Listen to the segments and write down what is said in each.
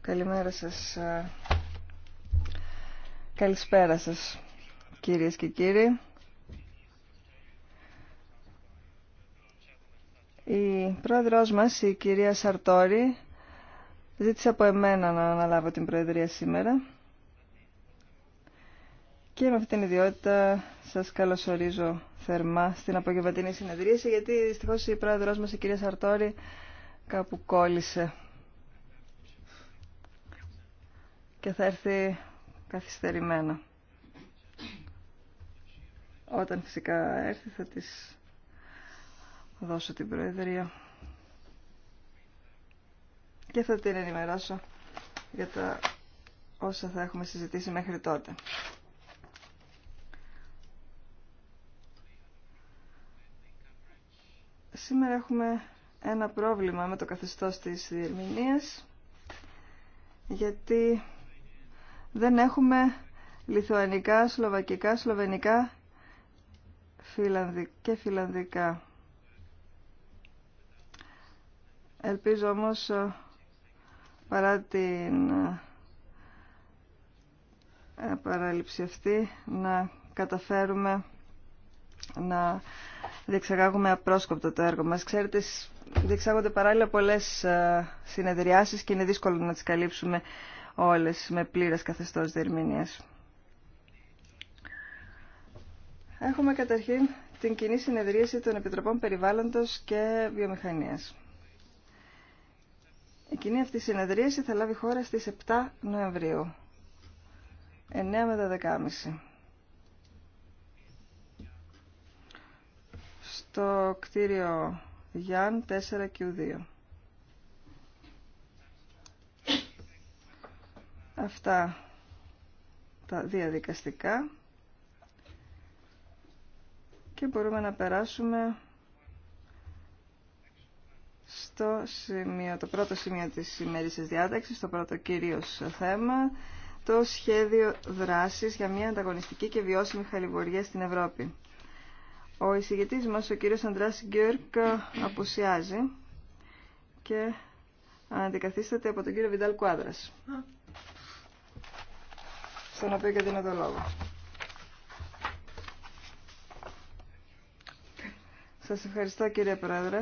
Καλημέρα σας. Καλησπέρα σας, κυρίες και κύριοι. Η πρόεδρός μας, η κυρία Σαρτόρη, ζήτησε από εμένα να αναλάβω την προεδρία σήμερα. Και με αυτή την ιδιότητα σας καλωσορίζω θερμά στην απογευματινή συνεδρίαση γιατί δυστυχώς η πρόεδρός μας η κυρία Σαρτόρη κάπου κόλλησε και θα έρθει καθυστερημένα. Όταν φυσικά έρθει θα της δώσω την Προεδρία και θα την ενημερώσω για τα όσα θα έχουμε συζητήσει μέχρι τότε. Σήμερα έχουμε ένα πρόβλημα με το καθεστώς της διερμηνίας γιατί δεν έχουμε λιθουανικά, σλοβακικά, σλοβενικά και φιλανδικά. Ελπίζω όμως ε, παρά την ε, παράληψη αυτή να καταφέρουμε να διεξαγάγουμε απρόσκοπτο το έργο μας. Ξέρετε, διεξάγονται παράλληλα πολλές ε, συνεδριάσεις και είναι δύσκολο να τις καλύψουμε όλες με πλήρες καθεστώς διερμηνίας. Έχουμε καταρχήν την κοινή συνεδρίαση των Επιτροπών Περιβάλλοντος και Βιομηχανίας. Η κοινή αυτή συνεδρίαση θα λάβει χώρα στις 7 Νοεμβρίου, 9 με Το κτίριο Γιάν 4Q2. Αυτά τα διαδικαστικά και μπορούμε να περάσουμε στο σημείο, το πρώτο σημείο της τη διάταξης, το πρώτο κυρίως θέμα, το σχέδιο δράσης για μια ανταγωνιστική και βιώσιμη χαλιβουργία στην Ευρώπη. Ο εισηγητής μας, ο κύριος Αντράς Γκιουρκ, απουσιάζει και αντικαθίσταται από τον κύριο Βιντάλ Κουάδρας, στον οποίο και δίνω το λόγο. Σας ευχαριστώ κύριε Πρόεδρε.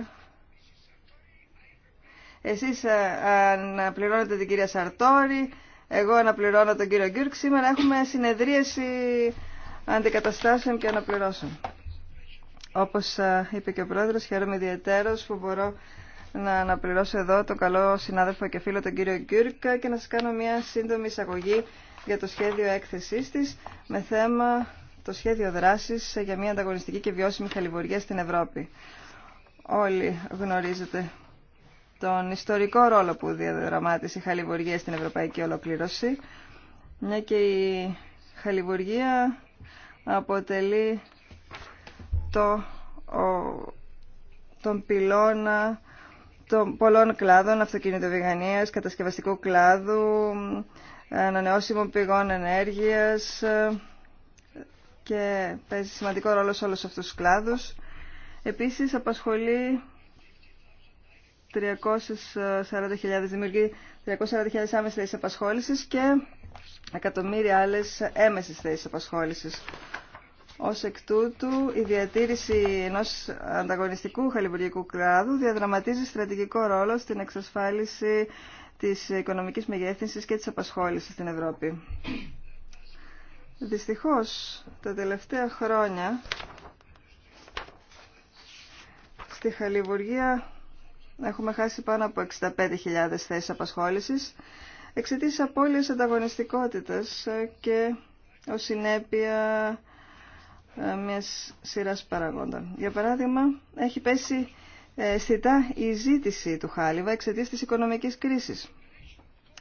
Εσείς ε, αναπληρώνετε την κυρία Σαρτόρη, εγώ αναπληρώνω τον κύριο Γκιούρκ. Σήμερα έχουμε συνεδρίαση αντικαταστάσεων και αναπληρώσεων. Όπως είπε και ο Πρόεδρος, χαίρομαι ιδιαίτερος που μπορώ να αναπληρώσω εδώ τον καλό συνάδελφο και φίλο τον κύριο Γκύρκα και να σας κάνω μια σύντομη εισαγωγή για το σχέδιο έκθεσής της με θέμα το σχέδιο δράσης για μια ανταγωνιστική και βιώσιμη χαλιβουργία στην Ευρώπη. Όλοι γνωρίζετε τον ιστορικό ρόλο που διαδραμάτισε η χαλιβουργία στην ευρωπαϊκή ολοκλήρωση, μια και η χαλιβουργία αποτελεί τον πυλώνα των πολλών κλάδων, αυτοκινητοβιγανίας, κατασκευαστικού κλάδου, ανανεώσιμων πηγών ενέργειας ε, και παίζει σημαντικό ρόλο σε όλους αυτούς τους κλάδους. Επίσης απασχολεί 340.000 δημιουργεί 340.000 άμεσες θέσεις απασχόλησης και εκατομμύρια άλλες έμεσες θέσεις απασχόλησης. Ως εκ τούτου, η διατήρηση ενός ανταγωνιστικού χαλιβουργικού κράτου... διαδραματίζει στρατηγικό ρόλο στην εξασφάλιση της οικονομικής μεγέθυνσης και της απασχόλησης στην Ευρώπη. Δυστυχώς, τα τελευταία χρόνια στη χαλιβουργία έχουμε χάσει πάνω από 65.000 θέσεις απασχόλησης εξαιτίας απώλειας ανταγωνιστικότητας και ως συνέπεια ε, μιας σειράς παραγόντων. Για παράδειγμα, έχει πέσει ε, αισθητά η ζήτηση του χάλιβα εξαιτία της οικονομικής κρίσης.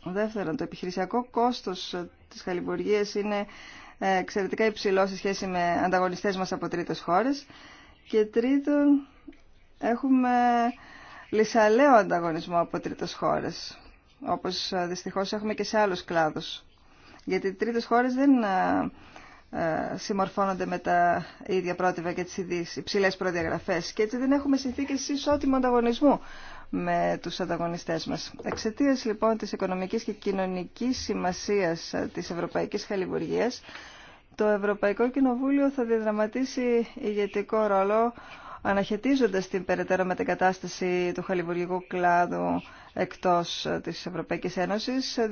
Δεύτερον, το επιχειρησιακό κόστος ε, της χαλιβουργίας είναι εξαιρετικά υψηλό σε σχέση με ανταγωνιστές μας από τρίτες χώρες. Και τρίτον, έχουμε λυσαλαίο ανταγωνισμό από τρίτες χώρες, όπως δυστυχώς έχουμε και σε άλλους κλάδους. Γιατί τρίτε χώρες δεν ε, συμμορφώνονται με τα ίδια πρότυπα και τι υψηλέ προδιαγραφές και έτσι δεν έχουμε συνθήκε ισότιμου ανταγωνισμού με τους ανταγωνιστέ μα. Εξαιτία λοιπόν της οικονομική και κοινωνική σημασίας ε, της Ευρωπαϊκή Χαλιβουργία, το Ευρωπαϊκό Κοινοβούλιο θα διαδραματίσει ηγετικό ρόλο αναχαιτίζοντας την περαιτέρω μετεγκατάσταση του χαλιβουργικού κλάδου εκτός της Ευρωπαϊκής Ένωσης, ε,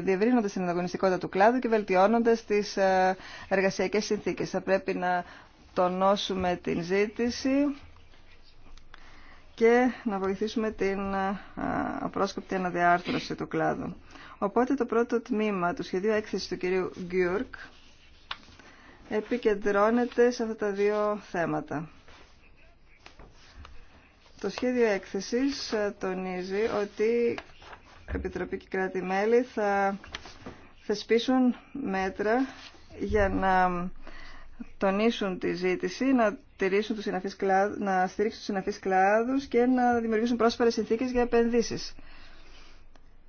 διευρύνοντας την ανταγωνιστικότητα του κλάδου και βελτιώνοντας τις ε, εργασιακές συνθήκες. Θα πρέπει να τονώσουμε την ζήτηση και να βοηθήσουμε την ε, απρόσκοπτη αναδιάρθρωση του κλάδου. Οπότε το πρώτο τμήμα του σχεδίου έκθεσης του κυρίου Γκιούρκ επικεντρώνεται σε αυτά τα δύο θέματα. Το σχέδιο έκθεσης ε, τονίζει ότι Επιτροπή και κράτη-μέλη θα θεσπίσουν μέτρα για να τονίσουν τη ζήτηση, να, τηρήσουν τους συναφείς κλάδους, να στηρίξουν τους συναφείς κλάδους και να δημιουργήσουν πρόσφαρες συνθήκες για επενδύσεις.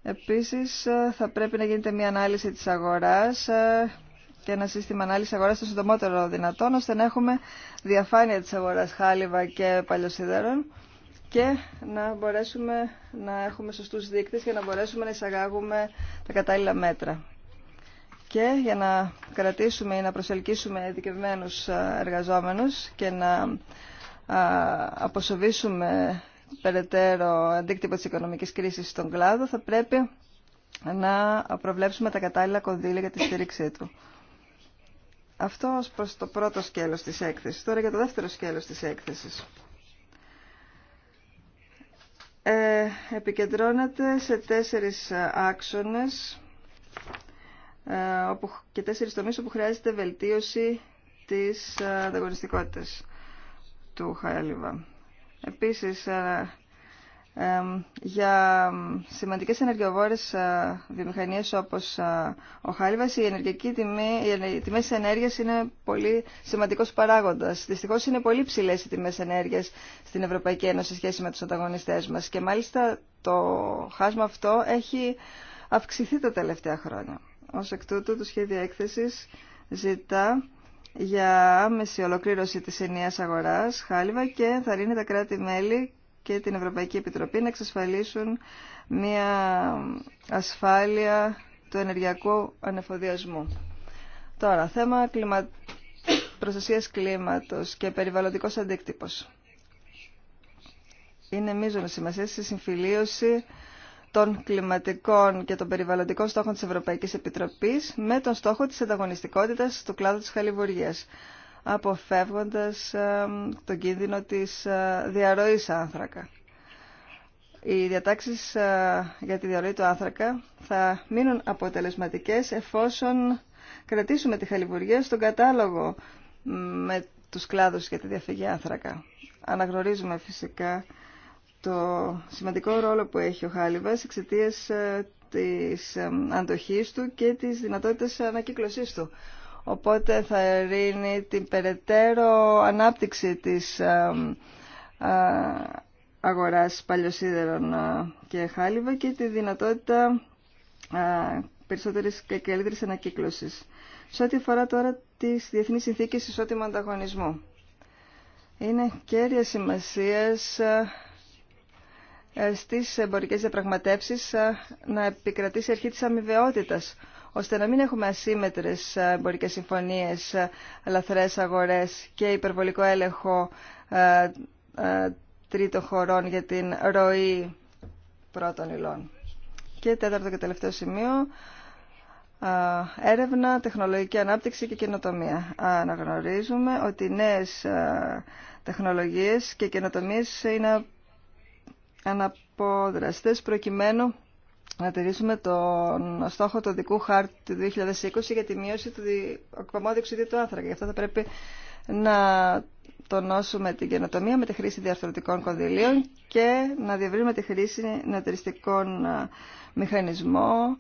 Επίσης, ε, θα πρέπει να γίνεται μια ανάλυση της αγοράς ε, και ένα σύστημα ανάλυση αγοράς το συντομότερο δυνατόν, ώστε να έχουμε διαφάνεια της αγοράς χάλιβα και παλιοσίδερων και να μπορέσουμε να έχουμε σωστούς δείκτες για να μπορέσουμε να εισαγάγουμε τα κατάλληλα μέτρα. Και για να κρατήσουμε ή να προσελκύσουμε ειδικευμένους εργαζόμενους και να αποσοβήσουμε περαιτέρω αντίκτυπο της οικονομικής κρίσης στον κλάδο, θα πρέπει να προβλέψουμε τα κατάλληλα κονδύλια για τη στήριξή του. Αυτό ως προς το πρώτο σκέλος της έκθεσης. Τώρα για το δεύτερο σκέλος της έκθεσης. Ε, επικεντρώνεται σε τέσσερις άξονες ε, και τέσσερις τομείς όπου χρειάζεται βελτίωση της ανταγωνιστικότητας του Χαέλιβα. Επίσης, ε, για σημαντικές ενεργειοβόρες ε, βιομηχανίες όπως ε, ο Χάλιβας η ενεργειακή τιμή, οι τιμές της ενέργειας είναι πολύ σημαντικός παράγοντας. Δυστυχώς είναι πολύ ψηλές οι τιμές ενέργειας στην Ευρωπαϊκή Ένωση σε σχέση με τους ανταγωνιστές μας και μάλιστα το χάσμα αυτό έχει αυξηθεί τα τελευταία χρόνια. Ως εκ τούτου το σχέδιο έκθεσης ζητά για άμεση ολοκλήρωση της ενιαίας αγοράς, χάλιβα και θα ρίνει τα κράτη-μέλη και την Ευρωπαϊκή Επιτροπή να εξασφαλίσουν μια ασφάλεια του ενεργειακού ανεφοδιασμού. Τώρα, θέμα κλιμα... προστασίας κλίματος και περιβαλλοντικός αντίκτυπο. Είναι μείζωνα σημασία στη συμφιλίωση των κλιματικών και των περιβαλλοντικών στόχων της Ευρωπαϊκής Επιτροπής με τον στόχο της ανταγωνιστικότητας του κλάδου της χαλιβουργίας αποφεύγοντας ε, τον κίνδυνο της ε, διαρροής άνθρακα. Οι διατάξεις ε, για τη διαρροή του άνθρακα θα μείνουν αποτελεσματικές εφόσον κρατήσουμε τη χαλιβουργία στον κατάλογο με τους κλάδους για τη διαφυγή άνθρακα. Αναγνωρίζουμε φυσικά το σημαντικό ρόλο που έχει ο Χάλιβας εξαιτία της αντοχής του και της δυνατότητας ανακύκλωσής του οπότε θα ερήνει την περαιτέρω ανάπτυξη της αγοράς παλιοσίδερων και χάλιβα και τη δυνατότητα περισσότερης και καλύτερης ανακύκλωσης. Σε ό,τι αφορά τώρα τις διεθνείς συνθήκες ισότιμου ανταγωνισμού. Είναι κέρια σημασία ε, στις εμπορικές διαπραγματεύσεις να επικρατήσει η αρχή της αμοιβαιότητας ώστε να μην έχουμε ασύμετρες ε, εμπορικέ συμφωνίες, ε, λαθρές αγορές και υπερβολικό έλεγχο ε, τρίτων χωρών για την ροή πρώτων υλών. Και τέταρτο και τελευταίο σημείο, έρευνα, τεχνολογική ανάπτυξη και καινοτομία. Αναγνωρίζουμε ότι οι νέες τεχνολογίες και καινοτομίες είναι αναπόδραστες προκειμένου να τηρήσουμε τον στόχο του δικού χάρτη του 2020 για τη μείωση του εκπομπών διοξιδίου του άνθρακα. Γι' αυτό θα πρέπει να τονώσουμε την καινοτομία με τη χρήση διαρθρωτικών κονδυλίων και να διευρύνουμε τη χρήση νεωτεριστικών μηχανισμών,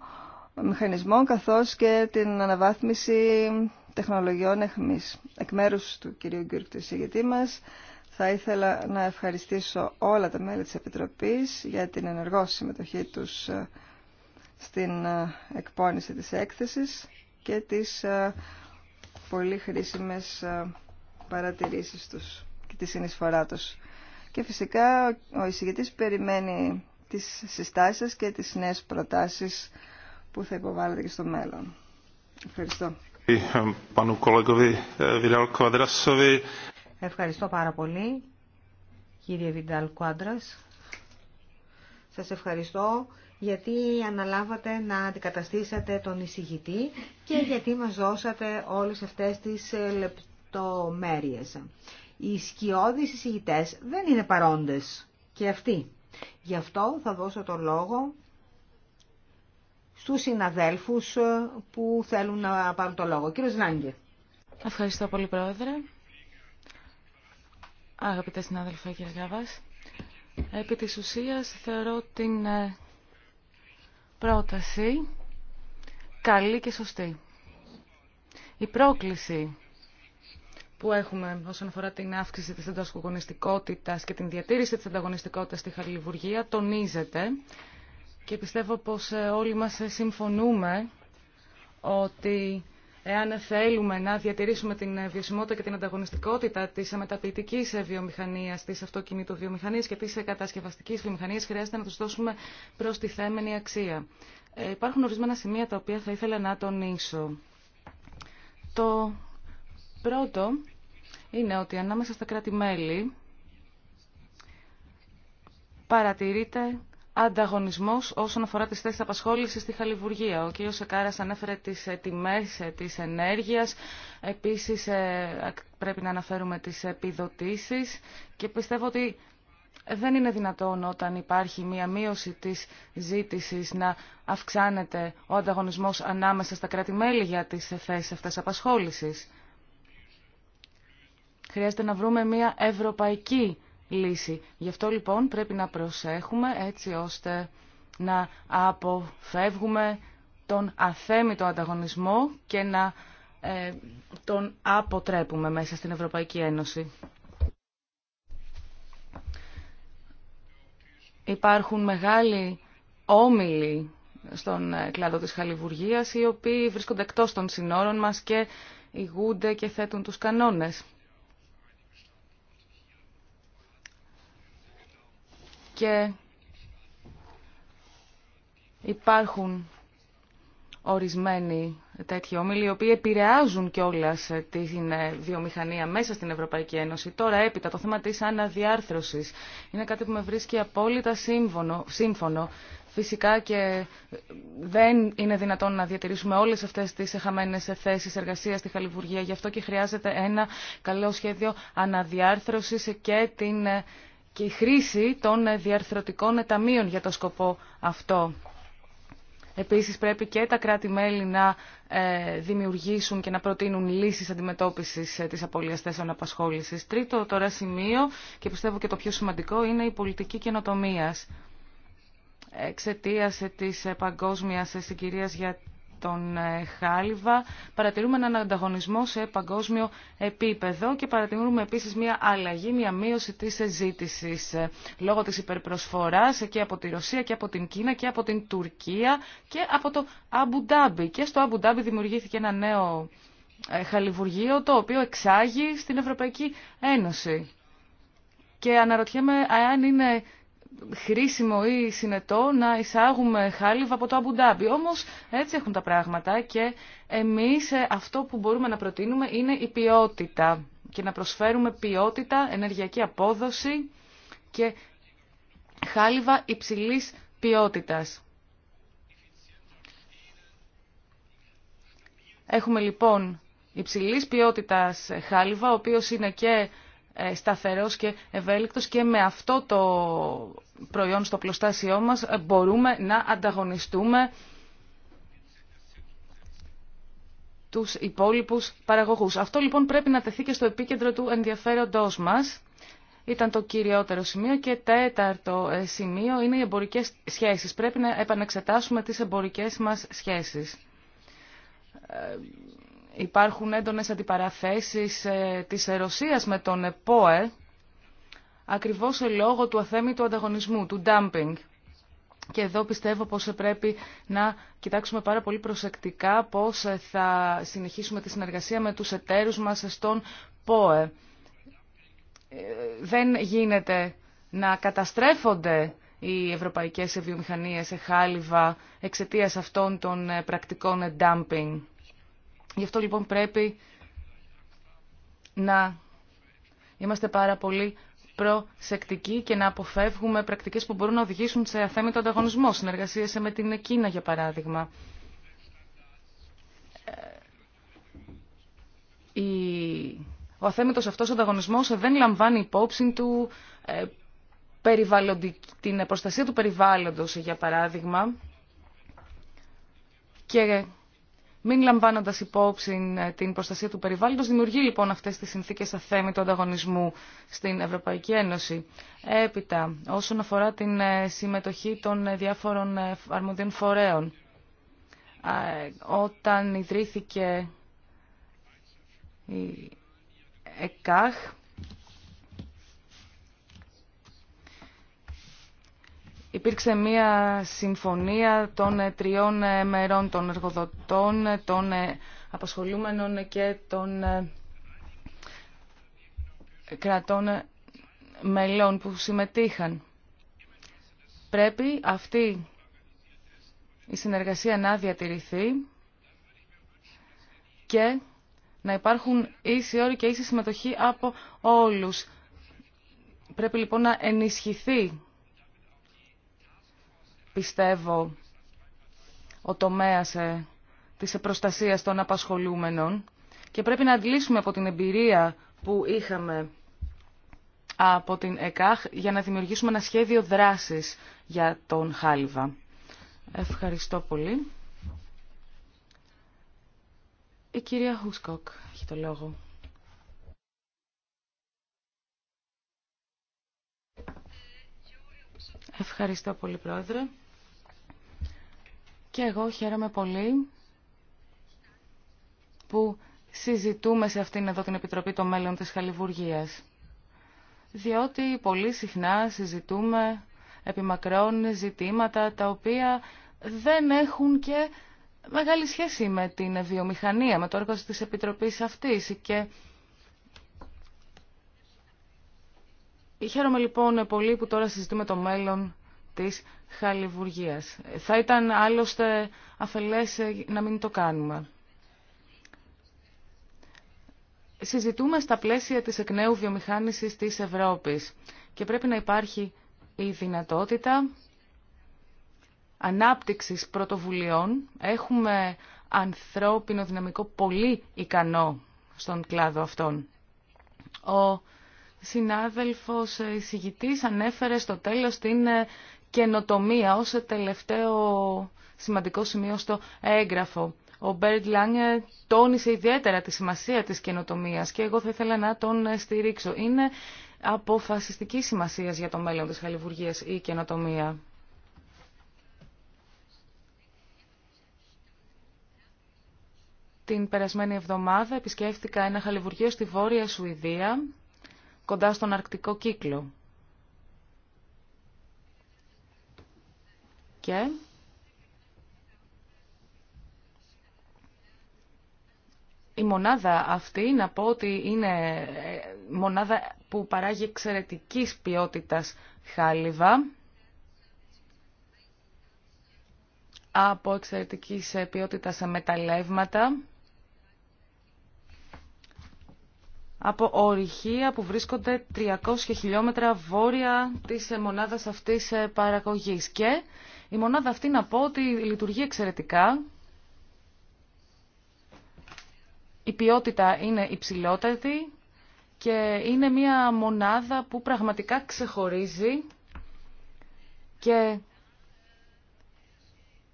μηχανισμών καθώς και την αναβάθμιση τεχνολογιών εχμής. Εκ μέρους του κυρίου Γκύρκ του εισηγητή μας, θα ήθελα να ευχαριστήσω όλα τα μέλη της Επιτροπής για την ενεργό συμμετοχή τους στην ε, εκπόνηση της έκθεσης και τις ε, πολύ χρήσιμες ε, παρατηρήσεις τους και τη συνεισφορά τους. Και φυσικά ο εισηγητής περιμένει τις συστάσεις και τις νέες προτάσεις που θα υποβάλλετε και στο μέλλον. Ευχαριστώ. Ευχαριστώ πάρα πολύ, κύριε Βιντάλ Κουάντρας. Σας ευχαριστώ γιατί αναλάβατε να αντικαταστήσατε τον εισηγητή και γιατί μας δώσατε όλες αυτές τις ε, λεπτομέρειες. Οι σκιώδεις εισηγητές δεν είναι παρόντες και αυτοί. Γι' αυτό θα δώσω το λόγο στους συναδέλφους ε, που θέλουν να πάρουν το λόγο. Κύριος Λάγκε. Ευχαριστώ πολύ, Πρόεδρε. Αγαπητέ συνάδελφε, κύριε Γαβάς. Επί της ουσίας θεωρώ την ε, πρόταση καλή και σωστή. Η πρόκληση που έχουμε όσον αφορά την αύξηση της ανταγωνιστικότητας και την διατήρηση της ανταγωνιστικότητας στη Χαλιβουργία τονίζεται και πιστεύω πως ε, όλοι μας ε, συμφωνούμε ότι εάν θέλουμε να διατηρήσουμε την βιωσιμότητα και την ανταγωνιστικότητα τη μεταποιητική βιομηχανία, τη βιομηχανία και τη κατασκευαστική βιομηχανία, χρειάζεται να του δώσουμε προστιθέμενη αξία. Ε, υπάρχουν ορισμένα σημεία τα οποία θα ήθελα να τονίσω. Το πρώτο είναι ότι ανάμεσα στα κράτη-μέλη παρατηρείται ανταγωνισμός όσον αφορά τις θέσεις απασχόλησης στη Χαλιβουργία. Ο κ. Σεκάρας ανέφερε τις ε, τιμέ ε, της ενέργειας, επίσης ε, πρέπει να αναφέρουμε τι επιδοτήσεις και πιστεύω ότι δεν είναι δυνατόν όταν υπάρχει μία μείωση της ζήτησης να αυξάνεται ο ανταγωνισμός ανάμεσα στα κράτη-μέλη για τις θέσεις αυτές απασχόλησης. Χρειάζεται να βρούμε μία ευρωπαϊκή λύση. Γι' αυτό λοιπόν πρέπει να προσέχουμε έτσι ώστε να αποφεύγουμε τον αθέμητο ανταγωνισμό και να ε, τον αποτρέπουμε μέσα στην Ευρωπαϊκή Ένωση. Υπάρχουν μεγάλοι όμιλοι στον ε, κλάδο της χαλιβουργίας οι οποίοι βρίσκονται εκτός των συνόρων μας και ηγούνται και θέτουν τους κανόνες. και υπάρχουν ορισμένοι τέτοιοι όμιλοι, οι οποίοι επηρεάζουν κιόλα την βιομηχανία μέσα στην Ευρωπαϊκή Ένωση. Τώρα, έπειτα, το θέμα τη αναδιάρθρωση είναι κάτι που με βρίσκει απόλυτα σύμφωνο. σύμφωνο. Φυσικά και δεν είναι δυνατόν να διατηρήσουμε όλε αυτέ τι χαμένε θέσει εργασία στη Χαλιβουργία. Γι' αυτό και χρειάζεται ένα καλό σχέδιο αναδιάρθρωση και την και η χρήση των διαρθρωτικών ταμείων για το σκοπό αυτό. Επίσης πρέπει και τα κράτη-μέλη να ε, δημιουργήσουν και να προτείνουν λύσεις αντιμετώπισης ε, της απώλειας θέσεων απασχόλησης. Τρίτο τώρα σημείο και πιστεύω και το πιο σημαντικό είναι η πολιτική καινοτομία. Εξαιτία της ε, παγκόσμιας συγκυρίας για τον ε, Χάλιβα. Παρατηρούμε έναν ανταγωνισμό σε παγκόσμιο επίπεδο και παρατηρούμε επίσης μια αλλαγή, μια μείωση της ζήτησης ε, λόγω της υπερπροσφοράς και από τη Ρωσία και από την Κίνα και από την Τουρκία και από το Αμπουντάμπι. Και στο Αμπουντάμπι δημιουργήθηκε ένα νέο ε, χαλιβουργείο το οποίο εξάγει στην Ευρωπαϊκή Ένωση. Και αναρωτιέμαι αν είναι χρήσιμο ή συνετό να εισάγουμε χάλιβα από το Αμπουντάμπι. Όμως έτσι έχουν τα πράγματα και εμείς ε, αυτό που μπορούμε να προτείνουμε είναι η ποιότητα και να προσφέρουμε ποιότητα, ενεργειακή απόδοση και χάλιβα υψηλής ποιότητας. Έχουμε λοιπόν υψηλής ποιότητας χάλιβα, ο οποίος είναι και ε, σταθερός και ευέλικτος και με αυτό το προϊόν στο πλωστάσιό μας ε, μπορούμε να ανταγωνιστούμε τους υπόλοιπους παραγωγούς. Αυτό λοιπόν πρέπει να τεθεί και στο επίκεντρο του ενδιαφέροντός μας. Ήταν το κυριότερο σημείο και τέταρτο ε, σημείο είναι οι εμπορικές σχέσεις. Πρέπει να επανεξετάσουμε τις εμπορικές μας σχέσεις. Υπάρχουν έντονες αντιπαραθέσεις ε, της Ρωσίας με τον ΕΠΟΕ, ακριβώς λόγω του του ανταγωνισμού, του dumping. Και εδώ πιστεύω πως πρέπει να κοιτάξουμε πάρα πολύ προσεκτικά πώς ε, θα συνεχίσουμε τη συνεργασία με τους εταίρους μας στον ΠΟΕ. Ε, δεν γίνεται να καταστρέφονται οι ευρωπαϊκές βιομηχανίες σε χάλιβα εξαιτίας αυτών των πρακτικών dumping. Γι' αυτό λοιπόν πρέπει να είμαστε πάρα πολύ προσεκτικοί και να αποφεύγουμε πρακτικές που μπορούν να οδηγήσουν σε αθέμητο ανταγωνισμό, συνεργασία με την Κίνα για παράδειγμα. Ε, ο αθέμητος αυτός ανταγωνισμός δεν λαμβάνει υπόψη του ε, την προστασία του περιβάλλοντος, για παράδειγμα, και μην λαμβάνοντα υπόψη ε, την προστασία του περιβάλλοντο, δημιουργεί λοιπόν αυτέ τι συνθήκε αθέμη του ανταγωνισμού στην Ευρωπαϊκή Ένωση. Έπειτα, όσον αφορά την ε, συμμετοχή των ε, διάφορων αρμοδίων φορέων, όταν ιδρύθηκε η ΕΚΑΧ, υπήρξε μία συμφωνία των ε, τριών ε, μερών των εργοδοτών, ε, των απασχολούμενων και των κρατών μελών που συμμετείχαν. Πρέπει αυτή η συνεργασία να διατηρηθεί και να υπάρχουν ίση όροι και ίση συμμετοχή από όλους. Πρέπει λοιπόν να ενισχυθεί πιστεύω, ο τομέας ε, της προστασία των απασχολούμενων και πρέπει να αντλήσουμε από την εμπειρία που είχαμε από την ΕΚΑΧ για να δημιουργήσουμε ένα σχέδιο δράσης για τον Χάλιβα. Ευχαριστώ πολύ. Η κυρία Χούσκοκ έχει το λόγο. Ευχαριστώ πολύ, Πρόεδρε. Και εγώ χαίρομαι πολύ που συζητούμε σε αυτήν εδώ την Επιτροπή των Μέλλον της Χαλιβουργίας. Διότι πολύ συχνά συζητούμε επιμακρών ζητήματα τα οποία δεν έχουν και μεγάλη σχέση με την βιομηχανία, με το έργο της Επιτροπής αυτής και χαίρομαι λοιπόν πολύ που τώρα συζητούμε το μέλλον της χαλιβουργίας. Θα ήταν άλλωστε αφελές ε, να μην το κάνουμε. Συζητούμε στα πλαίσια της εκ νέου βιομηχάνησης της Ευρώπης και πρέπει να υπάρχει η δυνατότητα ανάπτυξης πρωτοβουλειών. Έχουμε ανθρώπινο δυναμικό πολύ ικανό στον κλάδο αυτόν. Ο συνάδελφος εισηγητής ανέφερε στο τέλος την ε, καινοτομία ως τελευταίο σημαντικό σημείο στο έγγραφο. Ο Μπέρντ Λάνγκε τόνισε ιδιαίτερα τη σημασία της καινοτομίας και εγώ θα ήθελα να τον στηρίξω. Είναι αποφασιστική σημασία για το μέλλον της χαλιβουργίας η καινοτομία. Την περασμένη εβδομάδα επισκέφτηκα ένα χαλιβουργείο στη Βόρεια Σουηδία, κοντά στον Αρκτικό Κύκλο. η μονάδα αυτή, να πω ότι είναι ε, μονάδα που παράγει εξαιρετικής ποιότητας χάλιβα, από εξαιρετικής ε, ποιότητας μεταλλεύματα, από ορυχεία που βρίσκονται 300 χιλιόμετρα βόρεια της ε, μονάδας αυτής παραγωγής και η μονάδα αυτή να πω ότι λειτουργεί εξαιρετικά. Η ποιότητα είναι υψηλότερη και είναι μια μονάδα που πραγματικά ξεχωρίζει και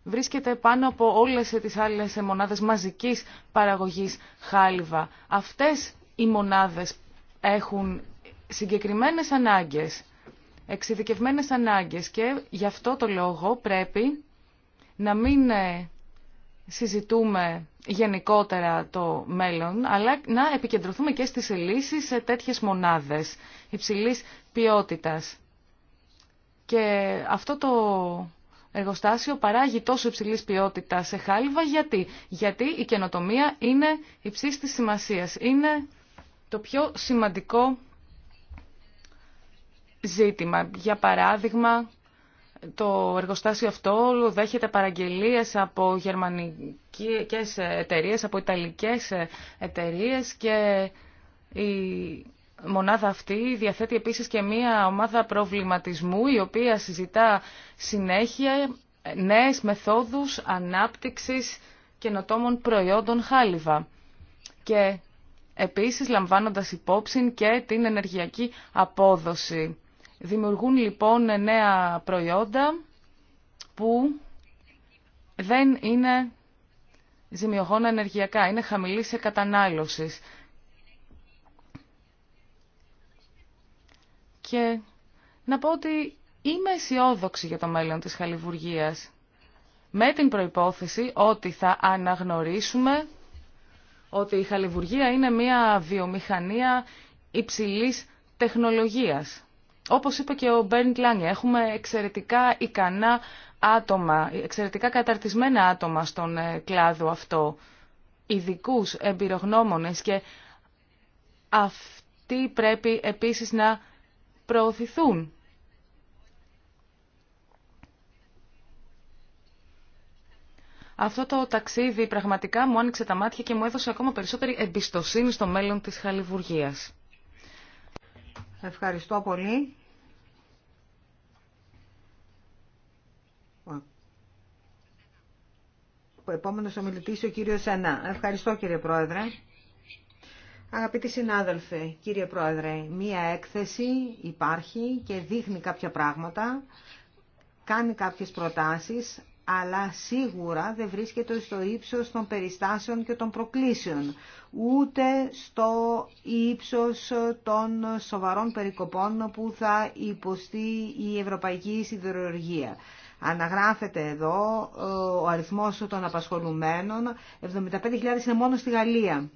βρίσκεται πάνω από όλες τις άλλες μονάδες μαζικής παραγωγής χάλιβα. Αυτές οι μονάδες έχουν συγκεκριμένες ανάγκες εξειδικευμένες ανάγκες και γι' αυτό το λόγο πρέπει να μην ε, συζητούμε γενικότερα το μέλλον, αλλά να επικεντρωθούμε και στις λύσεις σε τέτοιες μονάδες υψηλής ποιότητας. Και αυτό το εργοστάσιο παράγει τόσο υψηλής ποιότητας σε χάλιβα, γιατί, γιατί η καινοτομία είναι υψής της σημασίας, είναι το πιο σημαντικό ζήτημα. Για παράδειγμα, το εργοστάσιο αυτό δέχεται παραγγελίες από γερμανικές εταιρείες, από ιταλικές εταιρείες και η μονάδα αυτή διαθέτει επίσης και μία ομάδα προβληματισμού η οποία συζητά συνέχεια νέες μεθόδους ανάπτυξης καινοτόμων προϊόντων χάλιβα. Και επίσης λαμβάνοντας υπόψη και την ενεργειακή απόδοση Δημιουργούν λοιπόν νέα προϊόντα που δεν είναι ζημιογόνα ενεργειακά, είναι χαμηλή σε κατανάλωση. Και να πω ότι είμαι αισιόδοξη για το μέλλον της χαλιβουργίας, με την προϋπόθεση ότι θα αναγνωρίσουμε ότι η χαλιβουργία είναι μια βιομηχανία υψηλής τεχνολογίας. Όπως είπε και ο Μπέρντ Κλάνια, έχουμε εξαιρετικά ικανά άτομα, εξαιρετικά καταρτισμένα άτομα στον ε, κλάδο αυτό, ειδικού εμπειρογνώμονες και αυτοί πρέπει επίσης να προωθηθούν. Αυτό το ταξίδι πραγματικά μου άνοιξε τα μάτια και μου έδωσε ακόμα περισσότερη εμπιστοσύνη στο μέλλον της Χαλιβουργίας. Ευχαριστώ πολύ. Ο επόμενος ομιλητής ο κύριος Σανά. Ευχαριστώ κύριε Πρόεδρε. Αγαπητοί συνάδελφοι, κύριε Πρόεδρε, μία έκθεση υπάρχει και δείχνει κάποια πράγματα, κάνει κάποιες προτάσεις, αλλά σίγουρα δεν βρίσκεται στο ύψος των περιστάσεων και των προκλήσεων, ούτε στο ύψος των σοβαρών περικοπών που θα υποστεί η Ευρωπαϊκή Σιδηρουργία. Αναγράφεται εδώ ε, ο αριθμός των απασχολουμένων, 75.000 είναι μόνο στη Γαλλία.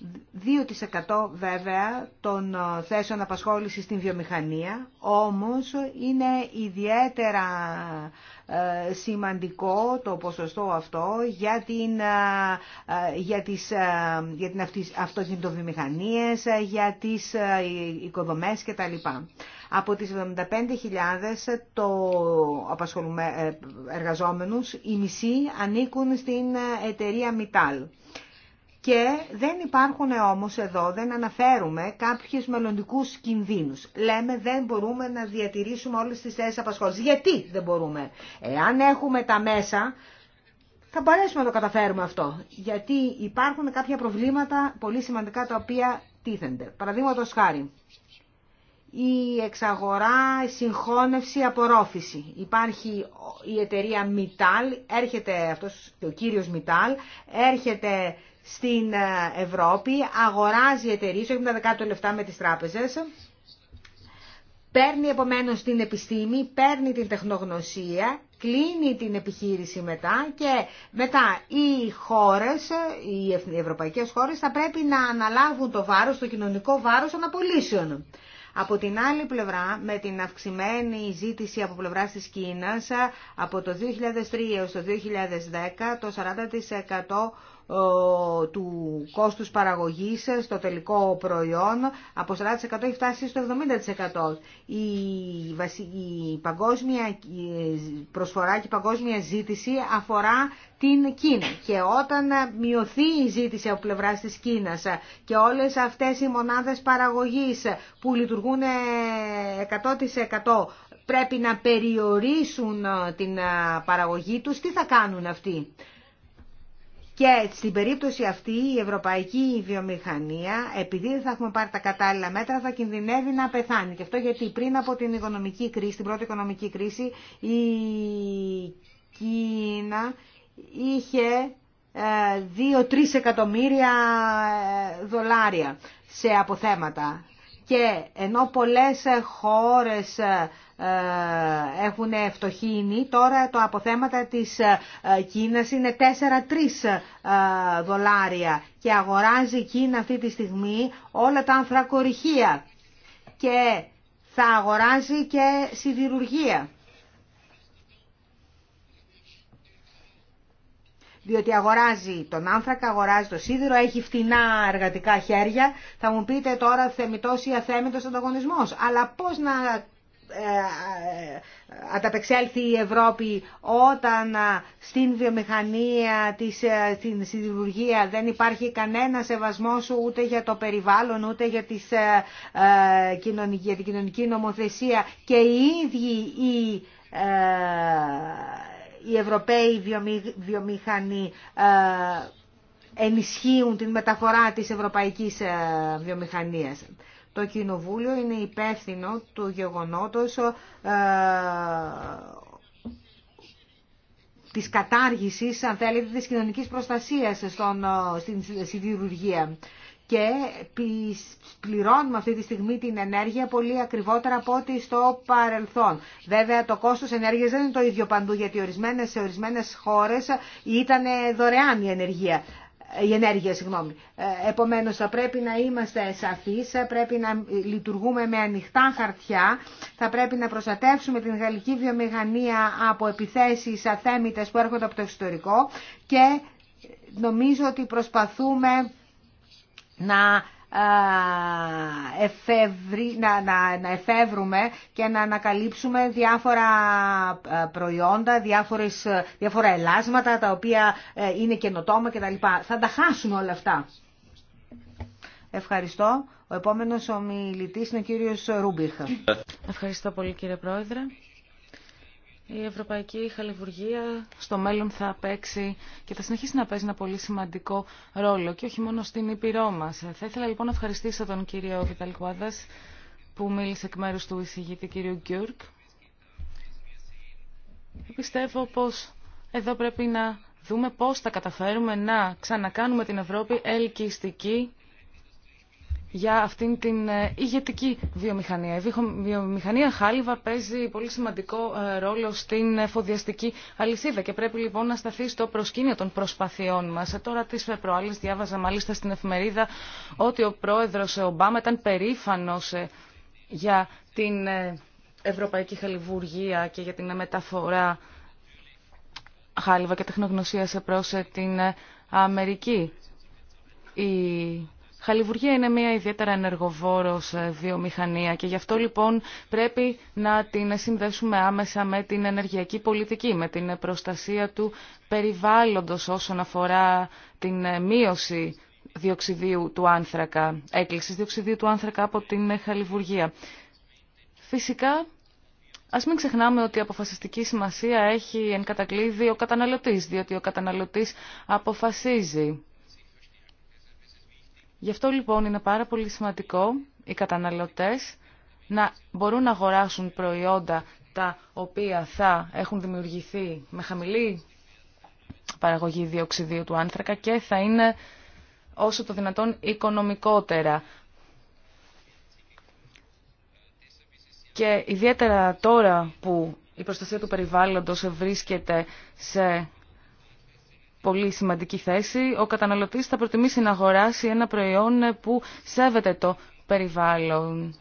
2% βέβαια των ε, θέσεων απασχόλησης στην βιομηχανία, όμως είναι ιδιαίτερα ε, σημαντικό το ποσοστό αυτό για την, ε, για τις, για την αυτοκινητοβιομηχανίες, για τις οικοδομές κτλ. Από τις 75.000 το εργαζόμενους, οι μισοί ανήκουν στην εταιρεία Μιτάλ και δεν υπάρχουν όμως εδώ, δεν αναφέρουμε κάποιους μελλοντικού κινδύνους. Λέμε δεν μπορούμε να διατηρήσουμε όλες τις θέσεις απασχόλησης. Γιατί δεν μπορούμε. Εάν έχουμε τα μέσα, θα μπορέσουμε να το καταφέρουμε αυτό. Γιατί υπάρχουν κάποια προβλήματα πολύ σημαντικά τα οποία τίθενται. Παραδείγματο χάρη, η εξαγορά, η συγχώνευση, η απορρόφηση. Υπάρχει η εταιρεία Μιτάλ, έρχεται αυτός, ο κύριος Μιτάλ, έρχεται στην ε, Ευρώπη, αγοράζει εταιρείε, όχι με τα δεκάτου λεφτά με τις τράπεζες, παίρνει επομένως την επιστήμη, παίρνει την τεχνογνωσία, κλείνει την επιχείρηση μετά και μετά οι χώρες, οι ευρωπαϊκές χώρες θα πρέπει να αναλάβουν το βάρος, το κοινωνικό βάρος αναπολύσεων. Από την άλλη πλευρά, με την αυξημένη ζήτηση από πλευρά της Κίνας, από το 2003 έως το 2010, το 40% του κόστους παραγωγής στο τελικό προϊόν από 40% έχει φτάσει στο 70%. Η παγκόσμια προσφορά και η παγκόσμια ζήτηση αφορά την Κίνα και όταν μειωθεί η ζήτηση από πλευράς της Κίνας και όλες αυτές οι μονάδες παραγωγής που λειτουργούν 100% πρέπει να περιορίσουν την παραγωγή τους, τι θα κάνουν αυτοί. Και στην περίπτωση αυτή η ευρωπαϊκή βιομηχανία, επειδή δεν θα έχουμε πάρει τα κατάλληλα μέτρα, θα κινδυνεύει να πεθάνει. Και αυτό γιατί πριν από την οικονομική κρίση, την πρώτη οικονομική κρίση, η Κίνα είχε 2-3 ε, εκατομμύρια ε, δολάρια σε αποθέματα. Και ενώ πολλές χώρες ε, ε, έχουν φτωχύνει. Τώρα το αποθέματα της ε, Κίνας είναι 4-3 ε, δολάρια και αγοράζει η Κίνα αυτή τη στιγμή όλα τα ανθρακοριχεία και θα αγοράζει και σιδηρουργία. διότι αγοράζει τον άνθρακα, αγοράζει το σίδηρο, έχει φτηνά εργατικά χέρια. Θα μου πείτε τώρα θεμητός ή αθέμητος ανταγωνισμός Αλλά πως να ε, ε, ανταπεξέλθει η Ευρώπη όταν στην βιομηχανία, της, ε, στην δημιουργία δεν υπάρχει κανένα σεβασμός ούτε για το περιβάλλον, ούτε για, τις, για την κοινωνική νομοθεσία και οι ίδιοι οι οι Ευρωπαίοι βιομηχανοί ενισχύουν την μεταφορά της ευρωπαϊκής βιομηχανίας. Το Κοινοβούλιο είναι υπεύθυνο του γεγονότος ε, της κατάργησης, αν θέλετε, της κοινωνικής προστασίας στον, ε, στην συντηρουργία και πληρώνουμε αυτή τη στιγμή την ενέργεια πολύ ακριβότερα από ό,τι στο παρελθόν. Βέβαια το κόστος ενέργειας δεν είναι το ίδιο παντού γιατί ορισμένες, σε ορισμένες χώρες ήταν δωρεάν η ενεργεία. Ε, η ενέργεια, συγγνώμη. Ε, επομένως θα πρέπει να είμαστε σαφείς, θα πρέπει να λειτουργούμε με ανοιχτά χαρτιά, θα πρέπει να προστατεύσουμε την γαλλική βιομηχανία από επιθέσεις αθέμητες που έρχονται από το εξωτερικό και νομίζω ότι προσπαθούμε να να, εφεύρουμε και να ανακαλύψουμε διάφορα προϊόντα, διάφορες, διάφορα ελάσματα τα οποία ε, είναι καινοτόμα κτλ. Θα τα χάσουμε όλα αυτά. Ευχαριστώ. Ο επόμενος ομιλητής είναι ο κύριος Ρούμπιχα Ευχαριστώ πολύ κύριε Πρόεδρε. Η Ευρωπαϊκή Χαλιβουργία στο μέλλον θα παίξει και θα συνεχίσει να παίζει ένα πολύ σημαντικό ρόλο και όχι μόνο στην Ήπειρό μα. Θα ήθελα λοιπόν να ευχαριστήσω τον κύριο Βιταλ που μίλησε εκ μέρου του εισηγητή κύριου Γκιούρκ. Πιστεύω πω εδώ πρέπει να δούμε πώς θα καταφέρουμε να ξανακάνουμε την Ευρώπη ελκυστική για αυτήν την ε, ηγετική βιομηχανία. Η βιομηχανία χάλιβα παίζει πολύ σημαντικό ε, ρόλο στην εφοδιαστική αλυσίδα και πρέπει λοιπόν να σταθεί στο προσκήνιο των προσπαθειών μας. Ε, τώρα τις προάλλε διάβαζα μάλιστα στην εφημερίδα ότι ο πρόεδρος Ομπάμα ήταν περήφανος για την ευρωπαϊκή χαλιβουργία και για την μεταφορά χάλιβα και τεχνογνωσία σε προς την Αμερική. Η Χαλιβουργία είναι μια ιδιαίτερα ενεργοβόρος ε, βιομηχανία και γι' αυτό λοιπόν πρέπει να την συνδέσουμε άμεσα με την ενεργειακή πολιτική, με την προστασία του περιβάλλοντος όσον αφορά την ε, μείωση διοξιδίου του άνθρακα, έκκλησης διοξιδίου του άνθρακα από την ε, Χαλιβουργία. Φυσικά Ας μην ξεχνάμε ότι αποφασιστική σημασία έχει εν κατακλείδη ο καταναλωτής, διότι ο καταναλωτής αποφασίζει Γι' αυτό λοιπόν είναι πάρα πολύ σημαντικό οι καταναλωτές να μπορούν να αγοράσουν προϊόντα τα οποία θα έχουν δημιουργηθεί με χαμηλή παραγωγή διοξιδίου του άνθρακα και θα είναι όσο το δυνατόν οικονομικότερα. Και ιδιαίτερα τώρα που η προστασία του περιβάλλοντος βρίσκεται σε πολύ σημαντική θέση. Ο καταναλωτής θα προτιμήσει να αγοράσει ένα προϊόν που σέβεται το περιβάλλον.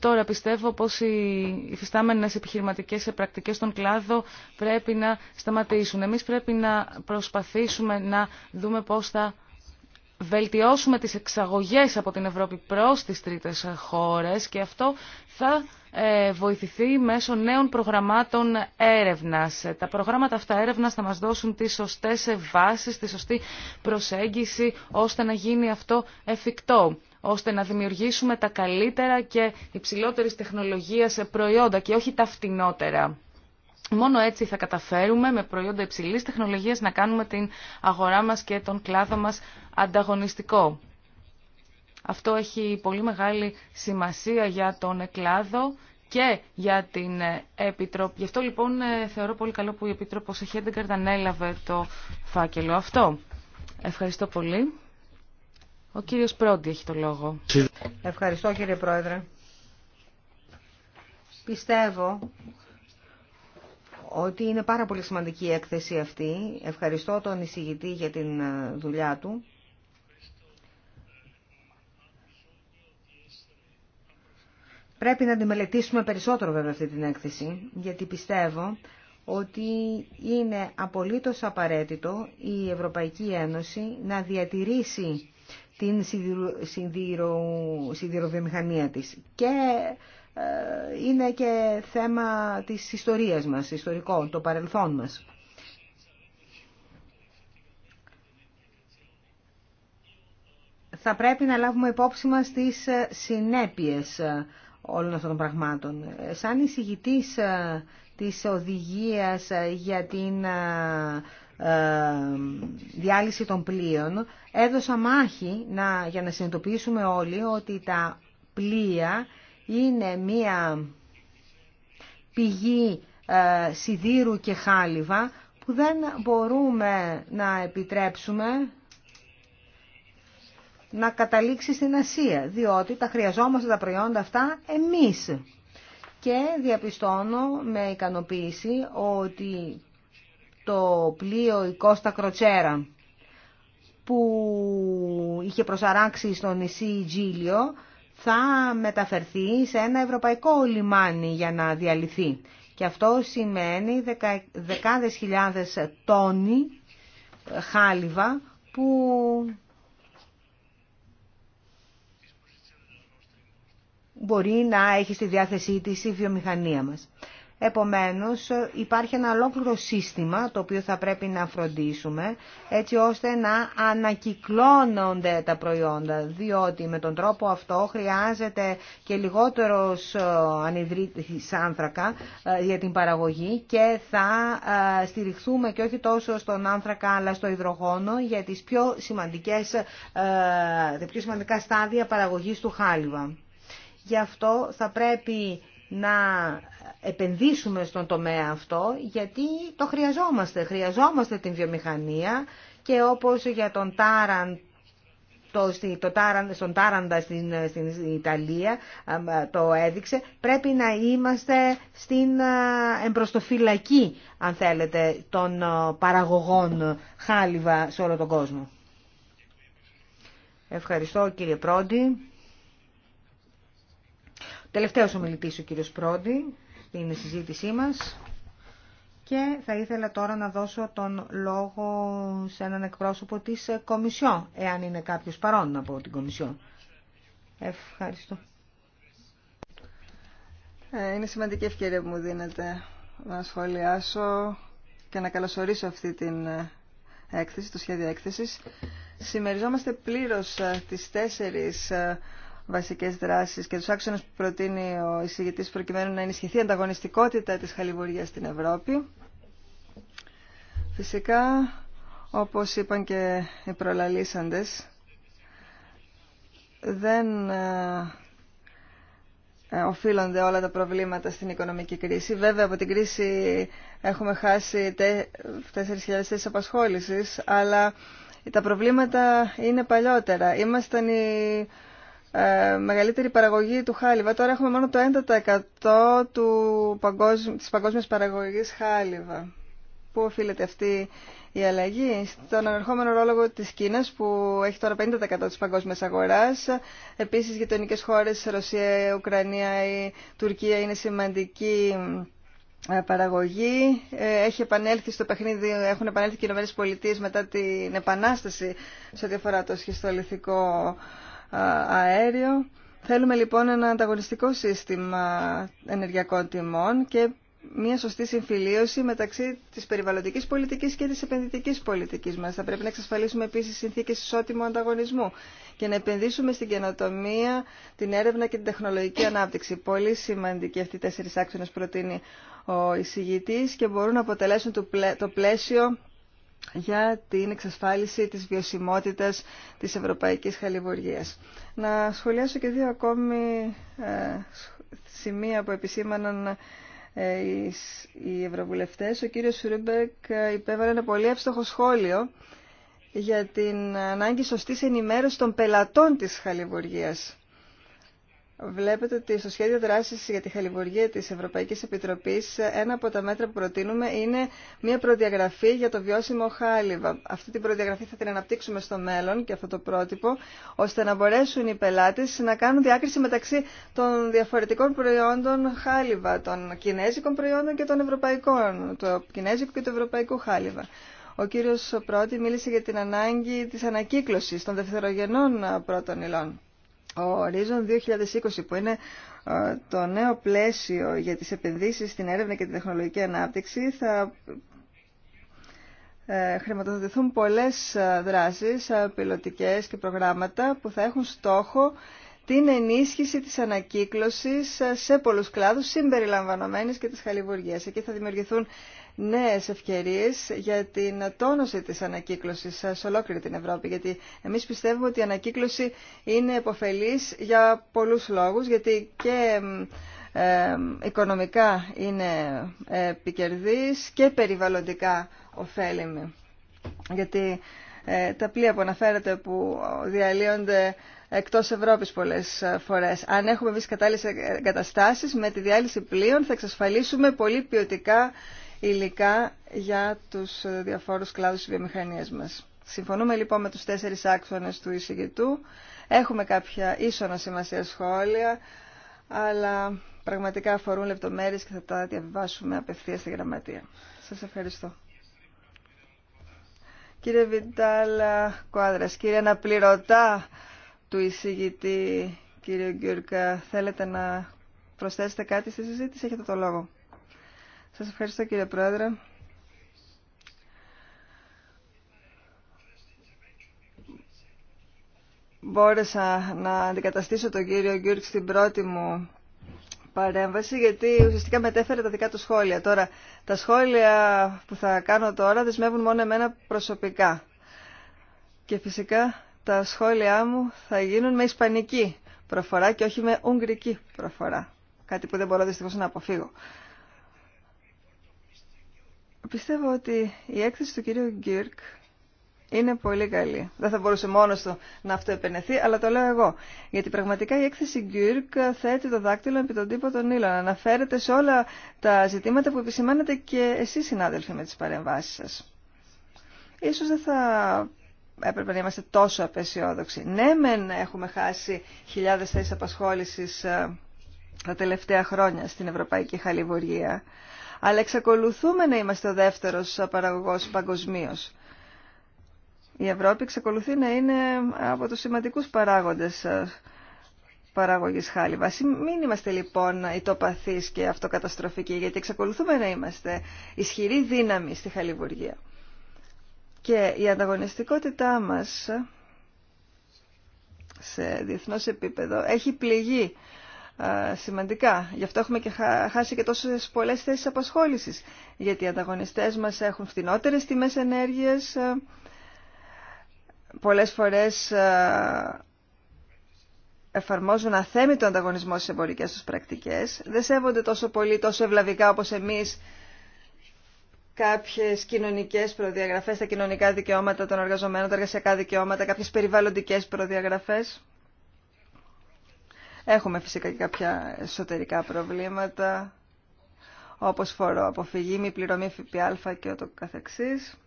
Τώρα πιστεύω πως οι υφιστάμενες επιχειρηματικές πρακτικές στον κλάδο πρέπει να σταματήσουν. Εμείς πρέπει να προσπαθήσουμε να δούμε πώς θα βελτιώσουμε τις εξαγωγές από την Ευρώπη προς τις τρίτες χώρες και αυτό θα ε, βοηθηθεί μέσω νέων προγραμμάτων έρευνας. Τα προγράμματα αυτά έρευνας θα μας δώσουν τις σωστές βάσεις, τη σωστή προσέγγιση ώστε να γίνει αυτό εφικτό ώστε να δημιουργήσουμε τα καλύτερα και τεχνολογία σε προϊόντα και όχι τα φτηνότερα. Μόνο έτσι θα καταφέρουμε με προϊόντα υψηλής τεχνολογίας να κάνουμε την αγορά μας και τον κλάδο μας ανταγωνιστικό. Αυτό έχει πολύ μεγάλη σημασία για τον κλάδο και για την Επιτροπή. Γι' αυτό λοιπόν ε, θεωρώ πολύ καλό που η Επιτροπή Επίτροπος Χέντεγκαρτ ανέλαβε το φάκελο αυτό. Ευχαριστώ πολύ. Ο κύριος Πρόντι έχει το λόγο. Ευχαριστώ κύριε Πρόεδρε. Πιστεύω ότι είναι πάρα πολύ σημαντική η έκθεση αυτή. Ευχαριστώ τον εισηγητή για την ε, δουλειά του. Πρέπει να τη περισσότερο βέβαια αυτή την έκθεση, γιατί πιστεύω ότι είναι απολύτως απαραίτητο η Ευρωπαϊκή Ένωση να διατηρήσει την σιδηροβιομηχανία της. Και ε, είναι και θέμα της ιστορίας μας, ιστορικό, το παρελθόν μας. Θα πρέπει να λάβουμε υπόψη μας τις ε, συνέπειες ε, όλων αυτών των πραγμάτων. Σαν εισηγητής ε, της οδηγίας ε, για την ε, διάλυση των πλοίων, έδωσα μάχη να, για να συνειδητοποιήσουμε όλοι ότι τα πλοία είναι μία πηγή σιδήρου και χάλιβα που δεν μπορούμε να επιτρέψουμε να καταλήξει στην Ασία, διότι τα χρειαζόμαστε τα προϊόντα αυτά εμείς. Και διαπιστώνω με ικανοποίηση ότι το πλοίο η Κώστα Κροτσέρα που είχε προσαράξει στο νησί Τζίλιο θα μεταφερθεί σε ένα ευρωπαϊκό λιμάνι για να διαλυθεί. Και αυτό σημαίνει δεκα, δεκάδες χιλιάδες τόνοι ε, χάλιβα που μπορεί να έχει στη διάθεσή της η βιομηχανία μας. Επομένως υπάρχει ένα ολόκληρο σύστημα το οποίο θα πρέπει να φροντίσουμε έτσι ώστε να ανακυκλώνονται τα προϊόντα διότι με τον τρόπο αυτό χρειάζεται και λιγότερος ε, ανιδρύτης άνθρακα ε, για την παραγωγή και θα ε, στηριχθούμε και όχι τόσο στον άνθρακα αλλά στο υδρογόνο για τις πιο, σημαντικές, πιο σημαντικά στάδια παραγωγής του χάλιβα. Γι' αυτό θα πρέπει να επενδύσουμε στον τομέα αυτό, γιατί το χρειαζόμαστε. Χρειαζόμαστε την βιομηχανία και όπως για τον Τάραν, το, το στον Τάραντα στην, στην Ιταλία το έδειξε, πρέπει να είμαστε στην εμπροστοφυλακή, αν θέλετε, των παραγωγών χάλιβα σε όλο τον κόσμο. Ευχαριστώ κύριε Πρόντι. Τελευταίος ομιλητής ο κύριος Πρόντι, είναι συζήτησή μας. Και θα ήθελα τώρα να δώσω τον λόγο σε έναν εκπρόσωπο της Κομισιόν, εάν είναι κάποιος παρόν από την Κομισιόν. Ευχαριστώ. Ε, είναι σημαντική ευκαιρία που μου δίνετε να σχολιάσω και να καλωσορίσω αυτή την ε, έκθεση, το σχέδιο έκθεσης. Συμμεριζόμαστε πλήρως ε, τις τέσσερις Βασικέ δράσει και του άξονε που προτείνει ο εισηγητή προκειμένου να ενισχυθεί η ανταγωνιστικότητα τη χαλιβουργία στην Ευρώπη. Φυσικά, όπω είπαν και οι προλαλήσαντε, δεν ε, ε, οφείλονται όλα τα προβλήματα στην οικονομική κρίση. Βέβαια, από την κρίση έχουμε χάσει 4.000 θέσεις απασχόλησης, αλλά τα προβλήματα είναι παλιότερα. Ήμασταν οι ε, μεγαλύτερη παραγωγή του χάλιβα. Τώρα έχουμε μόνο το 1% του παγκόσμι, της παγκόσμιας παραγωγής χάλιβα. Πού οφείλεται αυτή η αλλαγή στον ανερχόμενο ρόλο της Κίνας που έχει τώρα 50% της παγκόσμιας αγοράς. Επίσης γειτονικές χώρες, Ρωσία, Ουκρανία ή Τουρκία είναι σημαντική ε, παραγωγή. Ε, έχει επανέλθει στο παιχνίδι, έχουν επανέλθει και οι Ηνωμένες Πολιτείες μετά την επανάσταση σε ό,τι αφορά το σχιστολιθικό αέριο. Θέλουμε λοιπόν ένα ανταγωνιστικό σύστημα ενεργειακών τιμών και μια σωστή συμφιλίωση μεταξύ τη περιβαλλοντική πολιτική και τη επενδυτική πολιτική μα. Θα πρέπει να εξασφαλίσουμε επίση συνθήκε ισότιμου ανταγωνισμού και να επενδύσουμε στην καινοτομία, την έρευνα και την τεχνολογική ανάπτυξη. Πολύ σημαντική αυτή οι τέσσερι άξονε προτείνει ο εισηγητή και μπορούν να αποτελέσουν το πλαίσιο για την εξασφάλιση της βιωσιμότητας της ευρωπαϊκής χαλιβουργίας. Να σχολιάσω και δύο ακόμη ε, σημεία που επισήμαναν ε, οι ευρωβουλευτές. Ο κύριος Σουρούμπεκ ε, υπέβαλε ένα πολύ εύστοχο σχόλιο για την ανάγκη σωστής ενημέρωσης των πελατών της χαλιβουργίας Βλέπετε ότι στο σχέδιο δράση για τη χαλιβουργία τη Ευρωπαϊκή Επιτροπή, ένα από τα μέτρα που προτείνουμε είναι μια προδιαγραφή για το βιώσιμο χάλιβα. Αυτή την προδιαγραφή θα την αναπτύξουμε στο μέλλον και αυτό το πρότυπο, ώστε να μπορέσουν οι πελάτε να κάνουν διάκριση μεταξύ των διαφορετικών προϊόντων χάλιβα, των κινέζικων προϊόντων και των ευρωπαϊκών, του κινέζικου και του ευρωπαϊκού χάλιβα. Ο κύριο Πρώτη μίλησε για την ανάγκη τη ανακύκλωση των δευτερογενών πρώτων υλών. Ο Horizon 2020 που είναι ε, το νέο πλαίσιο για τις επενδύσεις στην έρευνα και την τεχνολογική ανάπτυξη θα ε, χρηματοδοτηθούν πολλές ε, δράσεις, πιλωτικές και προγράμματα που θα έχουν στόχο την ενίσχυση της ανακύκλωσης σε πολλούς κλάδους συμπεριλαμβανομένης και της χαλιβουργίας. Εκεί θα δημιουργηθούν νέες ευκαιρίες για την τόνωση της ανακύκλωσης σε ολόκληρη την Ευρώπη. Γιατί εμείς πιστεύουμε ότι η ανακύκλωση είναι επωφελής για πολλούς λόγους, γιατί και οικονομικά είναι ε, επικερδής και περιβαλλοντικά ωφέλιμη. Γιατί ε, τα πλοία που αναφέρατε που διαλύονται εκτός Ευρώπης πολλές φορές. Αν έχουμε εμείς κατάλληλες εγκαταστάσεις, με τη διάλυση πλοίων θα εξασφαλίσουμε πολύ ποιοτικά υλικά για τους διαφόρους κλάδους της βιομηχανίας μας. Συμφωνούμε λοιπόν με τους τέσσερις άξονες του εισηγητού. Έχουμε κάποια ίσονα σημασία σχόλια, αλλά πραγματικά αφορούν λεπτομέρειες και θα τα διαβιβάσουμε απευθείας στη γραμματεία. Σας ευχαριστώ. Κύριε Βιντάλα Κουάδρας, κύριε αναπληρωτά του εισηγητή, κύριε Γκιούρκα, θέλετε να προσθέσετε κάτι στη συζήτηση, έχετε το λόγο. Σας ευχαριστώ κύριε Πρόεδρε. Μπόρεσα να αντικαταστήσω τον κύριο Γκιούρκ στην πρώτη μου παρέμβαση γιατί ουσιαστικά μετέφερε τα δικά του σχόλια. Τώρα, τα σχόλια που θα κάνω τώρα δεσμεύουν μόνο εμένα προσωπικά. Και φυσικά τα σχόλιά μου θα γίνουν με ισπανική προφορά και όχι με ουγγρική προφορά. Κάτι που δεν μπορώ δυστυχώς να αποφύγω. Πιστεύω ότι η έκθεση του κυρίου Γκίρκ είναι πολύ καλή. Δεν θα μπορούσε μόνο του να αυτοεπενεθεί, αλλά το λέω εγώ. Γιατί πραγματικά η έκθεση Γκίρκ θέτει το δάκτυλο επί τον τύπο των ήλων. Αναφέρεται σε όλα τα ζητήματα που επισημάνετε και εσείς συνάδελφοι με τις παρεμβάσεις σας. Σω δεν θα έπρεπε να είμαστε τόσο απεσιόδοξοι. Ναι, μεν έχουμε χάσει χιλιάδες θέσει απασχόληση ε, τα τελευταία χρόνια στην Ευρωπαϊκή Χαλιβουργία, αλλά εξακολουθούμε να είμαστε ο δεύτερος παραγωγός παγκοσμίω. Η Ευρώπη εξακολουθεί να είναι από τους σημαντικούς παράγοντες ε, παραγωγής χάλιβα. Μην είμαστε λοιπόν ητοπαθείς και αυτοκαταστροφικοί, γιατί εξακολουθούμε να είμαστε ισχυρή δύναμη στη χαλιβουργία. Και η ανταγωνιστικότητά μας σε διεθνώς επίπεδο έχει πληγεί ε, σημαντικά. Γι' αυτό έχουμε και χάσει και τόσες πολλές θέσεις απασχόλησης, γιατί οι ανταγωνιστές μας έχουν φτηνότερες τιμές ενέργειας, ε, πολλές φορές ε, εφαρμόζουν αθέμητο ανταγωνισμό στις εμπορικές τους πρακτικές, δεν σέβονται τόσο πολύ, τόσο ευλαβικά όπως εμείς κάποιες κοινωνικές προδιαγραφές, τα κοινωνικά δικαιώματα των εργαζομένων, τα εργασιακά δικαιώματα, κάποιες περιβαλλοντικές προδιαγραφές. Έχουμε φυσικά και κάποια εσωτερικά προβλήματα, όπως φοροαποφυγή, αποφυγή, μη πληρωμή ΦΠΑ και ούτω καθεξής.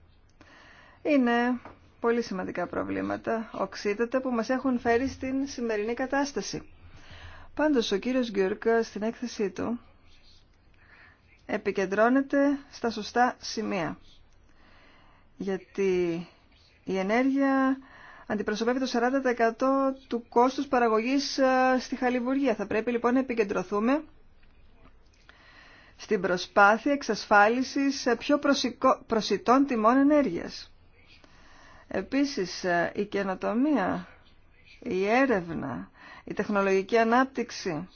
Είναι πολύ σημαντικά προβλήματα, οξύτατα, που μας έχουν φέρει στην σημερινή κατάσταση. Πάντως, ο κύριος Γκιούρκ στην έκθεσή του επικεντρώνεται στα σωστά σημεία. Γιατί η ενέργεια αντιπροσωπεύει το 40% του κόστους παραγωγής ε, στη Χαλιβουργία. Θα πρέπει λοιπόν να επικεντρωθούμε στην προσπάθεια εξασφάλισης ε, πιο προσιτών τιμών ενέργειας. Επίσης, ε, η καινοτομία, η έρευνα, η τεχνολογική ανάπτυξη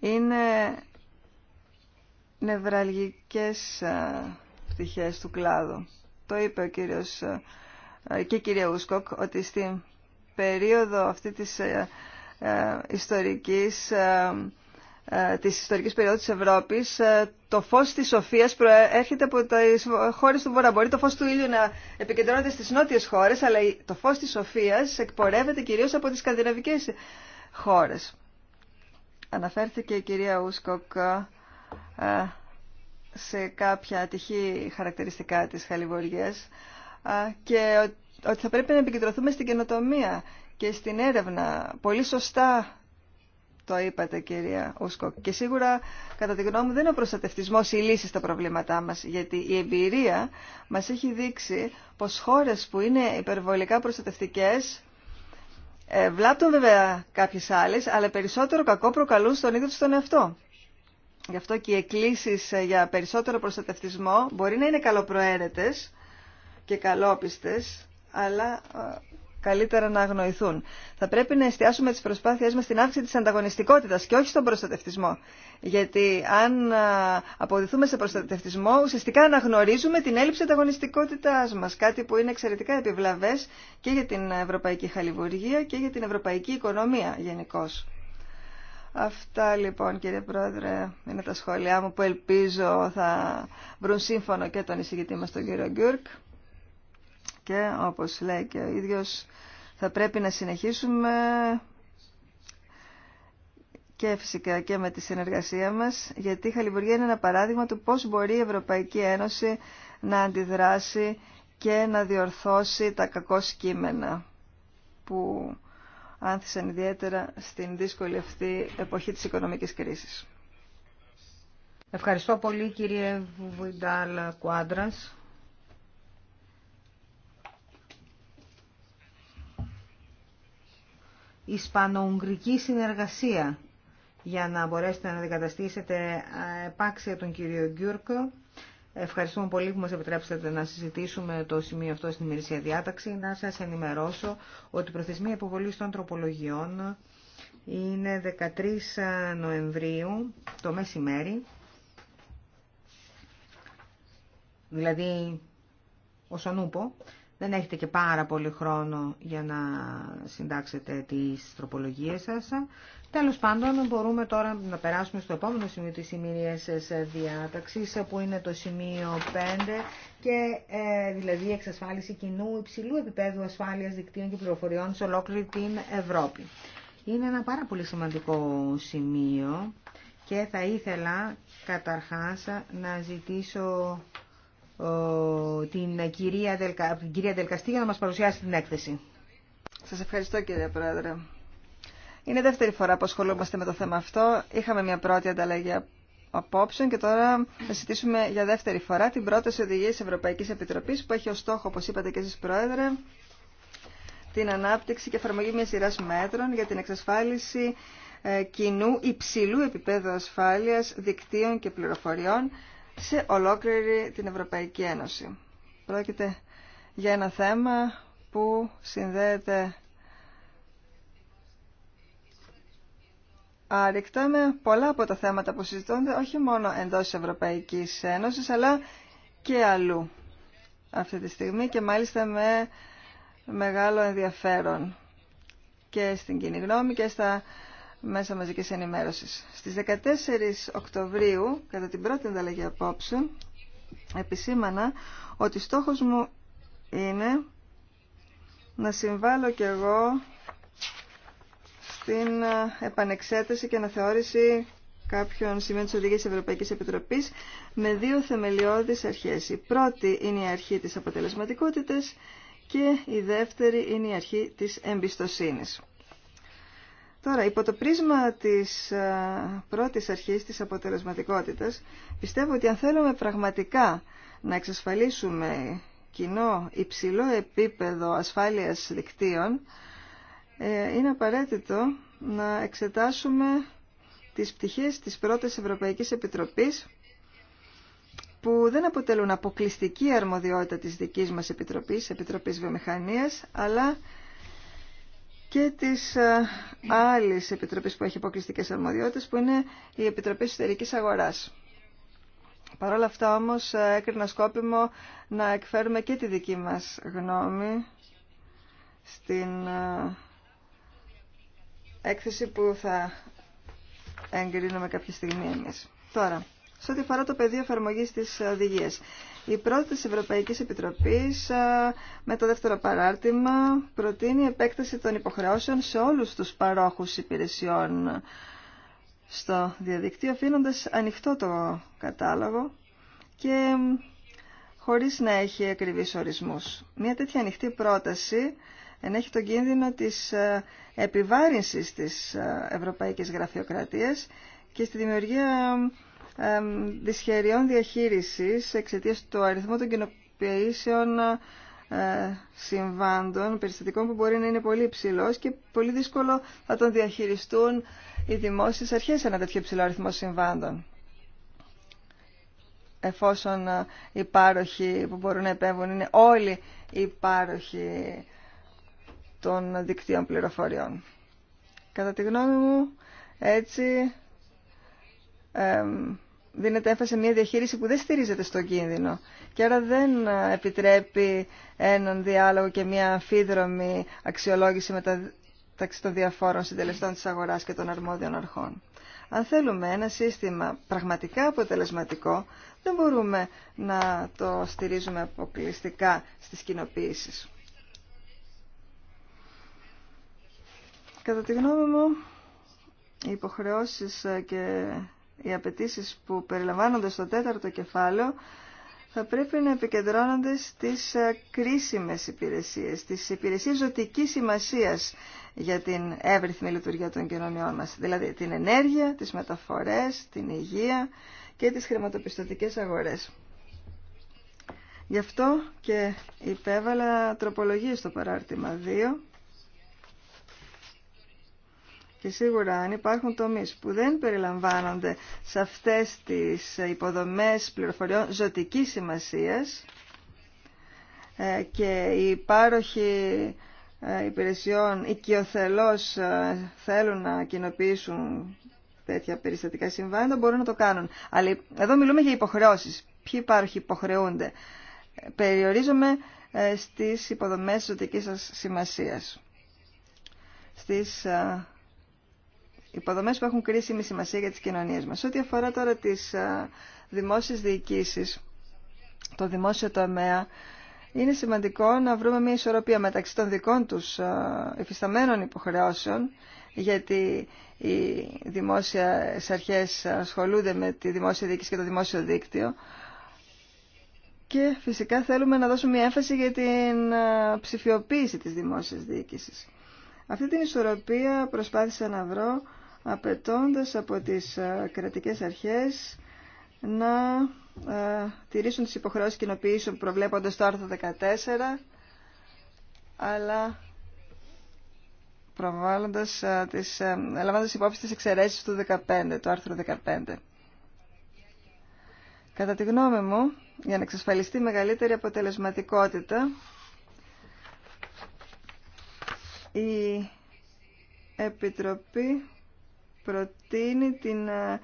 είναι νευραλγικές πτυχές του κλάδου. Το είπε ο κύριος και η κυρία Ούσκοκ ότι στην περίοδο αυτή της ε, ε, ιστορικής ε, της ιστορικής περίοδου της Ευρώπης το φως της σοφίας έρχεται από τι χώρε του Βορρά. Μπορεί το φως του ήλιου να επικεντρώνεται στις νότιες χώρες, αλλά το φως της σοφίας εκπορεύεται κυρίως από τις σκανδιναβικές χώρες. Αναφέρθηκε η κυρία Ούσκοκ σε κάποια ατυχή χαρακτηριστικά της Χαλιβοργίας και ότι θα πρέπει να επικεντρωθούμε στην καινοτομία και στην έρευνα. Πολύ σωστά το είπατε κυρία Ούσκο. Και σίγουρα κατά τη γνώμη μου δεν είναι ο προστατευτισμός η λύση στα προβλήματά μα, Γιατί η εμπειρία μα έχει δείξει πω χώρε που είναι υπερβολικά προστατευτικές ε, βλάπτουν βέβαια κάποιες άλλες, αλλά περισσότερο κακό προκαλούν στον ίδιο του τον εαυτό. Γι' αυτό και οι εκκλήσεις ε, για περισσότερο προστατευτισμό μπορεί να είναι καλοπροαίρετες, και καλόπιστες, αλλά ε, καλύτερα να αγνοηθούν. Θα πρέπει να εστιάσουμε τις προσπάθειές μας στην αύξηση της ανταγωνιστικότητας και όχι στον προστατευτισμό. Γιατί αν ε, αποδηθούμε σε προστατευτισμό, ουσιαστικά αναγνωρίζουμε την έλλειψη ανταγωνιστικότητάς μας, κάτι που είναι εξαιρετικά επιβλαβές και για την ευρωπαϊκή χαλιβουργία και για την ευρωπαϊκή οικονομία γενικώ. Αυτά λοιπόν κύριε Πρόεδρε είναι τα σχόλιά μου που ελπίζω θα βρουν σύμφωνο και τον εισηγητή μας τον κύριο Γκιούρκ. Και όπως λέει και ο ίδιος θα πρέπει να συνεχίσουμε και φυσικά και με τη συνεργασία μας, γιατί η Χαλιβουργία είναι ένα παράδειγμα του πώς μπορεί η Ευρωπαϊκή Ένωση να αντιδράσει και να διορθώσει τα κακό σκήμενα που άνθησαν ιδιαίτερα στην δύσκολη αυτή εποχή της οικονομικής κρίσης. Ευχαριστώ πολύ κύριε Βουιντάλ Κουάντρας. Ισπανο-Ουγγρική συνεργασία για να μπορέσετε να αντικαταστήσετε ε, επάξια τον κύριο Γκιούρκ. Ευχαριστούμε πολύ που μας επιτρέψατε να συζητήσουμε το σημείο αυτό στην ημερησία διάταξη. Να σας ενημερώσω ότι η προθεσμία υποβολής των τροπολογιών είναι 13 Νοεμβρίου το μεσημέρι. Δηλαδή, όσον ούπο, δεν έχετε και πάρα πολύ χρόνο για να συντάξετε τις τροπολογίες σας. Τέλος πάντων, μπορούμε τώρα να περάσουμε στο επόμενο σημείο της ημερίας διάταξης, που είναι το σημείο 5, και, ε, δηλαδή εξασφάλιση κοινού υψηλού επίπεδου ασφάλειας δικτύων και πληροφοριών σε ολόκληρη την Ευρώπη. Είναι ένα πάρα πολύ σημαντικό σημείο και θα ήθελα καταρχάς να ζητήσω την κυρία, Δελκα, κυρία Δελκαστή για να μας παρουσιάσει την έκθεση. Σας ευχαριστώ κύριε Πρόεδρε. Είναι δεύτερη φορά που ασχολούμαστε με το θέμα αυτό. Είχαμε μια πρώτη ανταλλαγή απόψεων και τώρα θα συζητήσουμε για δεύτερη φορά την πρόταση οδηγίας Ευρωπαϊκής Επιτροπής που έχει ως στόχο, όπως είπατε και εσείς Πρόεδρε, την ανάπτυξη και εφαρμογή μιας σειράς μέτρων για την εξασφάλιση ε, κοινού υψηλού επίπεδου ασφάλειας δικτύων και πληροφοριών σε ολόκληρη την Ευρωπαϊκή Ένωση. Πρόκειται για ένα θέμα που συνδέεται άρρηκτα με πολλά από τα θέματα που συζητώνται όχι μόνο εντός Ευρωπαϊκής Ένωσης αλλά και αλλού αυτή τη στιγμή και μάλιστα με μεγάλο ενδιαφέρον και στην κοινή γνώμη και στα μέσα μαζικής ενημέρωσης. Στις 14 Οκτωβρίου, κατά την πρώτη ανταλλαγή απόψε, επισήμανα ότι στόχος μου είναι να συμβάλλω κι εγώ στην ε, επανεξέταση και αναθεώρηση κάποιων σημείων της Οδηγίας Ευρωπαϊκής Επιτροπής με δύο θεμελιώδεις αρχές. Η πρώτη είναι η αρχή της αποτελεσματικότητας και η δεύτερη είναι η αρχή της εμπιστοσύνης. Τώρα, υπό το πρίσμα της ε, πρώτης αρχής της αποτελεσματικότητας, πιστεύω ότι αν θέλουμε πραγματικά να εξασφαλίσουμε κοινό υψηλό επίπεδο ασφάλειας δικτύων, ε, είναι απαραίτητο να εξετάσουμε τις πτυχές της πρώτης Ευρωπαϊκής Επιτροπής που δεν αποτελούν αποκλειστική αρμοδιότητα της δικής μας Επιτροπής, Επιτροπής Βιομηχανίας, αλλά και της ε, άλλης επιτροπής που έχει υποκλειστικές αρμοδιότητες που είναι η Επιτροπή εσωτερική Αγοράς. Παρ' όλα αυτά όμως ε, έκρινα σκόπιμο να εκφέρουμε και τη δική μας γνώμη στην ε, έκθεση που θα εγκρίνουμε κάποια στιγμή εμείς. Τώρα, σε ό,τι αφορά το πεδίο εφαρμογής της οδηγίας. Η πρόταση Ευρωπαϊκής Επιτροπής με το δεύτερο παράρτημα προτείνει επέκταση των υποχρεώσεων σε όλους τους παρόχους υπηρεσιών στο διαδικτύο, αφήνοντα ανοιχτό το κατάλογο και χωρίς να έχει ακριβείς ορισμούς. Μια τέτοια ανοιχτή πρόταση ενέχει τον κίνδυνο της επιβάρυνσης της ευρωπαϊκής γραφειοκρατίας και στη δημιουργία δυσχεριών διαχείρισης εξαιτίας του αριθμού των κοινοποιήσεων ε, συμβάντων, περιστατικών που μπορεί να είναι πολύ υψηλό και πολύ δύσκολο να τον διαχειριστούν οι δημόσιες αρχές σε ένα τέτοιο υψηλό αριθμό συμβάντων εφόσον ε, οι πάροχοι που μπορούν να επέμβουν είναι όλοι οι πάροχοι των δικτύων πληροφοριών. Κατά τη γνώμη μου, έτσι δίνεται έμφαση σε μια διαχείριση που δεν στηρίζεται στον κίνδυνο και άρα δεν ε, επιτρέπει έναν διάλογο και μια αμφίδρομη αξιολόγηση μεταξύ των διαφόρων συντελεστών της αγοράς και των αρμόδιων αρχών. Αν θέλουμε ένα σύστημα πραγματικά αποτελεσματικό, δεν μπορούμε να το στηρίζουμε αποκλειστικά στις κοινοποίησεις. Κατά τη γνώμη μου, οι υποχρεώσεις ε, και οι απαιτήσει που περιλαμβάνονται στο τέταρτο κεφάλαιο θα πρέπει να επικεντρώνονται στις ε, κρίσιμες υπηρεσίες, στις υπηρεσίες ζωτικής σημασίας για την εύρυθμη λειτουργία των κοινωνιών μας, δηλαδή την ενέργεια, τις μεταφορές, την υγεία και τις χρηματοπιστωτικές αγορές. Γι' αυτό και υπέβαλα τροπολογία στο παράρτημα 2 και σίγουρα αν υπάρχουν τομείς που δεν περιλαμβάνονται σε αυτές τις υποδομές πληροφοριών ζωτικής σημασίας ε, και οι πάροχοι ε, υπηρεσιών οικειοθελώς ε, θέλουν να κοινοποιήσουν τέτοια περιστατικά συμβάντα, μπορούν να το κάνουν. Αλλά εδώ μιλούμε για υποχρεώσεις. Ποιοι υπάρχοι υποχρεούνται. Περιορίζομαι στις υποδομές ζωτικής σας σημασίας. Στις υποδομές που έχουν κρίσιμη σημασία για τις κοινωνίες μας. Ό,τι αφορά τώρα τις δημόσιες διοικήσεις, το δημόσιο τομέα, είναι σημαντικό να βρούμε μια ισορροπία μεταξύ των δικών τους εφισταμένων υποχρεώσεων, γιατί οι δημόσιες αρχές ασχολούνται με τη δημόσια διοίκηση και το δημόσιο δίκτυο, και φυσικά θέλουμε να δώσουμε μια έμφαση για την ψηφιοποίηση της δημόσιας διοίκησης. Αυτή την ισορροπία προσπάθησα να βρω απαιτώντας από τις ε, κρατικές αρχές να ε, τηρήσουν τις υποχρεώσεις κοινοποιήσεων προβλέποντας το άρθρο 14 αλλά προβάλλοντας ε, τις, λαμβάνοντας υπόψη τις εξαιρέσεις του 15, το άρθρου 15. Κατά τη γνώμη μου, για να εξασφαλιστεί μεγαλύτερη αποτελεσματικότητα, η Επιτροπή προτείνει την ε,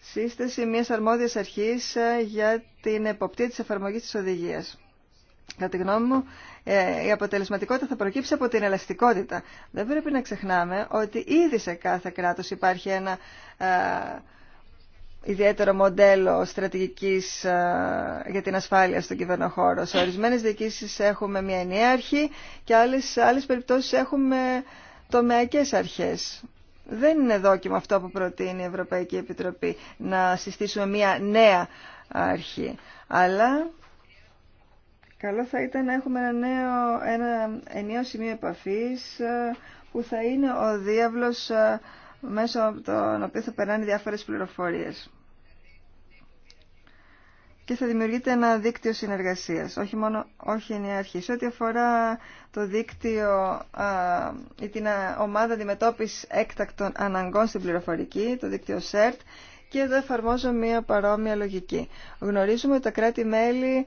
σύσταση μιας αρμόδιας αρχής ε, για την εποπτεία της εφαρμογής της οδηγίας. Κατά τη γνώμη μου, ε, η αποτελεσματικότητα θα προκύψει από την ελαστικότητα. Δεν πρέπει να ξεχνάμε ότι ήδη σε κάθε κράτος υπάρχει ένα ιδιαίτερο μοντέλο στρατηγικής για την ασφάλεια στον κυβερνοχώρο. Σε ορισμένες διοικήσεις έχουμε μια ενιαία αρχή και άλλες, άλλες περιπτώσεις έχουμε τομεακές αρχές. Δεν είναι δόκιμο αυτό που προτείνει η Ευρωπαϊκή Επιτροπή να συστήσουμε μια νέα αρχή. Αλλά καλό θα ήταν να έχουμε ένα, νέο, ένα ενιαίο σημείο επαφής ε, που θα είναι ο διάβλος ε, μέσω από τον οποίο θα περνάνε διάφορες πληροφορίες και θα δημιουργείται ένα δίκτυο συνεργασίας, όχι μόνο, όχι είναι αρχή. Σε ό,τι αφορά το δίκτυο ή την ομάδα αντιμετώπιση έκτακτων αναγκών στην πληροφορική, το δίκτυο CERT, και εδώ εφαρμόζω μία παρόμοια λογική. Γνωρίζουμε ότι τα κράτη-μέλη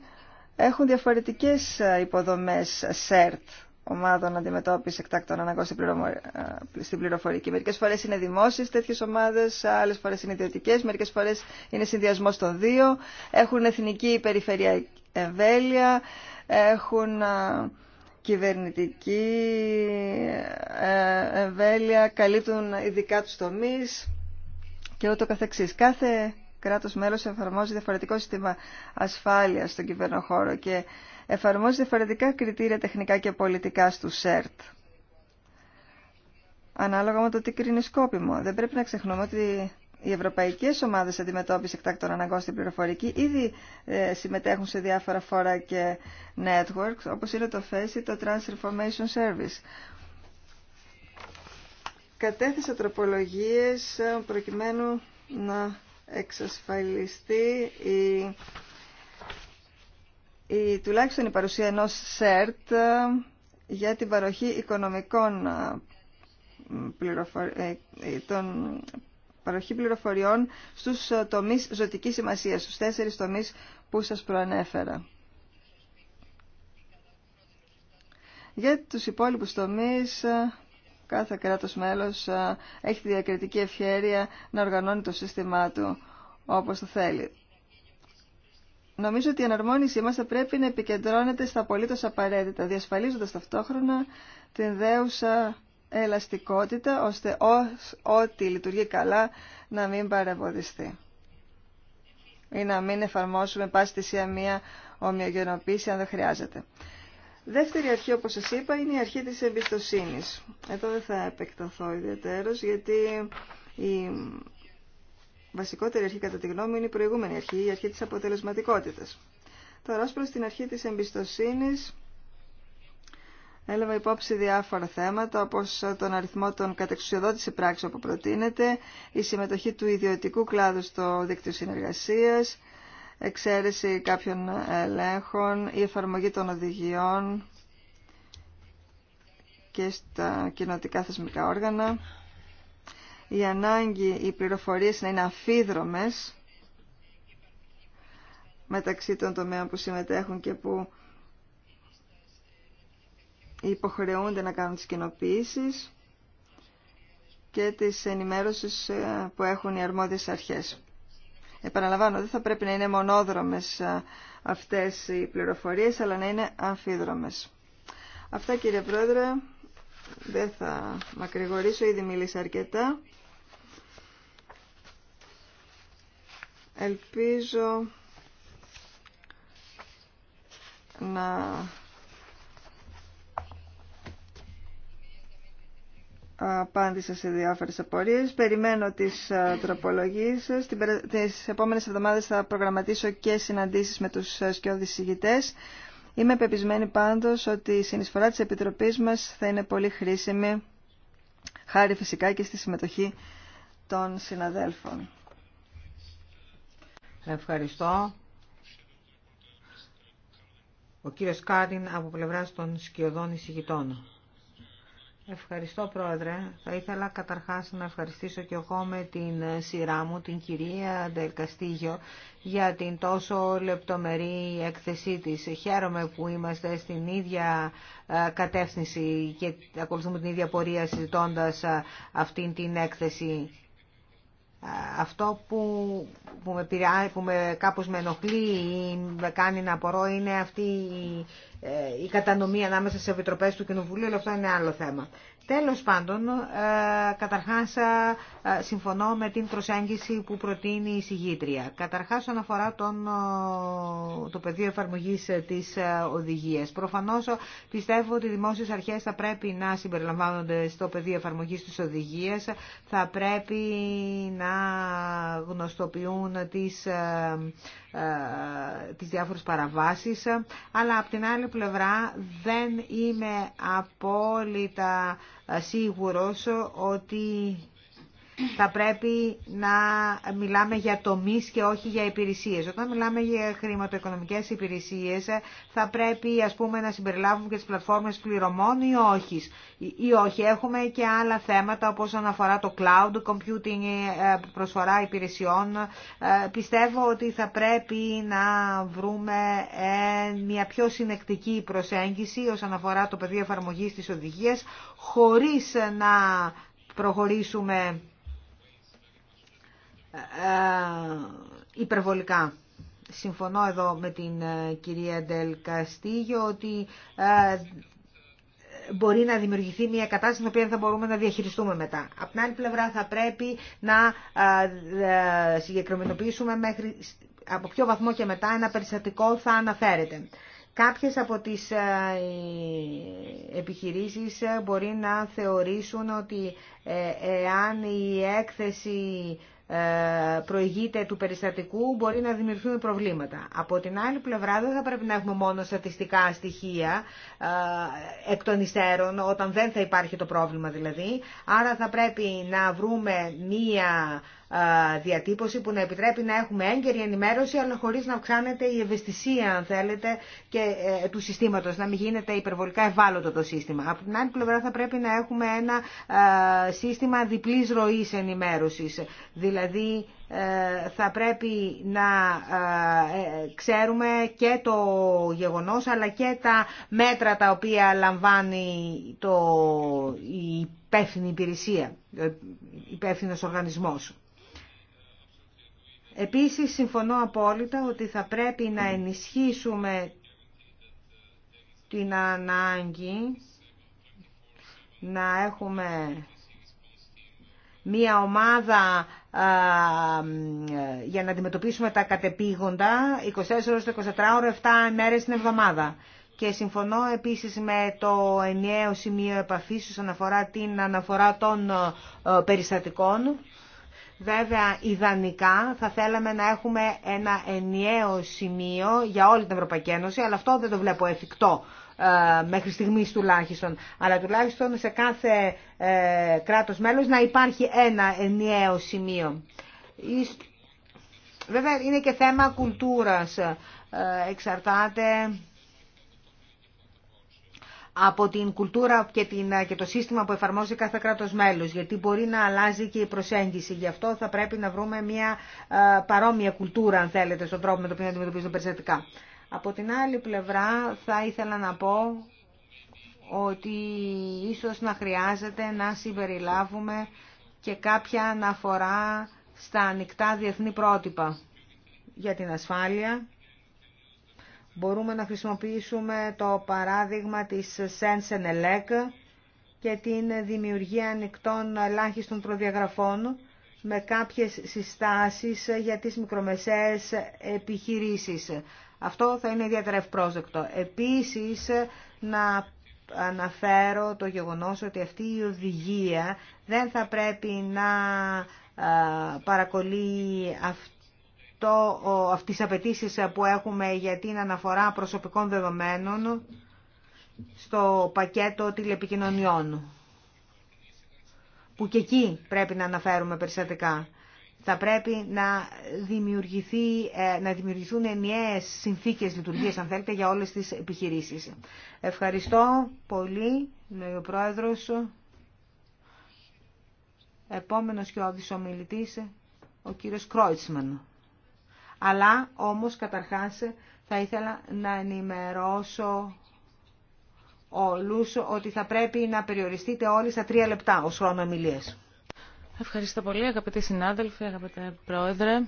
έχουν διαφορετικές υποδομές CERT ομάδων αντιμετώπιση εκτάκτων αναγκών στην ε, πληροφορική. Μερικέ φορέ είναι δημόσιε τέτοιε ομάδε, άλλε φορέ είναι ιδιωτικέ, μερικέ φορέ είναι συνδυασμό των δύο. Έχουν εθνική περιφερειακή εμβέλεια, έχουν ε, κυβερνητική εμβέλεια, καλύπτουν ειδικά τους τομεί και ούτω καθεξής. Κάθε κράτος μέλος εφαρμόζει διαφορετικό σύστημα ασφάλειας στον κυβερνοχώρο και εφαρμόζει διαφορετικά κριτήρια τεχνικά και πολιτικά στου ΣΕΡΤ. Ανάλογα με το τι κρίνει σκόπιμο. Δεν πρέπει να ξεχνούμε ότι οι ευρωπαϊκέ ομάδε αντιμετώπιση εκτάκτων αναγκών στην πληροφορική ήδη ε, συμμετέχουν σε διάφορα φόρα και networks, όπω είναι το FACE το Transformation Service. Κατέθεσα τροπολογίες ε, προκειμένου να εξασφαλιστεί η η, τουλάχιστον η παρουσία ενός ΣΕΡΤ ε, για την παροχή οικονομικών ε, ε, παροχή πληροφοριών στους τομείς ζωτικής σημασίας, στους τέσσερις τομείς που σας προανέφερα. Για τους υπόλοιπους τομείς, κάθε κράτος μέλος έχει τη διακριτική ευχέρεια να οργανώνει το σύστημά του όπως το θέλει. Νομίζω ότι η εναρμόνισή μας θα πρέπει να επικεντρώνεται στα απολύτως απαραίτητα, διασφαλίζοντας ταυτόχρονα την δέουσα ελαστικότητα, ώστε ό,τι λειτουργεί καλά να μην παρεμποδιστεί. Ή να μην εφαρμόσουμε πάση θυσία μία ομοιογενοποίηση αν δεν χρειάζεται. Δεύτερη αρχή, όπως σας είπα, είναι η αρχή της εμπιστοσύνης. Εδώ δεν θα επεκταθώ ιδιαίτερως, γιατί η βασικότερη αρχή κατά τη γνώμη μου, είναι η προηγούμενη αρχή, η αρχή της αποτελεσματικότητας. Τώρα ως προς την αρχή της εμπιστοσύνης έλαβα υπόψη διάφορα θέματα όπως τον αριθμό των κατεξουσιοδότηση πράξεων που προτείνεται, η συμμετοχή του ιδιωτικού κλάδου στο δίκτυο συνεργασίας, εξαίρεση κάποιων ελέγχων, η εφαρμογή των οδηγιών και στα κοινοτικά θεσμικά όργανα η ανάγκη οι πληροφορίες να είναι αφίδρομες μεταξύ των τομέων που συμμετέχουν και που υποχρεούνται να κάνουν τις κοινοποίησεις και τις ενημέρωσεις ε, που έχουν οι αρμόδιες αρχές. Επαναλαμβάνω, δεν θα πρέπει να είναι μονόδρομες ε, αυτές οι πληροφορίες, αλλά να είναι αμφίδρομες. Αυτά κύριε Πρόεδρε. Δεν θα μακρηγορήσω, ήδη μίλησα αρκετά. Ελπίζω να απάντησα σε διάφορες απορίες. Περιμένω τις ε, τροπολογίες σας. Τις επόμενες εβδομάδες θα προγραμματίσω και συναντήσεις με τους ε, σκιώδεις Είμαι πεπισμένη πάντως ότι η συνεισφορά της Επιτροπής μας θα είναι πολύ χρήσιμη, χάρη φυσικά και στη συμμετοχή των συναδέλφων. Ευχαριστώ. Ο κύριος Κάριν από πλευράς των σκιωδών εισηγητών. Ευχαριστώ Πρόεδρε. Θα ήθελα καταρχάς να ευχαριστήσω και εγώ με την σειρά μου, την κυρία Δελκαστίγιο για την τόσο λεπτομερή έκθεσή της. Χαίρομαι που είμαστε στην ίδια ε, κατεύθυνση και ακολουθούμε την ίδια πορεία συζητώντας ε, αυτήν την έκθεση αυτό που, που, με πειρά, που με κάπως με ενοχλεί ή με κάνει να απορώ είναι αυτή η, ε, η κατανομή ανάμεσα σε επιτροπές του Κοινοβουλίου, αλλά αυτό είναι άλλο θέμα. Τέλος πάντων, ε, καταρχάς ε, συμφωνώ με την προσέγγιση που προτείνει η συγγήτρια. Καταρχάς, όσον αφορά ε, το πεδίο εφαρμογής της οδηγίας. Προφανώς πιστεύω ότι οι δημόσιες αρχές θα πρέπει να συμπεριλαμβάνονται στο πεδίο εφαρμογής της οδηγίας. Θα πρέπει να γνωστοποιούν τις, τις διάφορες παραβάσεις. Αλλά, από την άλλη πλευρά, δεν είμαι απόλυτα σίγουρος ότι θα πρέπει να μιλάμε για τομεί και όχι για υπηρεσίες. Όταν μιλάμε για χρηματοοικονομικές υπηρεσίες θα πρέπει ας πούμε, να συμπεριλάβουμε και τις πλατφόρμες πληρωμών ή όχι. Ή όχι. Έχουμε και άλλα θέματα όπως αναφορά το cloud, computing, ε, προσφορά υπηρεσιών. Ε, πιστεύω ότι θα πρέπει να βρούμε ε, μια πιο συνεκτική προσέγγιση όσον αφορά το πεδίο εφαρμογή τη οδηγία χωρίς να προχωρήσουμε ε, ε, υπερβολικά. Συμφωνώ εδώ με την ε, κυρία Ντελ Καστίγιο ότι μπορεί να δημιουργηθεί μια κατάσταση την οποία θα μπορούμε να διαχειριστούμε μετά. Από την άλλη πλευρά θα πρέπει να συγκεκριμενοποιήσουμε μέχρι από ποιο βαθμό και μετά ένα περιστατικό θα αναφέρεται. Κάποιες από τις επιχειρήσεις μπορεί να θεωρήσουν ότι εάν η έκθεση ε, προηγείται του περιστατικού μπορεί να δημιουργηθούν προβλήματα. Από την άλλη πλευρά δεν θα πρέπει να έχουμε μόνο στατιστικά στοιχεία ε, εκ των υστέρων όταν δεν θα υπάρχει το πρόβλημα δηλαδή. Άρα θα πρέπει να βρούμε μία διατύπωση που να επιτρέπει να έχουμε έγκαιρη ενημέρωση αλλά χωρίς να αυξάνεται η ευαισθησία αν θέλετε και, ε, του συστήματος, να μην γίνεται υπερβολικά ευάλωτο το σύστημα. Από την άλλη πλευρά θα πρέπει να έχουμε ένα σύστημα διπλής ροής ενημέρωσης, δηλαδή ε, θα πρέπει να ε, ξέρουμε και το γεγονός αλλά και τα μέτρα τα οποία λαμβάνει το, η υπεύθυνη υπηρεσία, υπεύθυνος οργανισμός. Επίσης, συμφωνώ απόλυτα ότι θα πρέπει να ενισχύσουμε την ανάγκη να έχουμε μία ομάδα για να αντιμετωπίσουμε τα κατεπήγοντα 24 ώρες 24 ώρες, 7 μέρες την εβδομάδα. Και συμφωνώ επίσης με το ενιαίο σημείο επαφής όσον αφορά την αναφορά των περιστατικών Βέβαια, ιδανικά θα θέλαμε να έχουμε ένα ενιαίο σημείο για όλη την Ευρωπαϊκή Ένωση, αλλά αυτό δεν το βλέπω εφικτό ε, μέχρι στιγμής τουλάχιστον. Αλλά τουλάχιστον σε κάθε ε, κράτος μέλος να υπάρχει ένα ενιαίο σημείο. Βέβαια, είναι και θέμα κουλτούρας. Ε, εξαρτάται από την κουλτούρα και, ε, και το σύστημα που εφαρμόζει κάθε κράτος μέλος, γιατί μπορεί να αλλάζει και η προσέγγιση. Γι' αυτό θα πρέπει να βρούμε μια ε, παρόμοια κουλτούρα, αν θέλετε, στον τρόπο με τον οποίο αντιμετωπίζουμε περιστατικά. Από την άλλη πλευρά θα ήθελα να πω ότι ίσως να χρειάζεται να συμπεριλάβουμε και κάποια αναφορά στα ανοιχτά διεθνή πρότυπα για την ασφάλεια Μπορούμε να χρησιμοποιήσουμε το παράδειγμα της Sensenelec και την δημιουργία ανοιχτών ελάχιστων προδιαγραφών με κάποιες συστάσεις για τις μικρομεσαίες επιχειρήσεις. Αυτό θα είναι ιδιαίτερα ευπρόσδεκτο. Επίσης, να αναφέρω το γεγονός ότι αυτή η οδηγία δεν θα πρέπει να ε, παρακολεί αυτή αυτό, αυτές τις απαιτήσει που έχουμε για την αναφορά προσωπικών δεδομένων στο πακέτο τηλεπικοινωνιών που και εκεί πρέπει να αναφέρουμε περιστατικά. Θα πρέπει να, δημιουργηθεί, ε, να δημιουργηθούν ενιαίες συνθήκες λειτουργίας, αν θέλετε, για όλες τις επιχειρήσεις. Ευχαριστώ πολύ, λέει ο Πρόεδρος. Επόμενος και ο ομιλητή, ο κύριος Κρόιτσμαν. Αλλά όμως καταρχάς θα ήθελα να ενημερώσω όλους ότι θα πρέπει να περιοριστείτε όλοι στα τρία λεπτά ως χρόνο ομιλίες. Ευχαριστώ πολύ αγαπητοί συνάδελφοι, αγαπητέ πρόεδρε.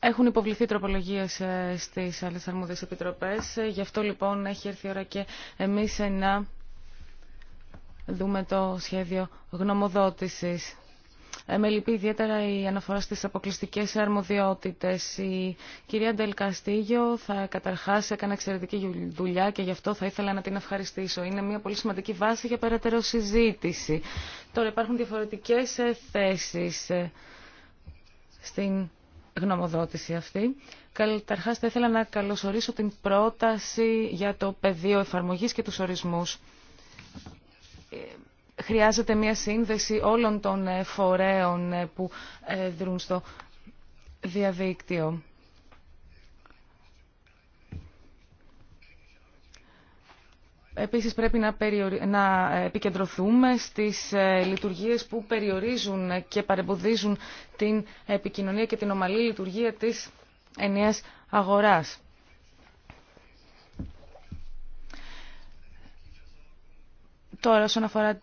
Έχουν υποβληθεί τροπολογίε ε, στι άλλε αρμόδιε επιτροπέ. Ε, γι' αυτό λοιπόν έχει έρθει η ώρα και εμεί να δούμε το σχέδιο γνωμοδότησης. Ε, με λυπεί ιδιαίτερα η αναφορά στις αποκλειστικέ αρμοδιότητες. Η κυρία Ντελκαστίγιο θα καταρχάς έκανε εξαιρετική δουλειά και γι' αυτό θα ήθελα να την ευχαριστήσω. Είναι μια πολύ σημαντική βάση για περαιτέρω συζήτηση. Τώρα υπάρχουν διαφορετικές ε, θέσει ε, στην γνωμοδότηση αυτή. Καταρχά, θα ήθελα να καλωσορίσω την πρόταση για το πεδίο εφαρμογή και του ορισμού χρειάζεται μια σύνδεση όλων των ε, φορέων ε, που ε, δρούν στο διαδίκτυο. Επίσης πρέπει να, να επικεντρωθούμε στις λειτουργίες που περιορίζουν και παρεμποδίζουν την επικοινωνία και την ομαλή λειτουργία της ενιαίας αγοράς. Τώρα, όσον αφορά ε,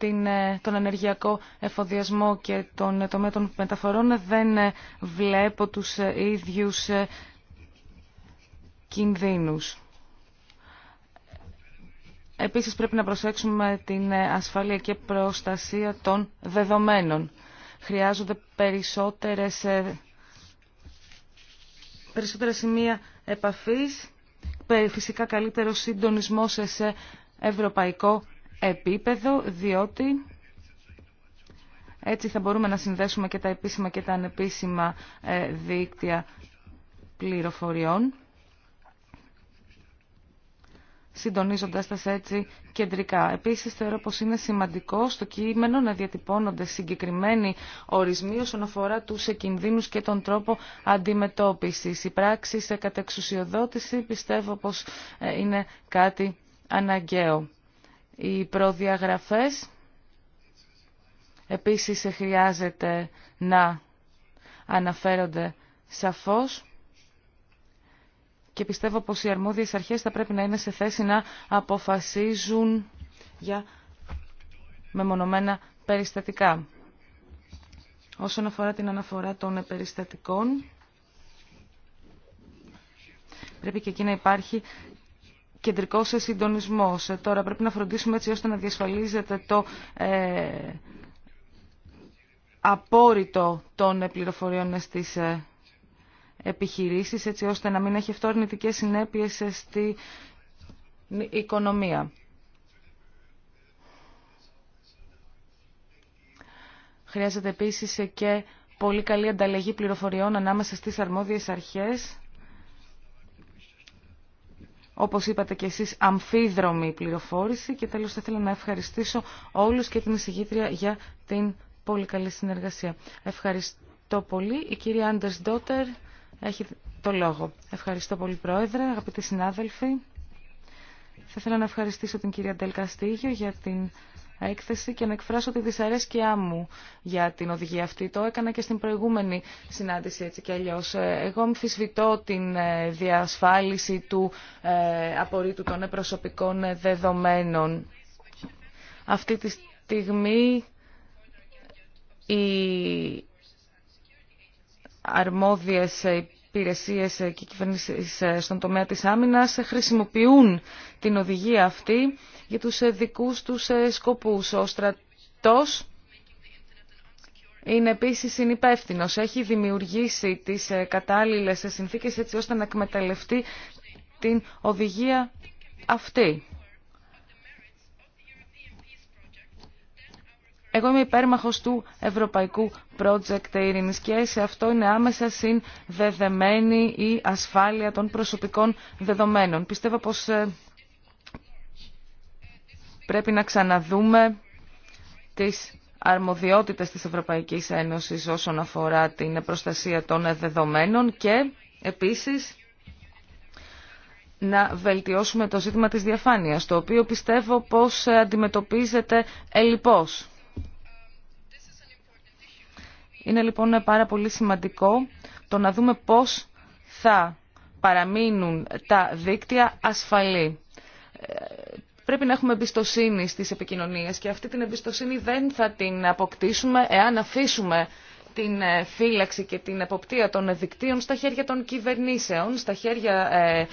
τον ενεργειακό εφοδιασμό και τον ε, τομέα των μεταφορών, δεν ε, βλέπω τους ίδιους κινδύνους. Επίσης, πρέπει να προσέξουμε την ασφάλεια και προστασία των δεδομένων. Χρειάζονται περισσότερες, περισσότερες σημεία επαφής, φυσικά καλύτερο συντονισμό σε ευρωπαϊκό επίπεδο, διότι έτσι θα μπορούμε να συνδέσουμε και τα επίσημα και τα ανεπίσημα ε, δίκτυα πληροφοριών, συντονίζοντας τα έτσι κεντρικά. Επίσης, θεωρώ πως είναι σημαντικό στο κείμενο να διατυπώνονται συγκεκριμένοι ορισμοί όσον αφορά τους κινδύνους και τον τρόπο αντιμετώπισης. Η πράξη σε κατεξουσιοδότηση πιστεύω πως ε, είναι κάτι αναγκαίο. Οι προδιαγραφές επίσης χρειάζεται να αναφέρονται σαφώς και πιστεύω πως οι αρμόδιες αρχές θα πρέπει να είναι σε θέση να αποφασίζουν για μεμονωμένα περιστατικά. Όσον αφορά την αναφορά των περιστατικών, πρέπει και εκεί να υπάρχει κεντρικός συντονισμός. Τώρα πρέπει να φροντίσουμε έτσι ώστε να διασφαλίζεται το ε, απόρριτο των πληροφοριών στις ε, επιχειρήσεις, έτσι ώστε να μην έχει αυτό συνέπειε συνέπειες στην οικονομία. Χρειάζεται επίσης και πολύ καλή ανταλλαγή πληροφοριών ανάμεσα στις αρμόδιες αρχές όπως είπατε και εσείς, αμφίδρομη πληροφόρηση και τέλος θα ήθελα να ευχαριστήσω όλους και την εισηγήτρια για την πολύ καλή συνεργασία. Ευχαριστώ πολύ. Η κυρία Άντερς Ντότερ έχει το λόγο. Ευχαριστώ πολύ Πρόεδρε, αγαπητοί συνάδελφοι. Θα ήθελα να ευχαριστήσω την κυρία Ντελ Καστίγιο για την έκθεση και να εκφράσω τη δυσαρέσκειά μου για την οδηγία αυτή. Το έκανα και στην προηγούμενη συνάντηση έτσι κι αλλιώ. Ε, εγώ αμφισβητώ την ε, διασφάλιση του ε, απορρίτου των προσωπικών δεδομένων. Αυτή τη στιγμή οι αρμόδιες υπηρεσίε και κυβερνήσεις ε, στον τομέα της άμυνας χρησιμοποιούν την οδηγία αυτή για τους ε, δικού τους ε, σκοπούς. Ο στρατό είναι επίσης υπεύθυνο. Έχει δημιουργήσει τις κατάλληλε συνθήκες έτσι ώστε να εκμεταλλευτεί την οδηγία αυτή. Εγώ είμαι υπέρμαχος του Ευρωπαϊκού Project Ειρήνης και σε αυτό είναι άμεσα συνδεδεμένη η ασφάλεια των προσωπικών δεδομένων. Πιστεύω πως ε, πρέπει να ξαναδούμε τις αρμοδιότητες της Ευρωπαϊκής Ένωσης όσον αφορά την προστασία των δεδομένων και επίσης να βελτιώσουμε το ζήτημα της διαφάνειας, το οποίο πιστεύω πως ε, αντιμετωπίζεται ελλειπώς. Είναι λοιπόν πάρα πολύ σημαντικό το να δούμε πώς θα παραμείνουν τα δίκτυα ασφαλή. Ε, πρέπει να έχουμε εμπιστοσύνη στις επικοινωνίες και αυτή την εμπιστοσύνη δεν θα την αποκτήσουμε εάν αφήσουμε την ε, φύλαξη και την εποπτεία των δικτύων στα χέρια των κυβερνήσεων, στα χέρια ε,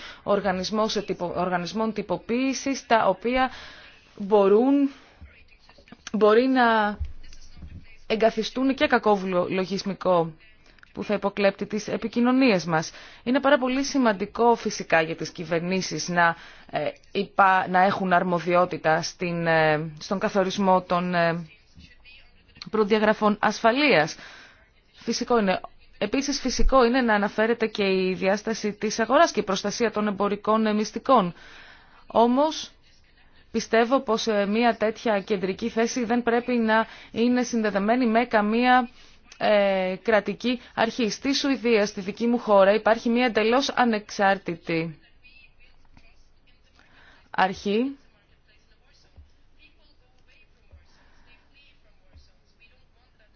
οργανισμών τυποποίησης, τα οποία μπορούν, μπορεί να εγκαθιστούν και κακόβουλο λογισμικό που θα υποκλέπτει τις επικοινωνίες μας. Είναι πάρα πολύ σημαντικό φυσικά για τις κυβερνήσεις να, ε, να έχουν αρμοδιότητα ε, στον καθορισμό των ε, προδιαγραφών ασφαλείας. Φυσικό είναι. Επίσης φυσικό είναι να αναφέρεται και η διάσταση της αγοράς και η προστασία των εμπορικών μυστικών. Όμως Πιστεύω πως ε, μια τέτοια κεντρική θέση δεν πρέπει να είναι συνδεδεμένη με καμία ε, κρατική αρχή. Στη Σουηδία, στη δική μου χώρα, υπάρχει μια εντελώ ανεξάρτητη αρχή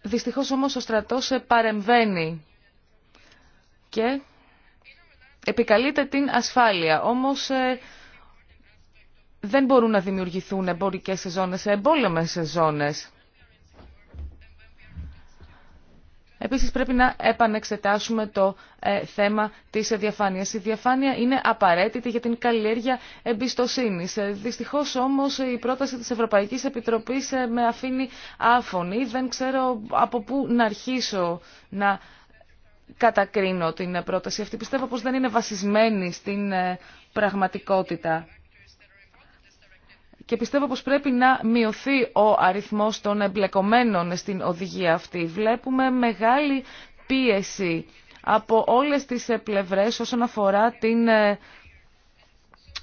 Δυστυχώς όμως ο στρατός ε, παρεμβαίνει και επικαλείται την ασφάλεια. Όμως δεν μπορούν να δημιουργηθούν εμπορικές σεζόνες σε εμπόλεμες σεζόνες. Επίσης πρέπει να επανεξετάσουμε το ε, θέμα της διαφάνειας. Η διαφάνεια είναι απαραίτητη για την καλλιέργεια εμπιστοσύνης. Ε, δυστυχώς όμως η πρόταση της Ευρωπαϊκής Επιτροπής ε, με αφήνει άφωνη. Δεν ξέρω από πού να αρχίσω να κατακρίνω την πρόταση αυτή. Πιστεύω πως δεν είναι βασισμένη στην πραγματικότητα και πιστεύω πως πρέπει να μειωθεί ο αριθμός των εμπλεκομένων στην οδηγία αυτή. Βλέπουμε μεγάλη πίεση από όλες τις πλευρές όσον αφορά την ε,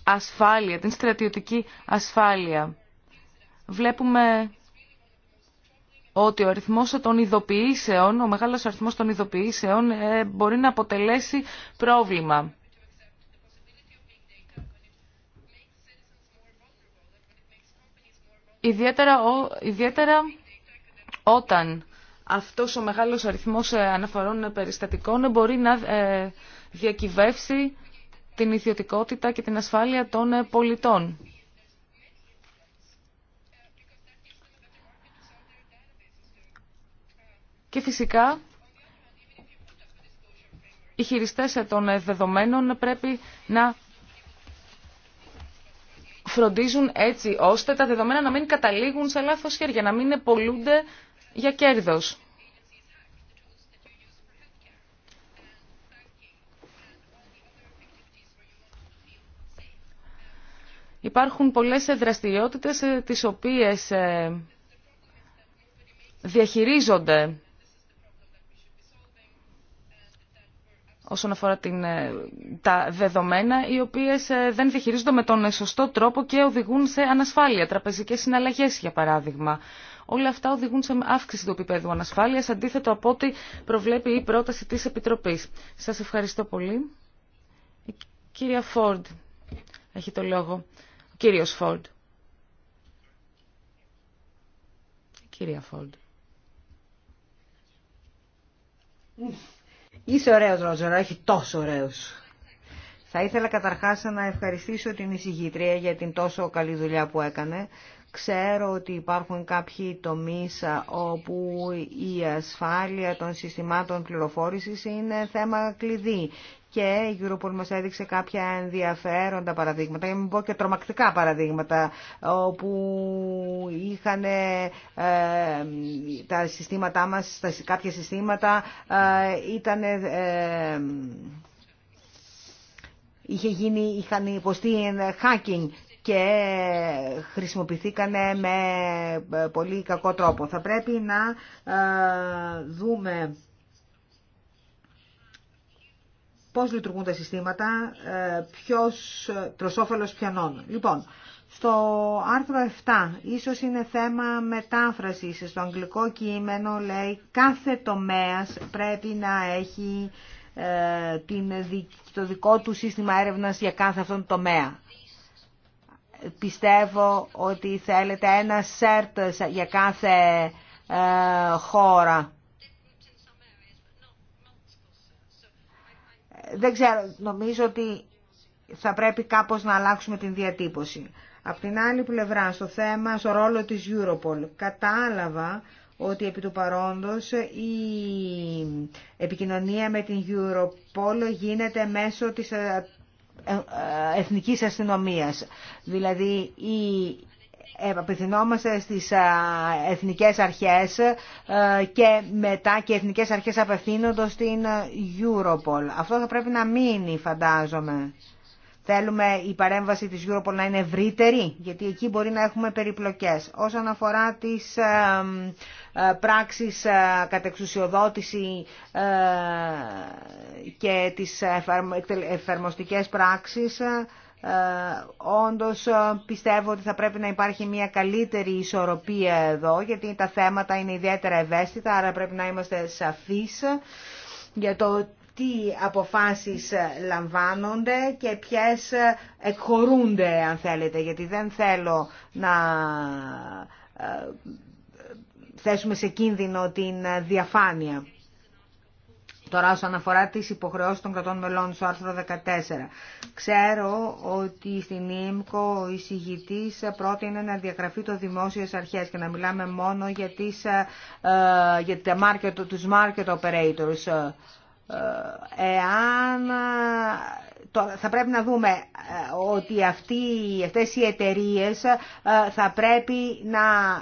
ασφάλεια, την στρατιωτική ασφάλεια. Βλέπουμε ότι ο αριθμός των ειδοποιήσεων, ο μεγάλος αριθμός των ειδοποιήσεων ε, μπορεί να αποτελέσει πρόβλημα. ιδιαίτερα, ιδιαίτερα όταν αυτός ο μεγάλος αριθμός ε, αναφορών περιστατικών μπορεί να ε, διακυβεύσει την ιδιωτικότητα και την ασφάλεια των ε, πολιτών. Και φυσικά οι χειριστές των δεδομένων πρέπει να φροντίζουν έτσι ώστε τα δεδομένα να μην καταλήγουν σε λάθος χέρια, να μην πολλούνται για κέρδος. Υπάρχουν πολλές δραστηριότητες ε, τις οποίες ε, διαχειρίζονται όσον αφορά την, ε, τα δεδομένα, οι οποίες ε, δεν διαχειρίζονται με τον σωστό τρόπο και οδηγούν σε ανασφάλεια, τραπεζικές συναλλαγές για παράδειγμα. Όλα αυτά οδηγούν σε αύξηση του επίπεδου ανασφάλειας, αντίθετο από ό,τι προβλέπει η πρόταση τη Επιτροπής. Σας ευχαριστώ πολύ. Η κυρία Φόρντ έχει το λόγο. Ο κύριο Φόρντ. Η κυρία Φόρντ. Είσαι ωραίο Ρότζερ, όχι τόσο ωραίο. Θα ήθελα καταρχά να ευχαριστήσω την εισηγήτρια για την τόσο καλή δουλειά που έκανε. Ξέρω ότι υπάρχουν κάποιοι τομείς όπου η ασφάλεια των συστημάτων πληροφόρησης είναι θέμα κλειδί και η Europol μας έδειξε κάποια ενδιαφέροντα παραδείγματα, ή μην πω και τρομακτικά παραδείγματα, όπου είχαν ε, τα συστήματά μας, κάποια συστήματα ε, ήταν... Ε, είχε γίνει, είχαν υποστεί hacking και χρησιμοποιηθήκαν με πολύ κακό τρόπο. Θα πρέπει να δούμε πώς λειτουργούν τα συστήματα, ε, ποιος τροσόφελος πιανών. Λοιπόν, στο άρθρο 7, ίσως είναι θέμα μετάφρασης, στο αγγλικό κείμενο λέει κάθε τομέας πρέπει να έχει ε, το δικό του σύστημα έρευνας για κάθε αυτόν τον τομέα. Πιστεύω ότι θέλετε ένα σερτ για κάθε ε, χώρα. δεν ξέρω, νομίζω ότι θα πρέπει κάπως να αλλάξουμε την διατύπωση. Απ' την άλλη πλευρά, στο θέμα, στο ρόλο της Europol, κατάλαβα ότι επί του παρόντος η επικοινωνία με την Europol γίνεται μέσω της ε, ε, ε, εθνικής αστυνομίας. Δηλαδή η απευθυνόμαστε στις εθνικές αρχές ε, και μετά και εθνικές αρχές απευθύνονται στην ε, Europol. Αυτό θα πρέπει να μείνει φαντάζομαι. Θέλουμε η παρέμβαση της Europol να είναι ευρύτερη, γιατί εκεί μπορεί να έχουμε περιπλοκές. Όσον αφορά τις ε, πράξεις κατεξουσιοδότηση και τις εφαρμοστικές πράξεις, ε, όντως ε, πιστεύω ότι θα πρέπει να υπάρχει μια καλύτερη ισορροπία εδώ γιατί τα θέματα είναι ιδιαίτερα ευαίσθητα άρα πρέπει να είμαστε σαφείς για το τι αποφάσεις λαμβάνονται και ποιες εκχωρούνται αν θέλετε γιατί δεν θέλω να ε, θέσουμε σε κίνδυνο την διαφάνεια. Τώρα όσον αφορά τις υποχρεώσεις των κρατών μελών στο άρθρο 14. Ξέρω ότι στην ΙΜΚΟ ο εισηγητής πρότεινε να διαγραφεί το δημόσιες αρχές και να μιλάμε μόνο για, τις, ε, ε, για τα market, τους market operators. Ε, εάν θα πρέπει να δούμε ότι αυτοί, αυτές οι εταιρείες θα πρέπει να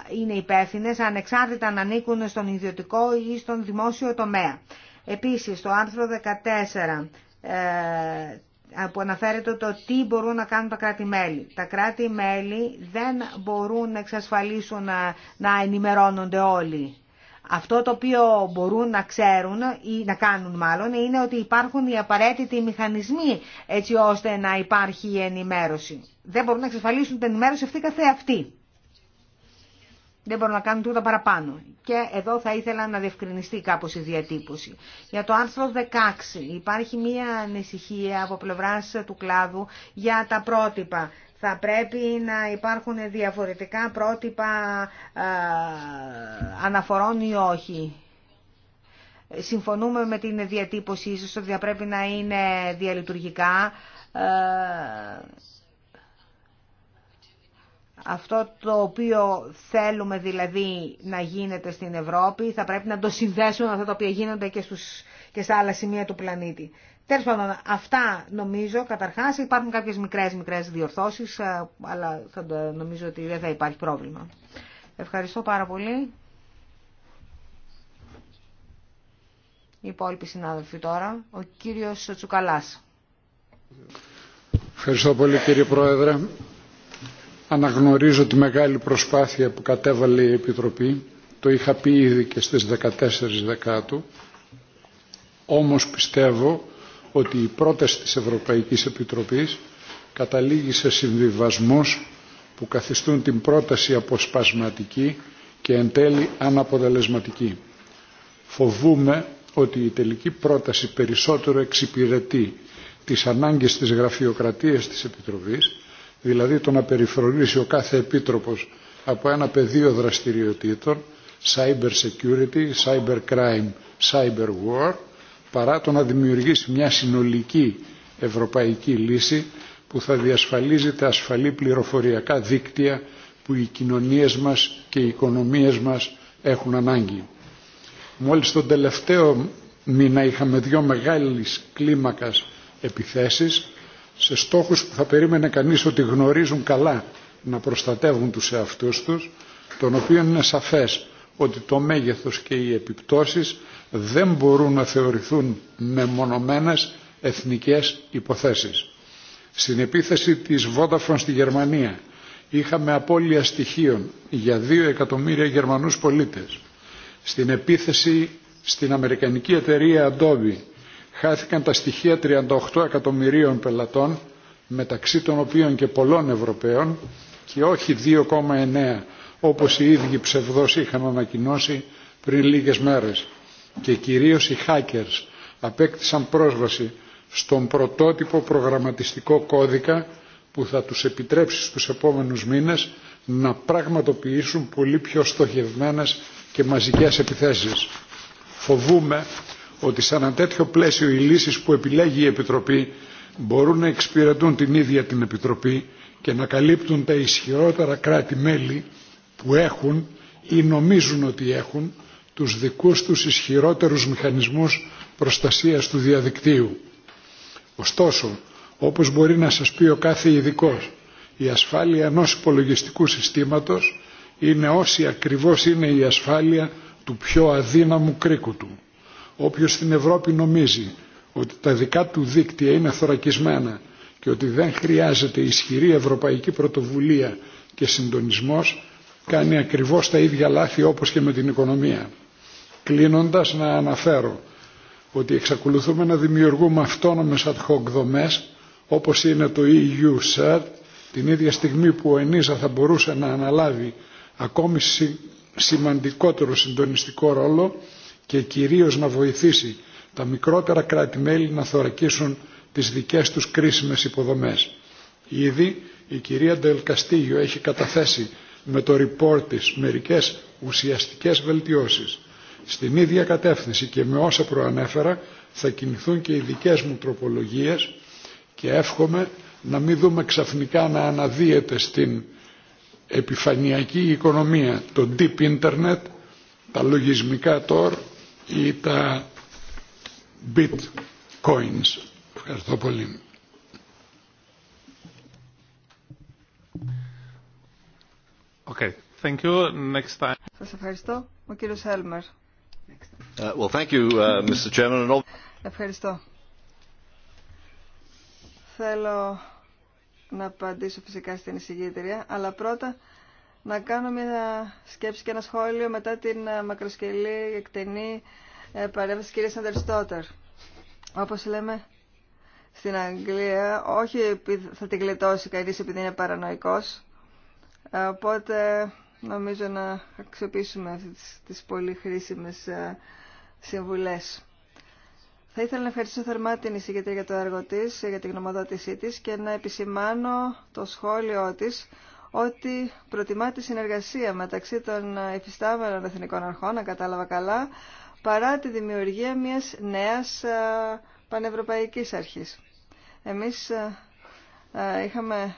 είναι υπεύθυνες ανεξάρτητα να ανήκουν στον ιδιωτικό ή στον δημόσιο τομέα. Επίσης, το άρθρο 14 ε, που αναφέρεται το τι μπορούν να κάνουν τα κράτη-μέλη. Τα κράτη-μέλη δεν μπορούν να εξασφαλίσουν να, να ενημερώνονται όλοι. Αυτό το οποίο μπορούν να ξέρουν ή να κάνουν μάλλον είναι ότι υπάρχουν οι απαραίτητοι μηχανισμοί έτσι ώστε να υπάρχει η ενημέρωση. Δεν μπορούν να εξασφαλίσουν την ενημέρωση αυτή καθεαυτή δεν μπορούν να κάνουν τίποτα παραπάνω. Και εδώ θα ήθελα να διευκρινιστεί κάπως η διατύπωση. Για το άρθρο 16 υπάρχει μία ανησυχία από πλευράς του κλάδου για τα πρότυπα. Θα πρέπει να υπάρχουν διαφορετικά πρότυπα αναφορών ή όχι. Συμφωνούμε με την διατύπωση, ίσως ότι θα πρέπει να είναι διαλειτουργικά αυτό το οποίο θέλουμε δηλαδή να γίνεται στην Ευρώπη θα πρέπει να το συνδέσουμε με αυτά τα οποία γίνονται και, στους, και στα άλλα σημεία του πλανήτη. Τέλο πάντων, αυτά νομίζω καταρχά. Υπάρχουν κάποιε μικρέ μικρές διορθώσει, ε, αλλά θα νομίζω ότι δεν θα υπάρχει πρόβλημα. Ευχαριστώ πάρα πολύ. Οι υπόλοιποι συνάδελφοι τώρα. Ο κύριος Τσουκαλάς. Ευχαριστώ πολύ κύριε Πρόεδρε. Αναγνωρίζω τη μεγάλη προσπάθεια που κατέβαλε η Επιτροπή, το είχα πει ήδη και στις 14 Δεκάτου, όμως πιστεύω ότι η πρόταση της Ευρωπαϊκής Επιτροπής καταλήγει σε συμβιβασμούς που καθιστούν την πρόταση αποσπασματική και εν τέλει αναποτελεσματική. Φοβούμε ότι η τελική πρόταση περισσότερο εξυπηρετεί τις ανάγκες της γραφειοκρατίας της Επιτροπής δηλαδή το να περιφρονήσει ο κάθε επίτροπος από ένα πεδίο δραστηριοτήτων, cyber security, cyber crime, cyber war, παρά το να δημιουργήσει μια συνολική ευρωπαϊκή λύση που θα διασφαλίζει τα ασφαλή πληροφοριακά δίκτυα που οι κοινωνίες μας και οι οικονομίες μας έχουν ανάγκη. Μόλις τον τελευταίο μήνα είχαμε δύο μεγάλες κλίμακας επιθέσεις σε στόχους που θα περίμενε κανείς ότι γνωρίζουν καλά να προστατεύουν τους εαυτούς τους, των οποίο είναι σαφές ότι το μέγεθος και οι επιπτώσεις δεν μπορούν να θεωρηθούν μεμονωμένες εθνικές υποθέσεις. Στην επίθεση της Vodafone στη Γερμανία είχαμε απώλεια στοιχείων για δύο εκατομμύρια Γερμανούς πολίτες. Στην επίθεση στην Αμερικανική εταιρεία Adobe χάθηκαν τα στοιχεία 38 εκατομμυρίων πελατών, μεταξύ των οποίων και πολλών Ευρωπαίων, και όχι 2,9 όπως οι ίδιοι ψευδώς είχαν ανακοινώσει πριν λίγες μέρες. Και κυρίως οι hackers απέκτησαν πρόσβαση στον πρωτότυπο προγραμματιστικό κώδικα που θα τους επιτρέψει στους επόμενους μήνες να πραγματοποιήσουν πολύ πιο στοχευμένες και μαζικές επιθέσεις. Φοβούμε ότι σε ένα τέτοιο πλαίσιο οι λύσεις που επιλέγει η Επιτροπή μπορούν να εξυπηρετούν την ίδια την Επιτροπή και να καλύπτουν τα ισχυρότερα κράτη-μέλη που έχουν ή νομίζουν ότι έχουν τους δικούς τους ισχυρότερους μηχανισμούς προστασίας του διαδικτύου. Ωστόσο, όπως μπορεί να σας πει ο κάθε ειδικό, η ασφάλεια ενός υπολογιστικού συστήματος είναι όση ακριβώς είναι η ασφάλεια του πιο αδύναμου κρίκου του. Όποιος στην Ευρώπη νομίζει ότι τα δικά του δίκτυα είναι θωρακισμένα και ότι δεν χρειάζεται ισχυρή ευρωπαϊκή πρωτοβουλία και συντονισμός, κάνει ακριβώς τα ίδια λάθη όπως και με την οικονομία. Κλείνοντας να αναφέρω ότι εξακολουθούμε να δημιουργούμε αυτόνομες ad hoc δομές, όπως είναι το EU CERT, την ίδια στιγμή που ο ΕΝΙΖΑ θα μπορούσε να αναλάβει ακόμη σημαντικότερο συντονιστικό ρόλο και κυρίως να βοηθήσει τα μικρότερα κράτη-μέλη να θωρακίσουν τις δικές τους κρίσιμες υποδομές. Ήδη η κυρία Ντελκαστίγιο έχει καταθέσει με το report της μερικές ουσιαστικές βελτιώσεις. Στην ίδια κατεύθυνση και με όσα προανέφερα θα κινηθούν και οι δικές μου τροπολογίες και εύχομαι να μην δούμε ξαφνικά να αναδύεται στην επιφανειακή οικονομία το deep internet, τα λογισμικά τώρα ή τα bitcoins. Ευχαριστώ πολύ. Okay. Thank you. Next time. Σας ευχαριστώ. Ο κύριος Έλμερ. Uh, well, thank you, uh, Mr. Chairman. and all. Ευχαριστώ. Θέλω να απαντήσω φυσικά στην εισηγήτρια, αλλά πρώτα να κάνω μια σκέψη και ένα σχόλιο μετά την ε, μακροσκελή εκτενή ε, παρέμβαση κυρία Σαντερστότερ. Όπως λέμε στην Αγγλία, όχι θα την γλιτώσει κανείς επειδή είναι παρανοϊκός, ε, οπότε νομίζω να αξιοποιήσουμε αυτές τις πολύ χρήσιμες συμβουλές. Θα ήθελα να ευχαριστήσω θερμά την εισηγητή για το έργο της, για την γνωμοδότησή της και να επισημάνω το σχόλιο της ότι προτιμά τη συνεργασία μεταξύ των υφιστάμενων εθνικών αρχών, αν κατάλαβα καλά, παρά τη δημιουργία μιας νέας ε, πανευρωπαϊκής αρχής. Εμείς ε, ε, είχαμε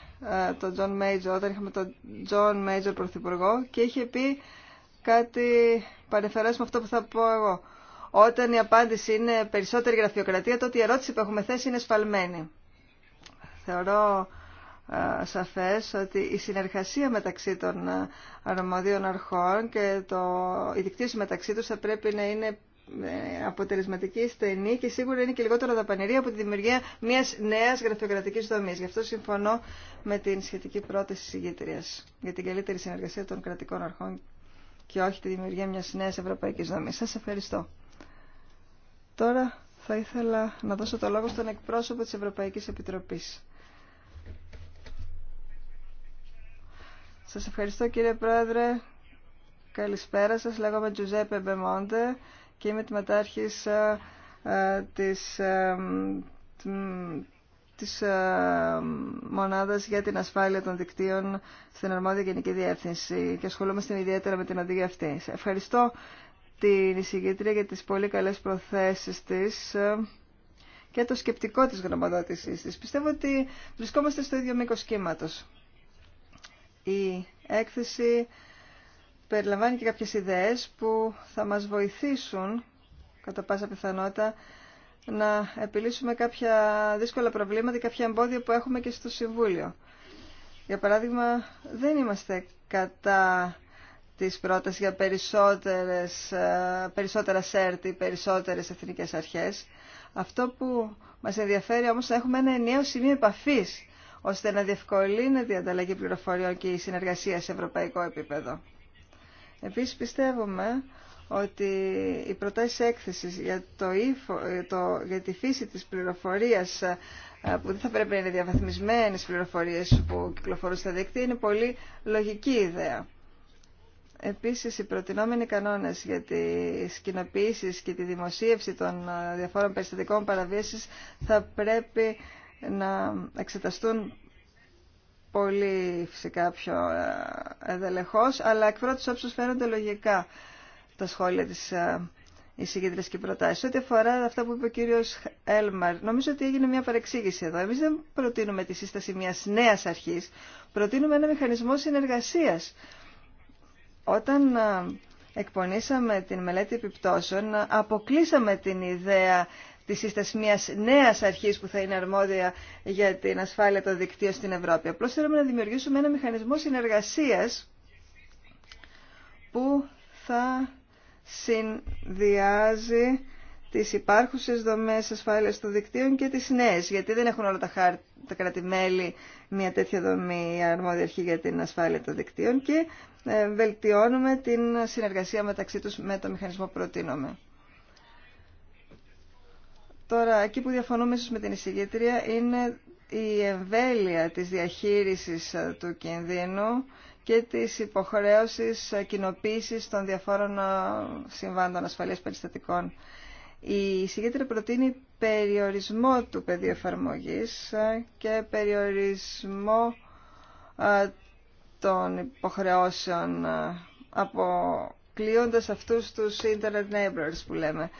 τον Τζον Major, όταν είχαμε τον John Major πρωθυπουργό και είχε πει κάτι παρεφερές με αυτό που θα πω εγώ. Όταν η απάντηση είναι περισσότερη γραφειοκρατία, τότε η ερώτηση που έχουμε θέσει είναι σφαλμένη. Θεωρώ σαφές ότι η συνεργασία μεταξύ των αρμοδίων αρχών και το, η δικτύωση μεταξύ τους θα πρέπει να είναι ε, αποτελεσματική, στενή και σίγουρα είναι και λιγότερο δαπανηρή από τη δημιουργία μιας νέας γραφειοκρατικής δομής. Γι' αυτό συμφωνώ με την σχετική πρόταση συγκήτριας για την καλύτερη συνεργασία των κρατικών αρχών και όχι τη δημιουργία μιας νέας ευρωπαϊκής δομής. Σας ευχαριστώ. Τώρα θα ήθελα να δώσω το λόγο στον εκπρόσωπο της Ευρωπαϊκής Επιτροπής. Σας ευχαριστώ κύριε Πρόεδρε. Καλησπέρα σας. Λέγομαι Τζουζέπε Μπεμόντε και είμαι τη μετάρχης ε, ε, της, ε, της Μονάδας για την Ασφάλεια των Δικτύων στην Αρμόδια Γενική Διεύθυνση και ασχολούμαστε ιδιαίτερα με την οδηγία αυτή. Ευχαριστώ την εισηγήτρια για τις πολύ καλές προθέσεις της και το σκεπτικό της γνωμοδότησής της. Πιστεύω ότι βρισκόμαστε στο ίδιο μήκος κύματος. Η έκθεση περιλαμβάνει και κάποιες ιδέες που θα μας βοηθήσουν κατά πάσα πιθανότητα να επιλύσουμε κάποια δύσκολα προβλήματα, ή κάποια εμπόδια που έχουμε και στο Συμβούλιο. Για παράδειγμα, δεν είμαστε κατά της πρότασης για περισσότερες, ε, περισσότερα σέρτη, περισσότερες εθνικές αρχές. Αυτό που μας ενδιαφέρει όμως να έχουμε ένα ενιαίο σημείο επαφής ώστε να διευκολύνεται η ανταλλαγή πληροφοριών και η συνεργασία σε ευρωπαϊκό επίπεδο. Επίσης πιστεύουμε ότι οι προτάσεις έκθεσης για, το ε, το, για τη φύση της πληροφορίας ε, που δεν θα πρέπει να είναι διαβαθμισμένες πληροφορίες που κυκλοφορούν στα δίκτυα είναι πολύ λογική ιδέα. Επίσης, οι προτινόμενοι κανόνες για τις κοινοποιήσεις και τη δημοσίευση των ε, διαφόρων περιστατικών παραβίασης θα πρέπει να εξεταστούν πολύ φυσικά πιο ε, εδελεχώς, αλλά εκ πρώτης όψης φαίνονται λογικά τα σχόλια της ε, εισηγήτρια και προτάσει. Ό,τι αφορά αυτά που είπε ο κύριος Έλμαρ, νομίζω ότι έγινε μια παρεξήγηση εδώ. Εμείς δεν προτείνουμε τη σύσταση μιας νέας αρχής, προτείνουμε ένα μηχανισμό συνεργασία. Όταν ε, εκπονήσαμε την μελέτη επιπτώσεων, αποκλείσαμε την ιδέα τη σύσταση μια νέα αρχή που θα είναι αρμόδια για την ασφάλεια των δικτύων στην Ευρώπη. Απλώ θέλουμε να δημιουργήσουμε ένα μηχανισμό συνεργασία που θα συνδυάζει τις υπάρχουσες δομές ασφάλειας των δικτύων και τις νέες, γιατί δεν έχουν όλα τα, χαρ... κρατη μια τέτοια δομή αρμόδια αρχή για την ασφάλεια των δικτύων και ε, βελτιώνουμε την συνεργασία μεταξύ τους με το μηχανισμό που Τώρα, εκεί που διαφωνούμε με την εισηγήτρια είναι η εμβέλεια της διαχείρισης ε, του κινδύνου και της υποχρέωσης ε, κοινοποίησης των διαφόρων ε, συμβάντων ασφαλείας περιστατικών. Η εισηγήτρια προτείνει περιορισμό του πεδίου εφαρμογή και περιορισμό των υποχρεώσεων αποκλείοντας αυτούς τους internet neighbors που λέμε.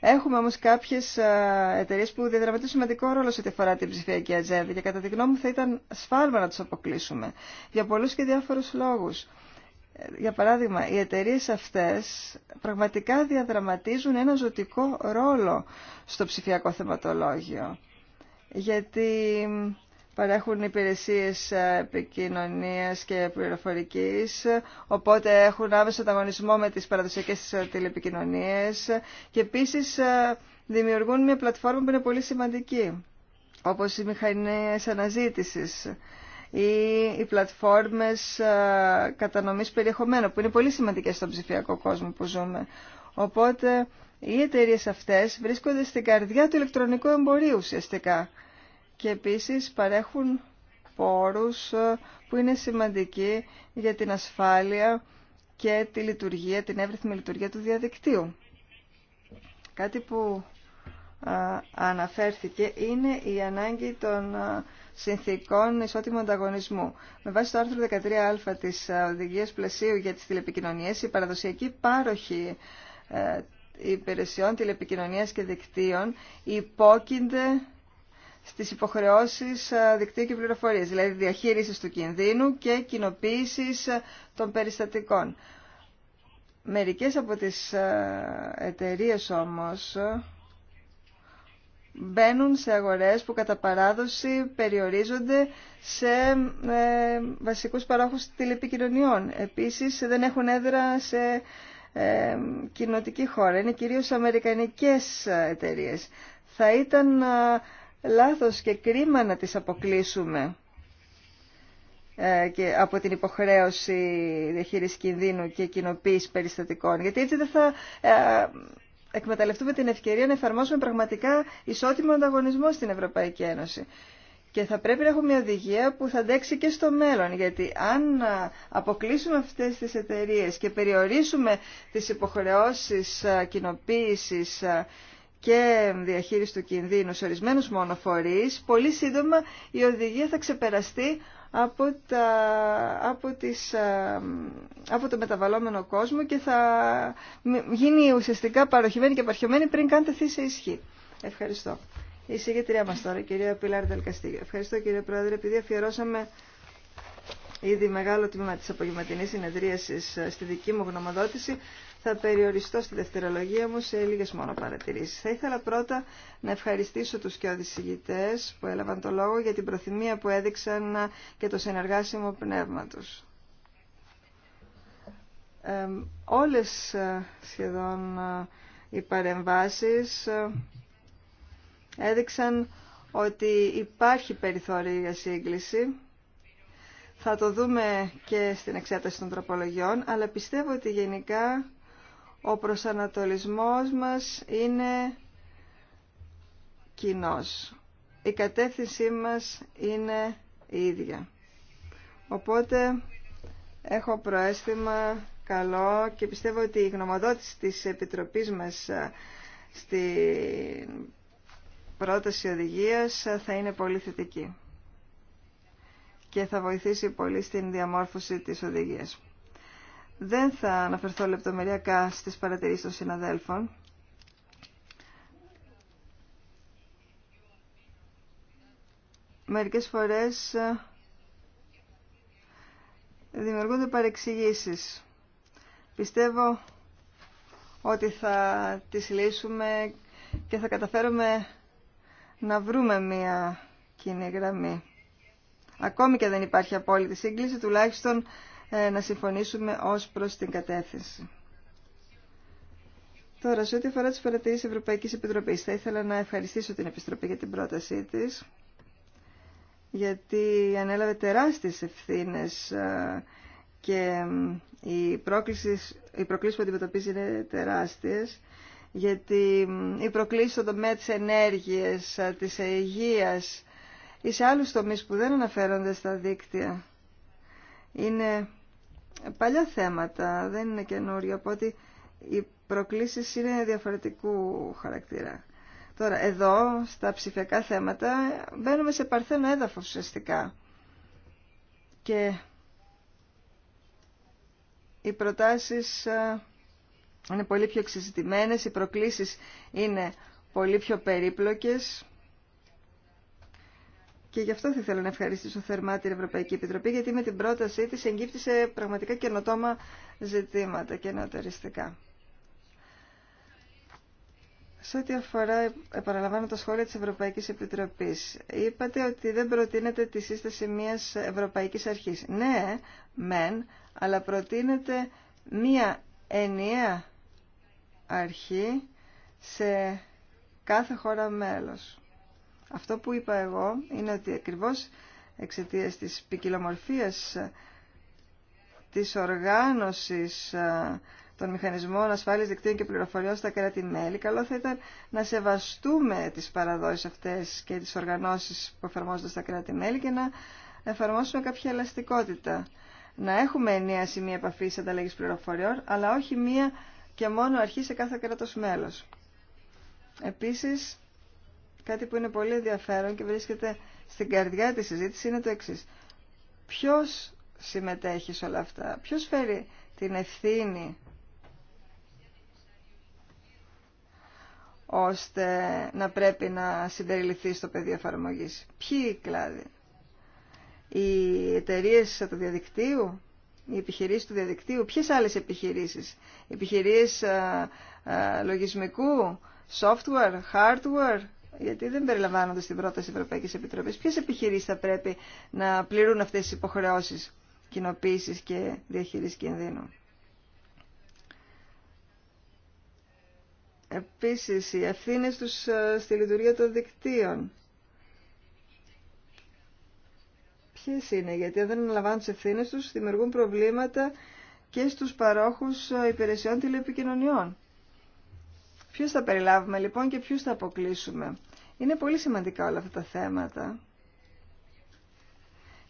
Έχουμε όμως κάποιες ε, εταιρείες που διαδραματίζουν σημαντικό ρόλο σε ό,τι αφορά την ψηφιακή ατζέντα και κατά τη γνώμη μου θα ήταν σφάλμα να τους αποκλείσουμε για πολλούς και διάφορους λόγους. Ε, για παράδειγμα, οι εταιρείε αυτές πραγματικά διαδραματίζουν ένα ζωτικό ρόλο στο ψηφιακό θεματολόγιο. Γιατί παρέχουν υπηρεσίες ε, επικοινωνίας και πληροφορικής, οπότε έχουν άμεσο ανταγωνισμό με τις παραδοσιακές ε, τηλεπικοινωνίες και επίσης ε, δημιουργούν μια πλατφόρμα που είναι πολύ σημαντική, όπως οι μηχανές αναζήτησης ή οι πλατφόρμες κατανομής περιεχομένου, που είναι πολύ σημαντικές στον ψηφιακό κόσμο που ζούμε. Οπότε οι εταιρείε αυτές βρίσκονται στην καρδιά του ηλεκτρονικού εμπορίου ουσιαστικά και επίσης παρέχουν πόρους ε, που είναι σημαντικοί για την ασφάλεια και τη λειτουργία, την εύρυθμη λειτουργία του διαδικτύου. Κάτι που ε, αναφέρθηκε είναι η ανάγκη των ε, συνθήκων ισότιμου ανταγωνισμού. Με βάση το άρθρο 13α της Οδηγίας Πλαισίου για τις τηλεπικοινωνίες, παραδοσιακή πάροχή πάροχη υπηρεσιών τηλεπικοινωνίας και δικτύων υπόκεινται στις υποχρεώσεις ε, δικτύου και πληροφορίε, δηλαδή διαχείρισης του κινδύνου και κοινοποίησης ε, των περιστατικών. Μερικές από τις ε, εταιρείες όμως μπαίνουν σε αγορές που κατά παράδοση περιορίζονται σε βασικούς παρόχους τηλεπικοινωνιών. Επίσης δεν έχουν έδρα σε ε, χώρα. Είναι κυρίως αμερικανικές εταιρείες. Θα ήταν λάθος και κρίμα να τις αποκλείσουμε ε, και από την υποχρέωση διαχείρισης κινδύνου και κοινοποίηση περιστατικών. Γιατί έτσι δεν θα ε, εκμεταλλευτούμε την ευκαιρία να εφαρμόσουμε πραγματικά ισότιμο ανταγωνισμό στην Ευρωπαϊκή Ένωση. Και θα πρέπει να έχουμε μια οδηγία που θα αντέξει και στο μέλλον. Γιατί αν ε, αποκλείσουμε αυτές τις εταιρείες και περιορίσουμε τις υποχρεώσεις κοινοποίησης και διαχείριση του κινδύνου σε ορισμένου πολύ σύντομα η οδηγία θα ξεπεραστεί από, τα, από, τις, ε, από το μεταβαλλόμενο κόσμο και θα γίνει ουσιαστικά παροχημένη και παρχιομένη πριν καν τεθεί σε ισχύ. Ευχαριστώ. Η συγκεκριά μα τώρα, κυρία Πιλάρ Δελκαστήγιο. Ευχαριστώ κύριε Πρόεδρε, επειδή αφιερώσαμε ήδη μεγάλο τμήμα της απογευματινής συνεδρίασης ε, στη δική μου γνωμοδότηση, θα περιοριστώ στη δευτερολογία μου σε λίγες μόνο παρατηρήσεις. Θα ήθελα πρώτα να ευχαριστήσω τους και οδησηγητές που έλαβαν το λόγο για την προθυμία που έδειξαν και το συνεργάσιμο πνεύμα τους. Ε, όλες σχεδόν ε, οι παρεμβάσεις ε, έδειξαν ότι υπάρχει περιθώριο για σύγκληση. Θα το δούμε και στην εξέταση των τροπολογιών, αλλά πιστεύω ότι γενικά ο προσανατολισμός μας είναι κοινός. Η κατεύθυνσή μας είναι η ίδια. Οπότε έχω προέστημα καλό και πιστεύω ότι η γνωμοδότηση της Επιτροπής μας ε, στην πρόταση οδηγίας ε, θα είναι πολύ θετική και θα βοηθήσει πολύ στην διαμόρφωση της οδηγίας. Δεν θα αναφερθώ λεπτομεριακά στις παρατηρήσεις των συναδέλφων. Μερικές φορές ε, δημιουργούνται παρεξηγήσεις. Πιστεύω ότι θα τις λύσουμε και θα καταφέρουμε να βρούμε μία κοινή γραμμή. Ακόμη και δεν υπάρχει απόλυτη σύγκληση, τουλάχιστον ε, να συμφωνήσουμε ως προς την κατεύθυνση. Τώρα, σε ό,τι αφορά τις παρατηρήσεις Ευρωπαϊκής Επιτροπής, θα ήθελα να ευχαριστήσω την Επιστροπή για την πρότασή της, γιατί ανέλαβε τεράστιες ευθύνες ε, και ε, οι προκλήσεις, οι προκλήσεις που αντιμετωπίζει είναι τεράστιες, γιατί οι προκλήση στον τομέα της ενέργειας, της υγείας ή σε άλλους τομείς που δεν αναφέρονται στα δίκτυα είναι παλιά θέματα, δεν είναι καινούργια, οπότε οι προκλήσεις είναι διαφορετικού χαρακτήρα. Τώρα, εδώ, στα ψηφιακά θέματα, μπαίνουμε σε παρθένο έδαφο, ουσιαστικά. Και οι προτάσεις ε, είναι πολύ πιο εξεζητημένες, οι προκλήσεις είναι πολύ πιο περίπλοκες και γι' αυτό θα ήθελα να ευχαριστήσω θερμά την Ευρωπαϊκή Επιτροπή, γιατί με την πρότασή της σε πραγματικά καινοτόμα ζητήματα και νεοτεριστικά. Σε ό,τι αφορά, επαναλαμβάνω τα σχόλια της Ευρωπαϊκής Επιτροπής, είπατε ότι δεν προτείνεται τη σύσταση μιας Ευρωπαϊκής Αρχής. Ναι, μεν, αλλά προτείνεται μία ενιαία αρχή σε κάθε χώρα μέλος. Αυτό που είπα εγώ είναι ότι ακριβώς εξαιτίας της ποικιλομορφία της οργάνωσης ε, των μηχανισμών ασφάλειας δικτύων και πληροφοριών στα κράτη-μέλη, καλό θα ήταν να σεβαστούμε τις παραδόσεις αυτές και τις οργανώσεις που εφαρμόζονται στα κράτη-μέλη και να εφαρμόσουμε κάποια ελαστικότητα. Να έχουμε ενιαία σημεία επαφή ανταλλαγή πληροφοριών, αλλά όχι μία και μόνο αρχή σε κάθε κράτος μέλος. Επίσης, Κάτι που είναι πολύ ενδιαφέρον και βρίσκεται στην καρδιά της συζήτηση είναι το εξής. Ποιος συμμετέχει σε όλα αυτά, ποιος φέρει την ευθύνη ώστε να πρέπει να συμπεριληφθεί στο πεδίο εφαρμογή. Ποιοι κλάδοι. Οι εταιρείε του διαδικτύου, οι επιχειρήσει του διαδικτύου, ποιε άλλε επιχειρήσει. Επιχειρήσει λογισμικού, software, hardware, γιατί δεν περιλαμβάνονται στην πρόταση Ευρωπαϊκής επιτροπή; Ποιες επιχειρήσεις θα πρέπει να πληρούν αυτές τις υποχρεώσεις κοινοποίησης και διαχείριση κινδύνου. Επίσης, οι ευθύνε τους ε, στη λειτουργία των δικτύων. Ποιες είναι, γιατί αν δεν αναλαμβάνουν τις ευθύνε τους, δημιουργούν προβλήματα και στους παρόχους ε, υπηρεσιών τηλεπικοινωνιών. Ποιους θα περιλάβουμε λοιπόν και ποιους θα αποκλείσουμε. Είναι πολύ σημαντικά όλα αυτά τα θέματα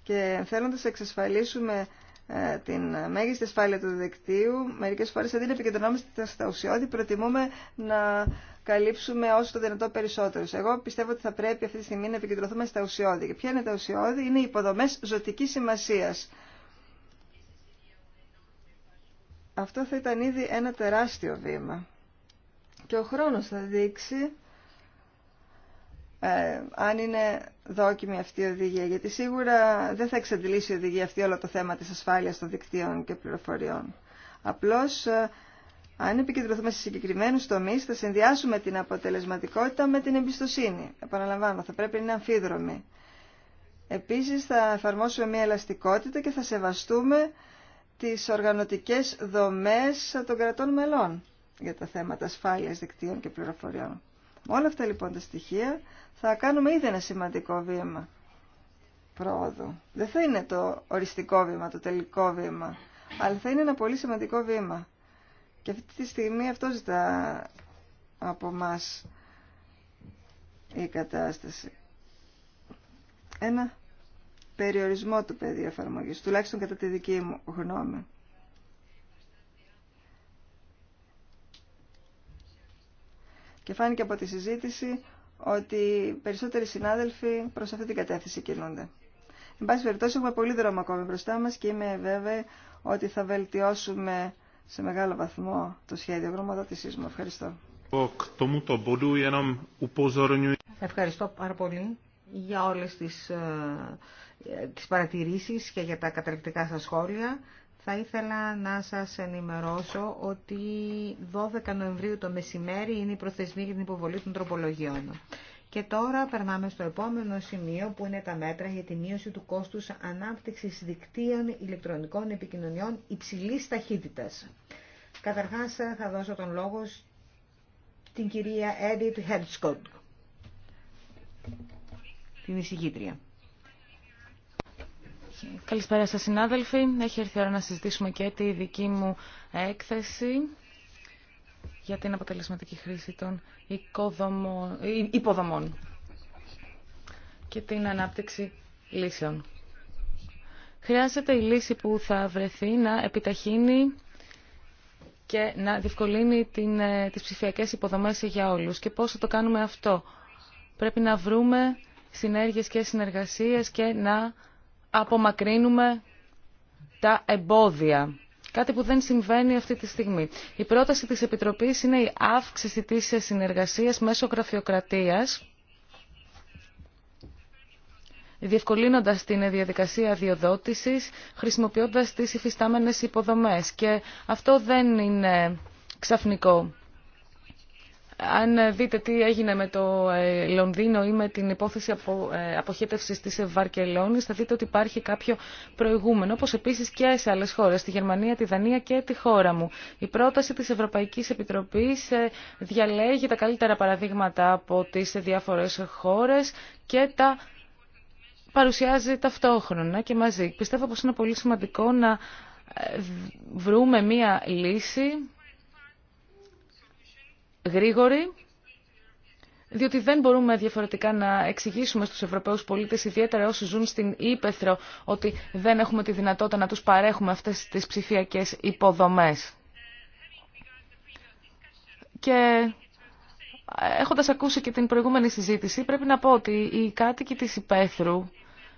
και θέλοντας να εξασφαλίσουμε ε, την μέγιστη ασφάλεια του δικτύου, μερικές φορές αντί να επικεντρωνόμαστε στα ουσιώδη, προτιμούμε να καλύψουμε όσο το δυνατό περισσότερους. Εγώ πιστεύω ότι θα πρέπει αυτή τη στιγμή να επικεντρωθούμε στα ουσιώδη. Και ποια είναι τα ουσιώδη, είναι οι υποδομές ζωτικής σημασίας. Αυτό θα ήταν ήδη ένα τεράστιο βήμα και ο χρόνος θα δείξει ε, αν είναι δόκιμη αυτή η οδηγία, γιατί σίγουρα δεν θα εξαντλήσει η οδηγία αυτή όλο το θέμα της ασφάλειας των δικτύων και πληροφοριών. Απλώς, ε, αν επικεντρωθούμε σε συγκεκριμένους τομείς, θα συνδυάσουμε την αποτελεσματικότητα με την εμπιστοσύνη. Επαναλαμβάνω, θα πρέπει να είναι αμφίδρομη. Επίσης, θα εφαρμόσουμε μια ελαστικότητα και θα σεβαστούμε τις οργανωτικές δομές των κρατών μελών για τα θέματα ασφάλειας δικτύων και πληροφοριών. Με όλα αυτά λοιπόν τα στοιχεία θα κάνουμε ήδη ένα σημαντικό βήμα πρόοδου. Δεν θα είναι το οριστικό βήμα, το τελικό βήμα, αλλά θα είναι ένα πολύ σημαντικό βήμα. Και αυτή τη στιγμή αυτό ζητά από εμά η κατάσταση. Ένα περιορισμό του πεδίου εφαρμογής, τουλάχιστον κατά τη δική μου γνώμη. Και φάνηκε από τη συζήτηση ότι περισσότεροι συνάδελφοι προ αυτή την κατεύθυνση κινούνται. Εν πάση περιπτώσει, έχουμε πολύ δρόμο ακόμη μπροστά μα και είμαι βέβαιη ότι θα βελτιώσουμε σε μεγάλο βαθμό το σχέδιο γνωμοδότησής μου. Ευχαριστώ. Ευχαριστώ πάρα πολύ για όλες τις, ε, ε, τις παρατηρήσεις και για τα καταληκτικά σας σχόλια. Θα ήθελα να σας ενημερώσω ότι 12 Νοεμβρίου το μεσημέρι είναι η προθεσμή για την υποβολή των τροπολογιών. Και τώρα περνάμε στο επόμενο σημείο που είναι τα μέτρα για τη μείωση του κόστους ανάπτυξης δικτύων ηλεκτρονικών επικοινωνιών υψηλής ταχύτητας. Καταρχάς θα δώσω τον λόγο στην κυρία Edith Χερτσκοντ, την εισηγήτρια. Καλησπέρα σας συνάδελφοι. Έχει έρθει η ώρα να συζητήσουμε και τη δική μου έκθεση για την αποτελεσματική χρήση των ε, υποδομών και την ανάπτυξη λύσεων. Χρειάζεται η λύση που θα βρεθεί να επιταχύνει και να διευκολύνει την, ε, τις ψηφιακές υποδομές για όλους. Και πώς θα το κάνουμε αυτό. Πρέπει να βρούμε συνέργειες και συνεργασίες και να απομακρύνουμε τα εμπόδια. Κάτι που δεν συμβαίνει αυτή τη στιγμή. Η πρόταση της Επιτροπής είναι η αύξηση της συνεργασίας μέσω γραφειοκρατίας, διευκολύνοντας την διαδικασία διοδότησης, χρησιμοποιώντας τις υφιστάμενες υποδομές. Και αυτό δεν είναι ξαφνικό. Αν δείτε τι έγινε με το ε, Λονδίνο ή με την υπόθεση απο, ε, αποχέτευσης της Βαρκελόνης, θα δείτε ότι υπάρχει κάποιο προηγούμενο, όπως επίσης και σε άλλες χώρες, τη Γερμανία, τη Δανία και τη χώρα μου. Η πρόταση της Ευρωπαϊκής Επιτροπής ε, διαλέγει τα καλύτερα παραδείγματα από τις διάφορες χώρες και τα παρουσιάζει ταυτόχρονα και μαζί. Πιστεύω πως είναι πολύ σημαντικό να βρούμε μία λύση γρήγορη, διότι δεν μπορούμε διαφορετικά να εξηγήσουμε στους Ευρωπαίους πολίτες, ιδιαίτερα όσοι ζουν στην Ήπεθρο, ότι δεν έχουμε τη δυνατότητα να τους παρέχουμε αυτές τις ψηφιακές υποδομές. Και ε, έχοντας ακούσει και την προηγούμενη συζήτηση, πρέπει να πω ότι οι κάτοικοι της Ήπεθρου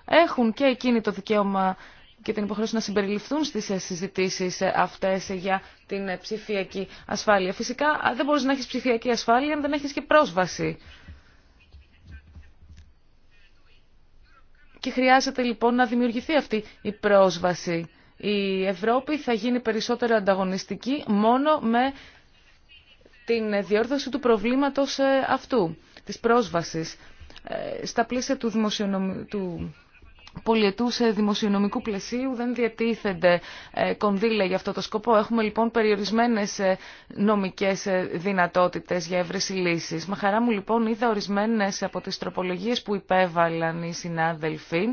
έχουν και εκείνοι το δικαίωμα και την υποχρέωση να συμπεριληφθούν στις ε, συζητήσει ε, αυτέ ε, για την ψηφιακή ασφάλεια. Φυσικά δεν μπορείς να έχεις ψηφιακή ασφάλεια αν δεν έχεις και πρόσβαση. Και χρειάζεται λοιπόν να δημιουργηθεί αυτή η πρόσβαση. Η Ευρώπη θα γίνει περισσότερο ανταγωνιστική μόνο με την διόρθωση του προβλήματος αυτού, της πρόσβασης. Στα πλαίσια του, δημοσιονομ... του σε δημοσιονομικού πλαισίου δεν διατίθενται ε, κονδύλια για αυτό το σκοπό. Έχουμε λοιπόν περιορισμένες ε, νομικές ε, δυνατότητε για εύρεση λύσης. Με χαρά μου λοιπόν είδα ορισμένε από τι τροπολογίε που υπέβαλαν οι συνάδελφοι.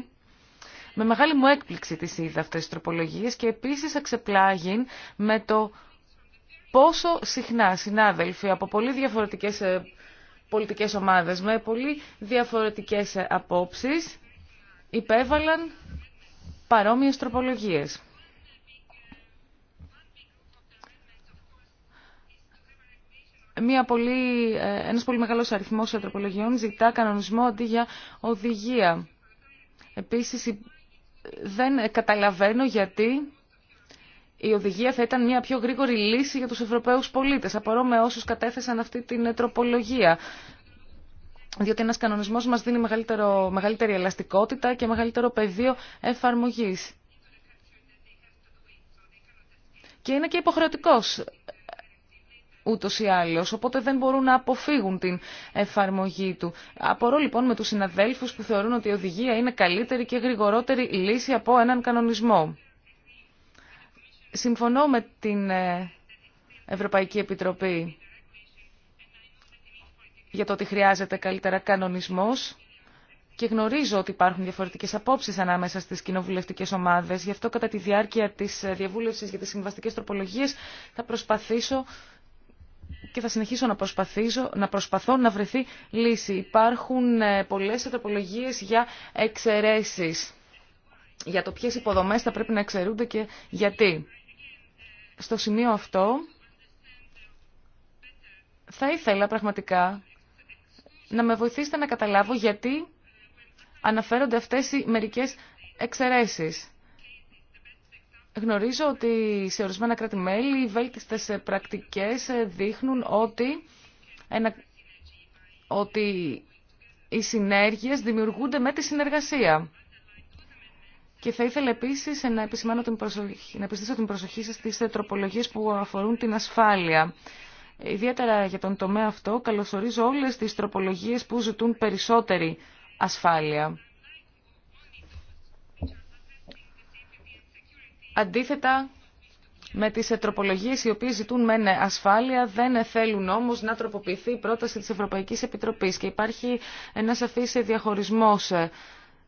Με μεγάλη μου έκπληξη τις είδα αυτές τις τροπολογίες και επίσης αξεπλάγει με το πόσο συχνά συνάδελφοι από πολύ διαφορετικές πολιτικές ομάδες με πολύ διαφορετικές απόψεις υπέβαλαν παρόμοιες τροπολογίες. μια πολύ, ε, ένας πολύ μεγάλος αριθμός τροπολογιών ζητά κανονισμό αντί για οδηγία. Επίσης, δεν καταλαβαίνω γιατί η οδηγία θα ήταν μια πιο γρήγορη λύση για τους Ευρωπαίους πολίτες. Απορώ με όσους κατέθεσαν αυτή την τροπολογία διότι ένας κανονισμός μας δίνει μεγαλύτερο, μεγαλύτερη ελαστικότητα και μεγαλύτερο πεδίο εφαρμογής. Και είναι και υποχρεωτικός ούτως ή άλλως, οπότε δεν μπορούν να αποφύγουν την εφαρμογή του. Απορώ λοιπόν με τους συναδέλφους που θεωρούν ότι η οδηγία είναι καλύτερη και γρηγορότερη λύση από έναν κανονισμό. Συμφωνώ με την ε, Ευρωπαϊκή Επιτροπή για το ότι χρειάζεται καλύτερα κανονισμός και γνωρίζω ότι υπάρχουν διαφορετικές απόψεις ανάμεσα στις κοινοβουλευτικές ομάδες. Γι' αυτό κατά τη διάρκεια της διαβούλευσης για τις συμβαστικές τροπολογίες θα προσπαθήσω και θα συνεχίσω να, προσπαθήσω, να προσπαθώ να βρεθεί λύση. Υπάρχουν ε, πολλές τροπολογίες για εξαιρέσει για το ποιες υποδομές θα πρέπει να εξαιρούνται και γιατί. Στο σημείο αυτό θα ήθελα πραγματικά να με βοηθήσετε να καταλάβω γιατί αναφέρονται αυτές οι μερικές εξαιρέσεις. Γνωρίζω ότι σε ορισμένα κράτη-μέλη οι βέλτιστες πρακτικές δείχνουν ότι, ένα, ότι οι συνέργειες δημιουργούνται με τη συνεργασία. Και θα ήθελα επίσης να, την προσοχή, να επιστήσω την προσοχή σας στις τροπολογίες που αφορούν την ασφάλεια. Ιδιαίτερα για τον τομέα αυτό καλωσορίζω όλες τις τροπολογίες που ζητούν περισσότερη ασφάλεια. Αντίθετα με τις τροπολογίες οι οποίες ζητούν μεν ασφάλεια, δεν θέλουν όμως να τροποποιηθεί η πρόταση της Ευρωπαϊκής Επιτροπής και υπάρχει ένα σαφής διαχωρισμός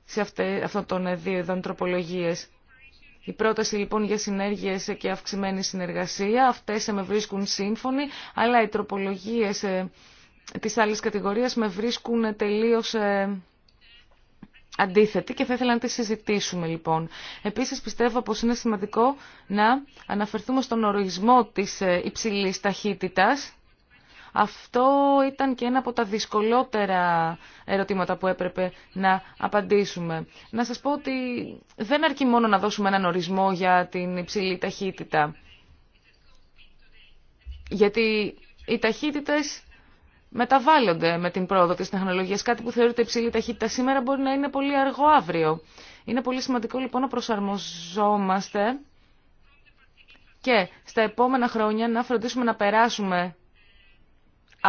σε αυτών τον δύο ειδών τροπολογίες. Η πρόταση λοιπόν για συνέργειες και αυξημένη συνεργασία, αυτές ε, με βρίσκουν σύμφωνοι, αλλά οι τροπολογίες ε, της άλλης κατηγορίας με βρίσκουν τελείως ε, αντίθετη και θα ήθελα να τη συζητήσουμε λοιπόν. Επίσης πιστεύω πως είναι σημαντικό να αναφερθούμε στον ορισμό της υψηλής ταχύτητας αυτό ήταν και ένα από τα δυσκολότερα ερωτήματα που έπρεπε να απαντήσουμε. Να σας πω ότι δεν αρκεί μόνο να δώσουμε έναν ορισμό για την υψηλή ταχύτητα. Γιατί οι ταχύτητες μεταβάλλονται με την πρόοδο της τεχνολογίας. Κάτι που θεωρείται υψηλή ταχύτητα σήμερα μπορεί να είναι πολύ αργό αύριο. Είναι πολύ σημαντικό λοιπόν να προσαρμοζόμαστε και στα επόμενα χρόνια να φροντίσουμε να περάσουμε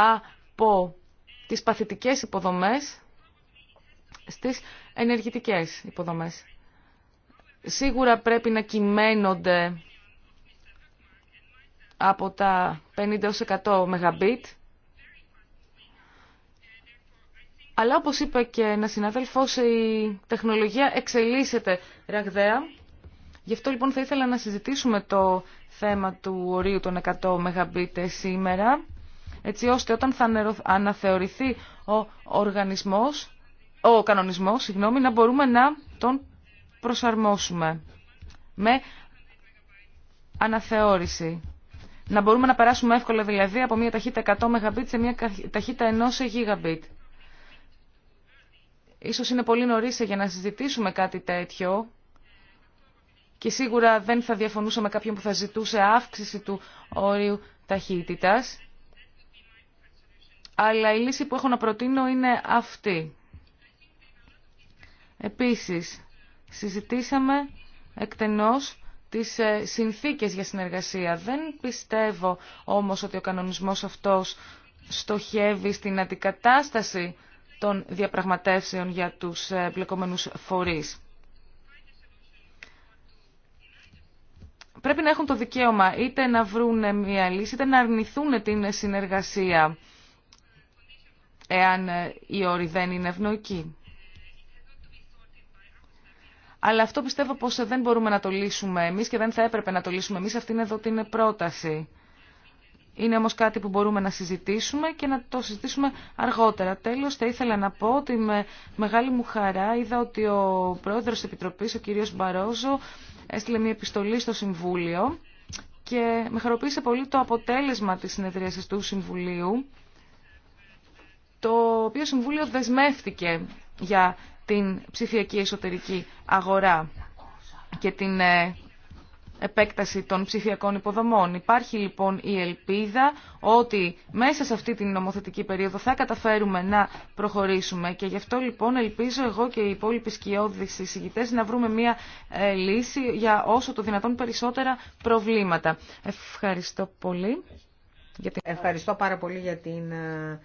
από τις παθητικές υποδομές στις ενεργητικές υποδομές. Σίγουρα πρέπει να κυμαίνονται από τα 50-100 αλλά όπως είπε και ένα συνάδελφος, η τεχνολογία εξελίσσεται ραγδαία. Γι' αυτό λοιπόν θα ήθελα να συζητήσουμε το θέμα του ορίου των 100 Mbit σήμερα έτσι ώστε όταν θα αναθεωρηθεί ο οργανισμός, ο κανονισμός, συγγνώμη, να μπορούμε να τον προσαρμόσουμε με αναθεώρηση. Να μπορούμε να περάσουμε εύκολα δηλαδή από μια ταχύτητα 100 Mbit σε μια ταχύτητα 1 Gbit. Ίσως είναι πολύ νωρίς για να συζητήσουμε κάτι τέτοιο και σίγουρα δεν θα διαφωνούσαμε κάποιον που θα ζητούσε αύξηση του όριου ταχύτητας αλλά η λύση που έχω να προτείνω είναι αυτή. Επίσης, συζητήσαμε εκτενώς τις ε, συνθήκες για συνεργασία. Δεν πιστεύω όμως ότι ο κανονισμός αυτός στοχεύει στην αντικατάσταση των διαπραγματεύσεων για τους ε, πλεκομενούς φορείς. Πρέπει να έχουν το δικαίωμα είτε να βρουν μια λύση είτε να αρνηθούν την συνεργασία εάν οι ε, όροι δεν είναι ευνοϊκοί. Αλλά αυτό πιστεύω πως ε, δεν μπορούμε να το λύσουμε εμείς και δεν θα έπρεπε να το λύσουμε εμείς. Αυτή είναι εδώ την ε, πρόταση. Είναι όμως κάτι που μπορούμε να συζητήσουμε και να το συζητήσουμε αργότερα. Τέλος, θα ήθελα να πω ότι με μεγάλη μου χαρά είδα ότι ο πρόεδρος της Επιτροπής, ο κύριος Μπαρόζο, έστειλε μια επιστολή στο Συμβούλιο και με χαροποίησε πολύ το αποτέλεσμα της συνεδρίασης του Συμβουλίου το οποίο Συμβούλιο δεσμεύτηκε για την ψηφιακή εσωτερική αγορά και την ε, επέκταση των ψηφιακών υποδομών. Υπάρχει λοιπόν η ελπίδα ότι μέσα σε αυτή την νομοθετική περίοδο θα καταφέρουμε να προχωρήσουμε και γι' αυτό λοιπόν ελπίζω εγώ και οι υπόλοιποι σκιώδεις συζητητές να βρούμε μια ε, λύση για όσο το δυνατόν περισσότερα προβλήματα. Ευχαριστώ πολύ. Ευχαριστώ πάρα πολύ για την ε,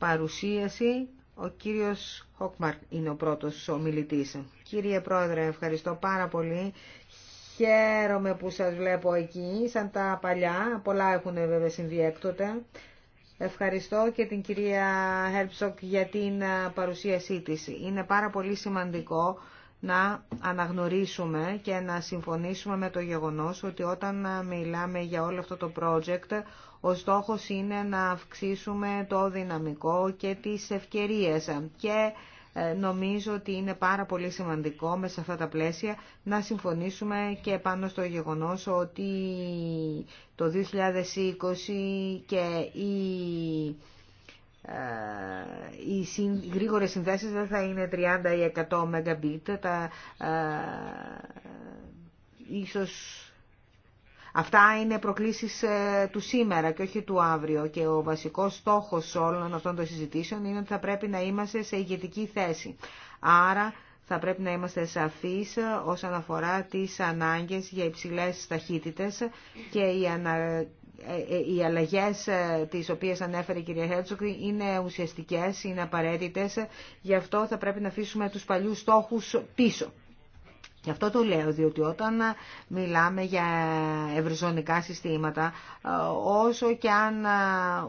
παρουσίαση ο κύριος Χόκμαρ είναι ο πρώτος ομιλητής. Κύριε Πρόεδρε, ευχαριστώ πάρα πολύ. Χαίρομαι που σας βλέπω εκεί, σαν τα παλιά. Πολλά έχουν βέβαια συμβεί έκτοτε. Ευχαριστώ και την κυρία Χέρψοκ για την παρουσίασή της. Είναι πάρα πολύ σημαντικό να αναγνωρίσουμε και να συμφωνήσουμε με το γεγονός ότι όταν μιλάμε για όλο αυτό το project, ο στόχος είναι να αυξήσουμε το δυναμικό και τις ευκαιρίες. Και ε, νομίζω ότι είναι πάρα πολύ σημαντικό μέσα σε αυτά τα πλαίσια να συμφωνήσουμε και πάνω στο γεγονός ότι το 2020 και η ε, οι συν, γρήγορες δεν θα είναι 30 ή 100 Mbit, τα, ε, ίσως Αυτά είναι προκλήσεις ε, του σήμερα και όχι του αύριο και ο βασικός στόχος όλων αυτών των συζητήσεων είναι ότι θα πρέπει να είμαστε σε ηγετική θέση. Άρα θα πρέπει να είμαστε σαφείς όσον αφορά τις ανάγκες για υψηλές ταχύτητες και η, ανα... Ε, ε, οι αλλαγές ε, τις οποίες ανέφερε η κυρία Χέρτσοκ είναι ουσιαστικές, είναι απαραίτητες, γι' αυτό θα πρέπει να αφήσουμε τους παλιούς στόχους πίσω. Και αυτό το λέω, διότι όταν μιλάμε για ευρυζωνικά συστήματα, όσο και αν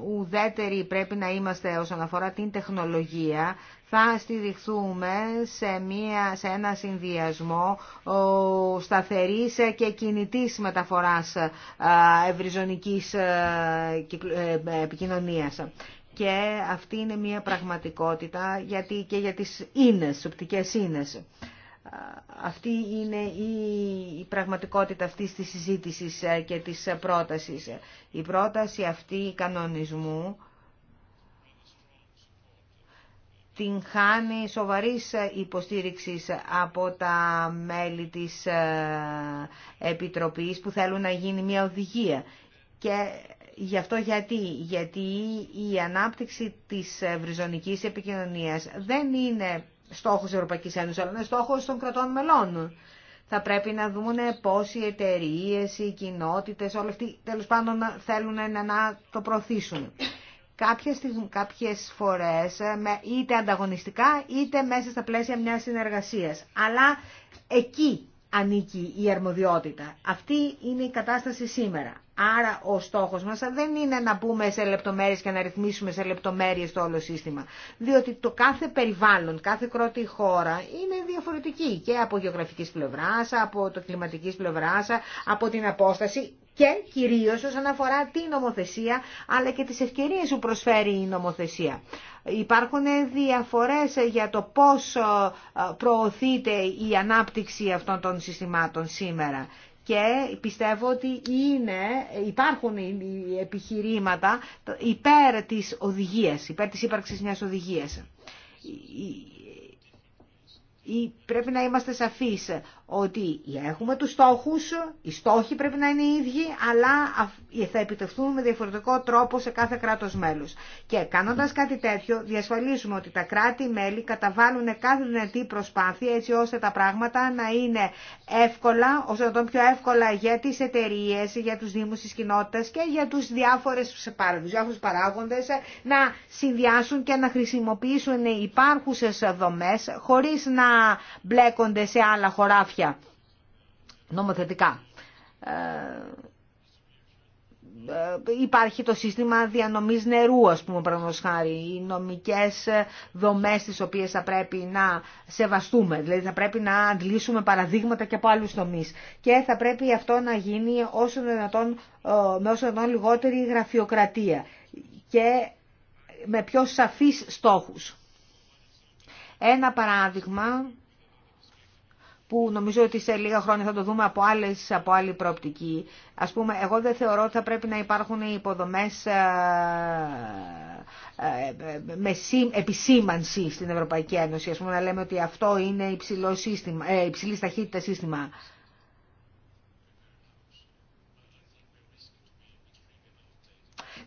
ουδέτεροι πρέπει να είμαστε όσον αφορά την τεχνολογία, θα στηριχθούμε σε, μία, σε ένα συνδυασμό ο, σταθερής και κινητής μεταφοράς ευρυζωνικής ε, ε, επικοινωνίας. Και αυτή είναι μια πραγματικότητα γιατί και για τις ίνες, οπτικές ίνες. Αυτή είναι η πραγματικότητα αυτής της συζήτησης ε, και της πρότασης. Η πρόταση αυτή κανονισμού την χάνει σοβαρής υποστήριξης από τα μέλη της ε, Επιτροπής που θέλουν να γίνει μια οδηγία. Και γι' αυτό γιατί. Γιατί η ανάπτυξη της ε, βριζονικής επικοινωνίας δεν είναι στόχος της Ευρωπαϊκής Ένωσης, αλλά είναι στόχο των κρατών μελών. Θα πρέπει να δούμε πώ οι εταιρείε, οι κοινότητε, όλοι αυτοί Τέλο πάντων θέλουν να, να το προωθήσουν. Κάποιε κάποιες φορές είτε ανταγωνιστικά είτε μέσα στα πλαίσια μιας συνεργασίας. Αλλά εκεί ανήκει η αρμοδιότητα. Αυτή είναι η κατάσταση σήμερα. Άρα ο στόχος μας δεν είναι να μπούμε σε λεπτομέρειες και να ρυθμίσουμε σε λεπτομέρειες το όλο σύστημα. Διότι το κάθε περιβάλλον, κάθε κρότη χώρα είναι διαφορετική και από γεωγραφικής πλευράς, από το κλιματικής πλευράς, από την απόσταση και κυρίως όσον αφορά την νομοθεσία αλλά και τις ευκαιρίες που προσφέρει η νομοθεσία. Υπάρχουν διαφορές για το πώς ε, προωθείται η ανάπτυξη αυτών των συστημάτων σήμερα και πιστεύω ότι είναι, υπάρχουν επιχειρήματα υπέρ της οδηγίας, υπέρ της ύπαρξης μιας οδηγίας. Πρέπει να είμαστε σαφείς ότι έχουμε τους στόχους, οι στόχοι πρέπει να είναι οι ίδιοι, αλλά θα επιτευχθούν με διαφορετικό τρόπο σε κάθε κράτος μέλους. Και κάνοντας κάτι τέτοιο, διασφαλίζουμε ότι τα κράτη-μέλη καταβάλουν κάθε δυνατή προσπάθεια, έτσι ώστε τα πράγματα να είναι εύκολα, όσο να τον πιο εύκολα για τις εταιρείε, για τους δήμους της κοινότητας και για τους διάφορες, διάφορους παράγοντες, να συνδυάσουν και να χρησιμοποιήσουν υπάρχουσες δομές, χωρίς να μπλέκονται σε άλλα χωράφια νομοθετικά. Ε, ε, υπάρχει το σύστημα διανομής νερού, ας πούμε, παραδείγματος οι νομικές ε, δομές τις οποίες θα πρέπει να σεβαστούμε, δηλαδή θα πρέπει να αντλήσουμε παραδείγματα και από άλλους τομείς. Και θα πρέπει αυτό να γίνει όσο δυνατόν, με όσο δυνατόν λιγότερη γραφειοκρατία και με πιο σαφείς στόχους. Ένα παράδειγμα που νομίζω ότι σε λίγα χρόνια θα το δούμε από, άλλες, από άλλη προοπτική. Ας πούμε, εγώ δεν θεωρώ ότι θα πρέπει να υπάρχουν υποδομές ε, ε, ε, με επισήμανση στην Ευρωπαϊκή Ένωση. Ας πούμε, να λέμε ότι αυτό είναι υψηλό σύστημα, υψηλής ταχύτητα σύστημα.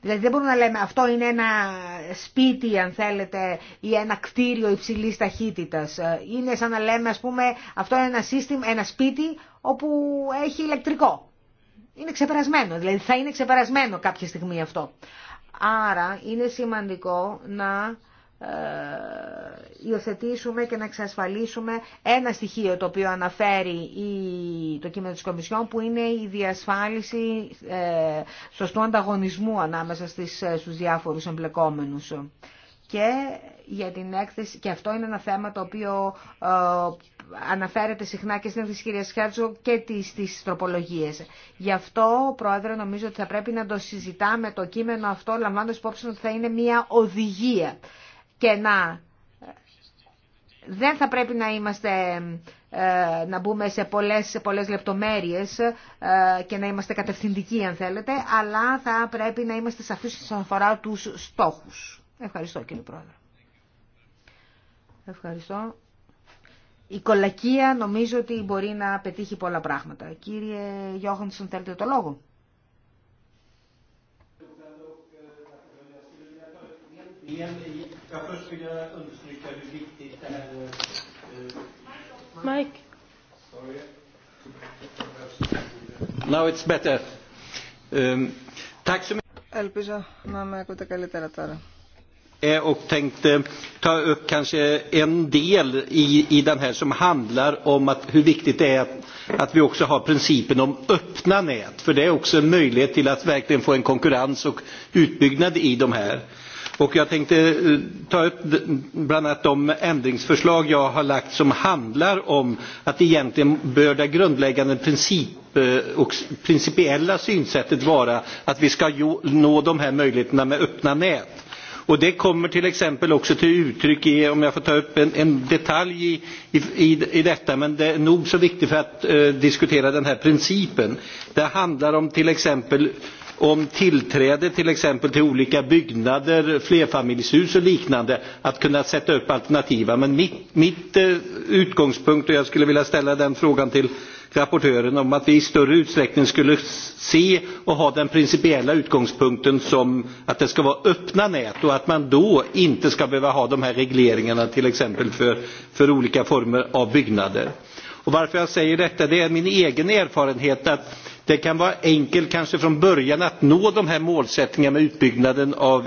Δηλαδή δεν μπορούμε να λέμε αυτό είναι ένα σπίτι αν θέλετε ή ένα κτίριο υψηλή ταχύτητα. Ε, είναι σαν να λέμε ας πούμε αυτό είναι ένα, σύστημα, ένα σπίτι όπου έχει ηλεκτρικό. Είναι ξεπερασμένο, δηλαδή θα είναι ξεπερασμένο κάποια στιγμή αυτό. Άρα είναι σημαντικό να ε, υιοθετήσουμε και να εξασφαλίσουμε ένα στοιχείο το οποίο αναφέρει το κείμενο της Κομισιόν που είναι η διασφάλιση ε, σωστού ανταγωνισμού ανάμεσα στις, ε, στους διάφορους εμπλεκόμενους. Και, για την έκθεση, και αυτό είναι ένα θέμα το οποίο αναφέρεται συχνά και στην έκθεση κυρία Χέρτζο και τις, τις τροπολογίες. Γι' αυτό, Πρόεδρε, νομίζω ότι θα πρέπει να το συζητάμε το κείμενο αυτό, λαμβάνοντας υπόψη ότι θα είναι μια οδηγία και να δεν θα πρέπει να είμαστε ε, να μπούμε σε πολλές, πολλές λεπτομέρειες ε, και να είμαστε κατευθυντικοί αν θέλετε, αλλά θα πρέπει να είμαστε σαφείς όσον αφορά τους στόχους. Ευχαριστώ κύριε Πρόεδρε. Ευχαριστώ. Η κολακία νομίζω ότι μπορεί να πετύχει πολλά πράγματα. Κύριε αν θέλετε το λόγο. Jag först vill jag understryka hur viktigt det här... Mike. Sorry. Now it's better. Tack så mycket. Ελπίζω να με ακούτε καλύτερα τώρα. Och tänkte ta upp kanske en del i, i den här som handlar om att hur viktigt det är att, att vi också har principen om öppna nät. För det är också en möjlighet till att verkligen få en konkurrens och utbyggnad i de här. Och jag tänkte ta upp bland annat de ändringsförslag jag har lagt som handlar om att egentligen bör det grundläggande princip och principiella synsättet vara att vi ska nå de här möjligheterna med öppna nät. Och det kommer till exempel också till uttryck i, om jag får ta upp en detalj i detta, men det är nog så viktigt för att diskutera den här principen. Det handlar om till exempel om tillträde till exempel till olika byggnader, flerfamiljshus och liknande att kunna sätta upp alternativa. Men mitt utgångspunkt, och jag skulle vilja ställa den frågan till rapportören, om att vi i större utsträckning skulle se och ha den principiella utgångspunkten som att det ska vara öppna nät och att man då inte ska behöva ha de här regleringarna till exempel för olika former av byggnader. Och varför jag säger detta det är min egen erfarenhet att det kan vara enkelt kanske från början att nå de här målsättningarna med utbyggnaden av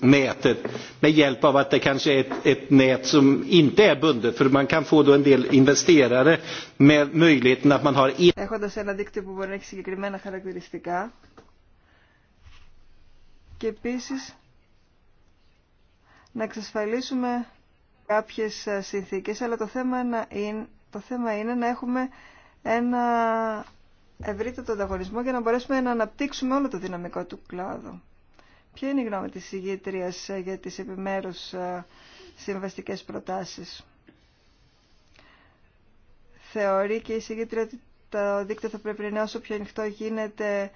nätet med hjälp av att det kanske är ett nät som inte är bundet för man kan få då en del investerare med möjligheten att man har Έχοντας på και επίσης να εξασφαλίσουμε κάποιες συνθήκες αλλά το θέμα είναι το θέμα είναι να έχουμε ένα ευρύτερο ανταγωνισμό για να μπορέσουμε να αναπτύξουμε όλο το δυναμικό του κλάδου. Ποια είναι η γνώμη της ηγήτριας ε, για τις επιμέρους ε, συμβαστικές προτάσεις. Θεωρεί και η συγγήτρια ότι το δίκτυο θα πρέπει να είναι όσο πιο ανοιχτό γίνεται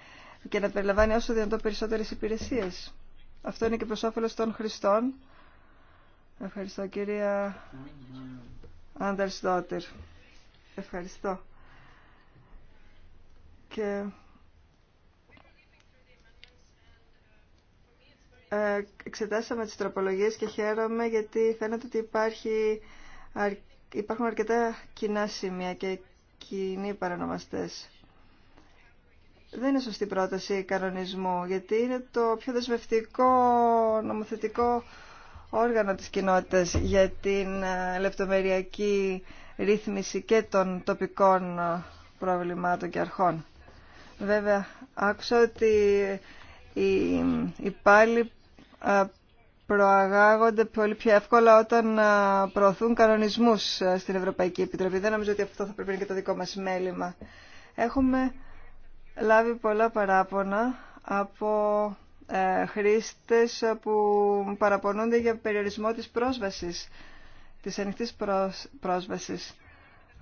και να περιλαμβάνει όσο δυνατόν περισσότερες υπηρεσίες. Αυτό είναι και προς όφελος των χρηστών. Ευχαριστώ κυρία Δότερ. Ευχαριστώ. Και... Ε, εξετάσαμε τις τροπολογίες και χαίρομαι γιατί φαίνεται ότι υπάρχει, υπάρχουν αρκετά κοινά σημεία και κοινοί παρανομαστές. Δεν είναι σωστή πρόταση κανονισμού, γιατί είναι το πιο δεσμευτικό νομοθετικό όργανο της κοινότητας για την ε, λεπτομεριακή ρύθμιση και των τοπικών ε, προβλημάτων και αρχών. Βέβαια, άκουσα ότι οι υπάλληλοι ε, προαγάγονται πολύ πιο εύκολα όταν προωθούν κανονισμούς στην Ευρωπαϊκή Επιτροπή. Δεν νομίζω ότι αυτό θα πρέπει να είναι και το δικό μας μέλημα. Έχουμε λάβει πολλά παράπονα από ε, χρήστες που παραπονούνται για περιορισμό της πρόσβασης, της ανοιχτής πρόσβασης.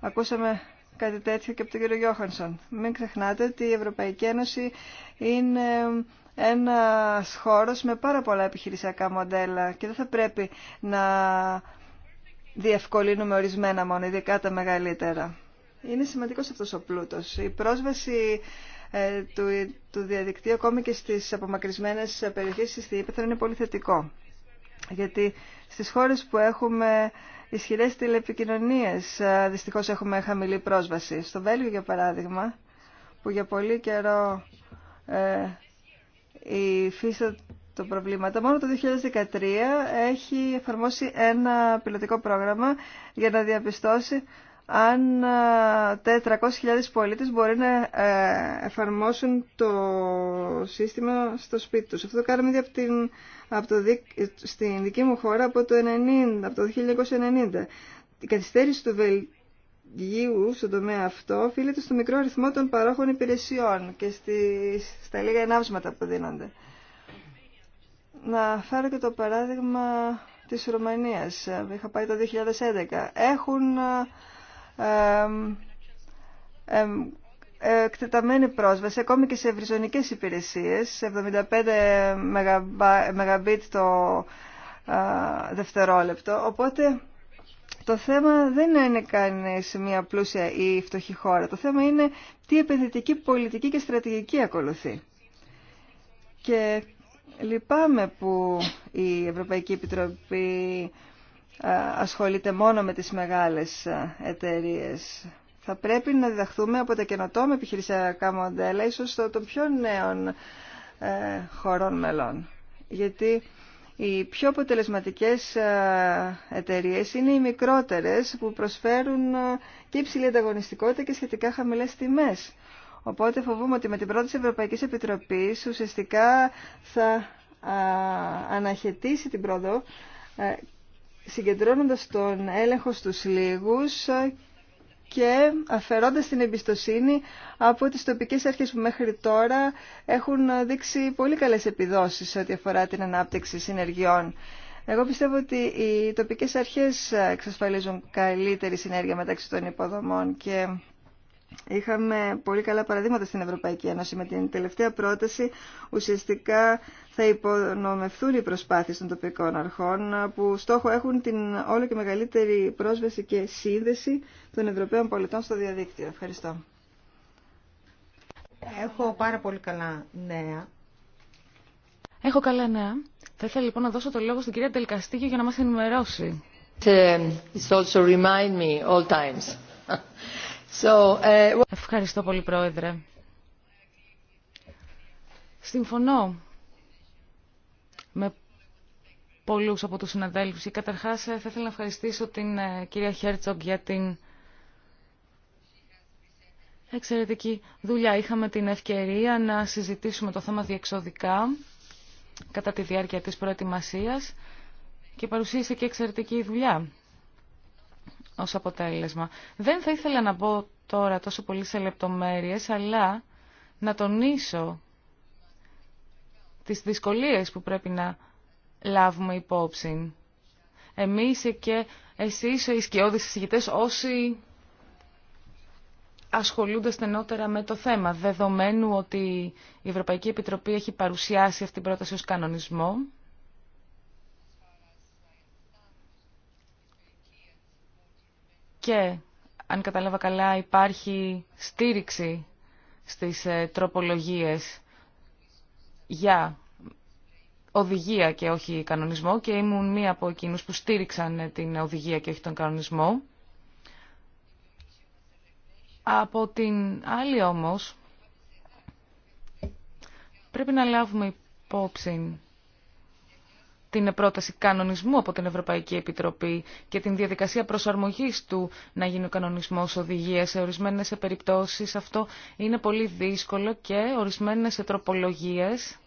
Ακούσαμε κάτι τέτοιο και από τον κύριο Γιώχανσον. Μην ξεχνάτε ότι η Ευρωπαϊκή Ένωση είναι ένας χώρος με πάρα πολλά επιχειρησιακά μοντέλα και δεν θα πρέπει να διευκολύνουμε ορισμένα μόνο, ειδικά τα μεγαλύτερα. Είναι σημαντικός αυτός ο πλούτος. Η πρόσβαση ε, του, του διαδικτύου ακόμη και στις απομακρυσμένες περιοχές στη Ήπεθρο είναι πολύ θετικό. Γιατί στις χώρες που έχουμε ισχυρές τηλεπικοινωνίες ε, δυστυχώς έχουμε χαμηλή πρόσβαση. Στο Βέλγιο για παράδειγμα που για πολύ καιρό ε, φύση το προβλήματα. Μόνο το 2013 έχει εφαρμόσει ένα πιλωτικό πρόγραμμα για να διαπιστώσει αν 400.000 ε, πολίτες μπορεί να ε, εφαρμόσουν το σύστημα στο σπίτι τους. Αυτό το κάναμε ήδη από την, από το, στην δική μου χώρα από το, από το 1990. Η καθυστέρηση του Βελγίου στον τομέα αυτό οφείλεται στο μικρό αριθμό των παρόχων υπηρεσιών και στις, στα λίγα ενάψματα που δίνονται. Να φέρω και το παράδειγμα της Ρουμανίας. Είχα πάει το 2011. Έχουν ε, εκτεταμένη πρόσβαση ακόμη και σε ευρυζωνικές υπηρεσίες 75 Mbit το δευτερόλεπτο οπότε το θέμα δεν είναι κανεί μια πλούσια ή φτωχή χώρα. Το θέμα είναι τι επενδυτική πολιτική και στρατηγική ακολουθεί. Και λυπάμαι που η Ευρωπαϊκή Επιτροπή ε, ασχολείται μόνο με τις μεγάλες ε, εταιρείες. Θα πρέπει να διδαχθούμε από τα καινοτόμε επιχειρησιακά μοντέλα, ίσως των πιο νέων ε, χωρών μελών. Γιατί οι πιο αποτελεσματικές εταιρείες είναι οι μικρότερες που προσφέρουν και υψηλή ανταγωνιστικότητα και σχετικά χαμηλές τιμές. Οπότε φοβούμαι ότι με την πρόταση Ευρωπαϊκής Επιτροπής ουσιαστικά θα αναχαιτήσει την πρόοδο συγκεντρώνοντας τον έλεγχο στους λίγους και αφαιρώντας την εμπιστοσύνη από τις τοπικές αρχές που μέχρι τώρα έχουν δείξει πολύ καλές επιδόσεις σε ό,τι αφορά την ανάπτυξη συνεργειών. Εγώ πιστεύω ότι οι τοπικές αρχές εξασφαλίζουν καλύτερη συνέργεια μεταξύ των υποδομών και Είχαμε πολύ καλά παραδείγματα στην Ευρωπαϊκή Ένωση. Με την τελευταία πρόταση ουσιαστικά θα υπονομευθούν οι προσπάθειες των τοπικών αρχών που στόχο έχουν την όλο και μεγαλύτερη πρόσβαση και σύνδεση των Ευρωπαίων πολιτών στο διαδίκτυο. Ευχαριστώ. Έχω πάρα πολύ καλά νέα. Έχω καλά νέα. Θα ήθελα λοιπόν να δώσω το λόγο στην κυρία Τελκαστήγιο για να μας ενημερώσει. Ε, remind me all times. Uh, Ευχαριστώ πολύ, Πρόεδρε. Συμφωνώ με πολλούς από τους συναδέλφους. Και καταρχάς ε, θα ήθελα να ευχαριστήσω την ε, κυρία Χέρτσοκ για την εξαιρετική δουλειά. Είχαμε την ευκαιρία να συζητήσουμε το θέμα διεξοδικά κατά τη διάρκεια της προετοιμασίας και παρουσίασε και εξαιρετική δουλειά ως αποτέλεσμα. Δεν θα ήθελα να μπω τώρα τόσο πολύ σε λεπτομέρειες, αλλά να τονίσω τις δυσκολίες που πρέπει να λάβουμε υπόψη. Εμείς και εσείς οι σκιώδεις συζητητές όσοι ασχολούνται στενότερα με το θέμα, δεδομένου ότι η Ευρωπαϊκή Επιτροπή έχει παρουσιάσει αυτή την πρόταση ως κανονισμό και αν κατάλαβα καλά υπάρχει στήριξη στις ε, τροπολογίες για οδηγία και όχι κανονισμό και ήμουν μία από εκείνους που στήριξαν ε, την οδηγία και όχι τον κανονισμό. Από την άλλη όμως πρέπει να λάβουμε υπόψη την πρόταση κανονισμού από την Ευρωπαϊκή Επιτροπή και την διαδικασία προσαρμογής του να γίνει ο κανονισμός οδηγία. Σε ορισμένες περιπτώσεις αυτό είναι πολύ δύσκολο και ορισμένες τροπολογίες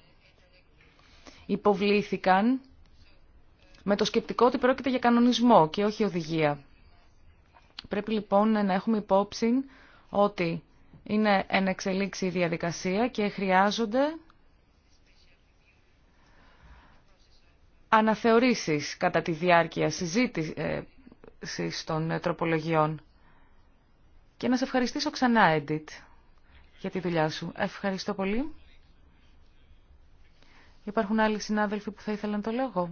υποβλήθηκαν με το σκεπτικό ότι πρόκειται για κανονισμό και όχι οδηγία. Πρέπει λοιπόν να έχουμε υπόψη ότι είναι εν η διαδικασία και χρειάζονται αναθεωρήσεις κατά τη διάρκεια συζήτησης των τροπολογιών. Και να σε ευχαριστήσω ξανά, Edit, για τη δουλειά σου. Ευχαριστώ πολύ. Υπάρχουν άλλοι συνάδελφοι που θα ήθελαν το λόγο.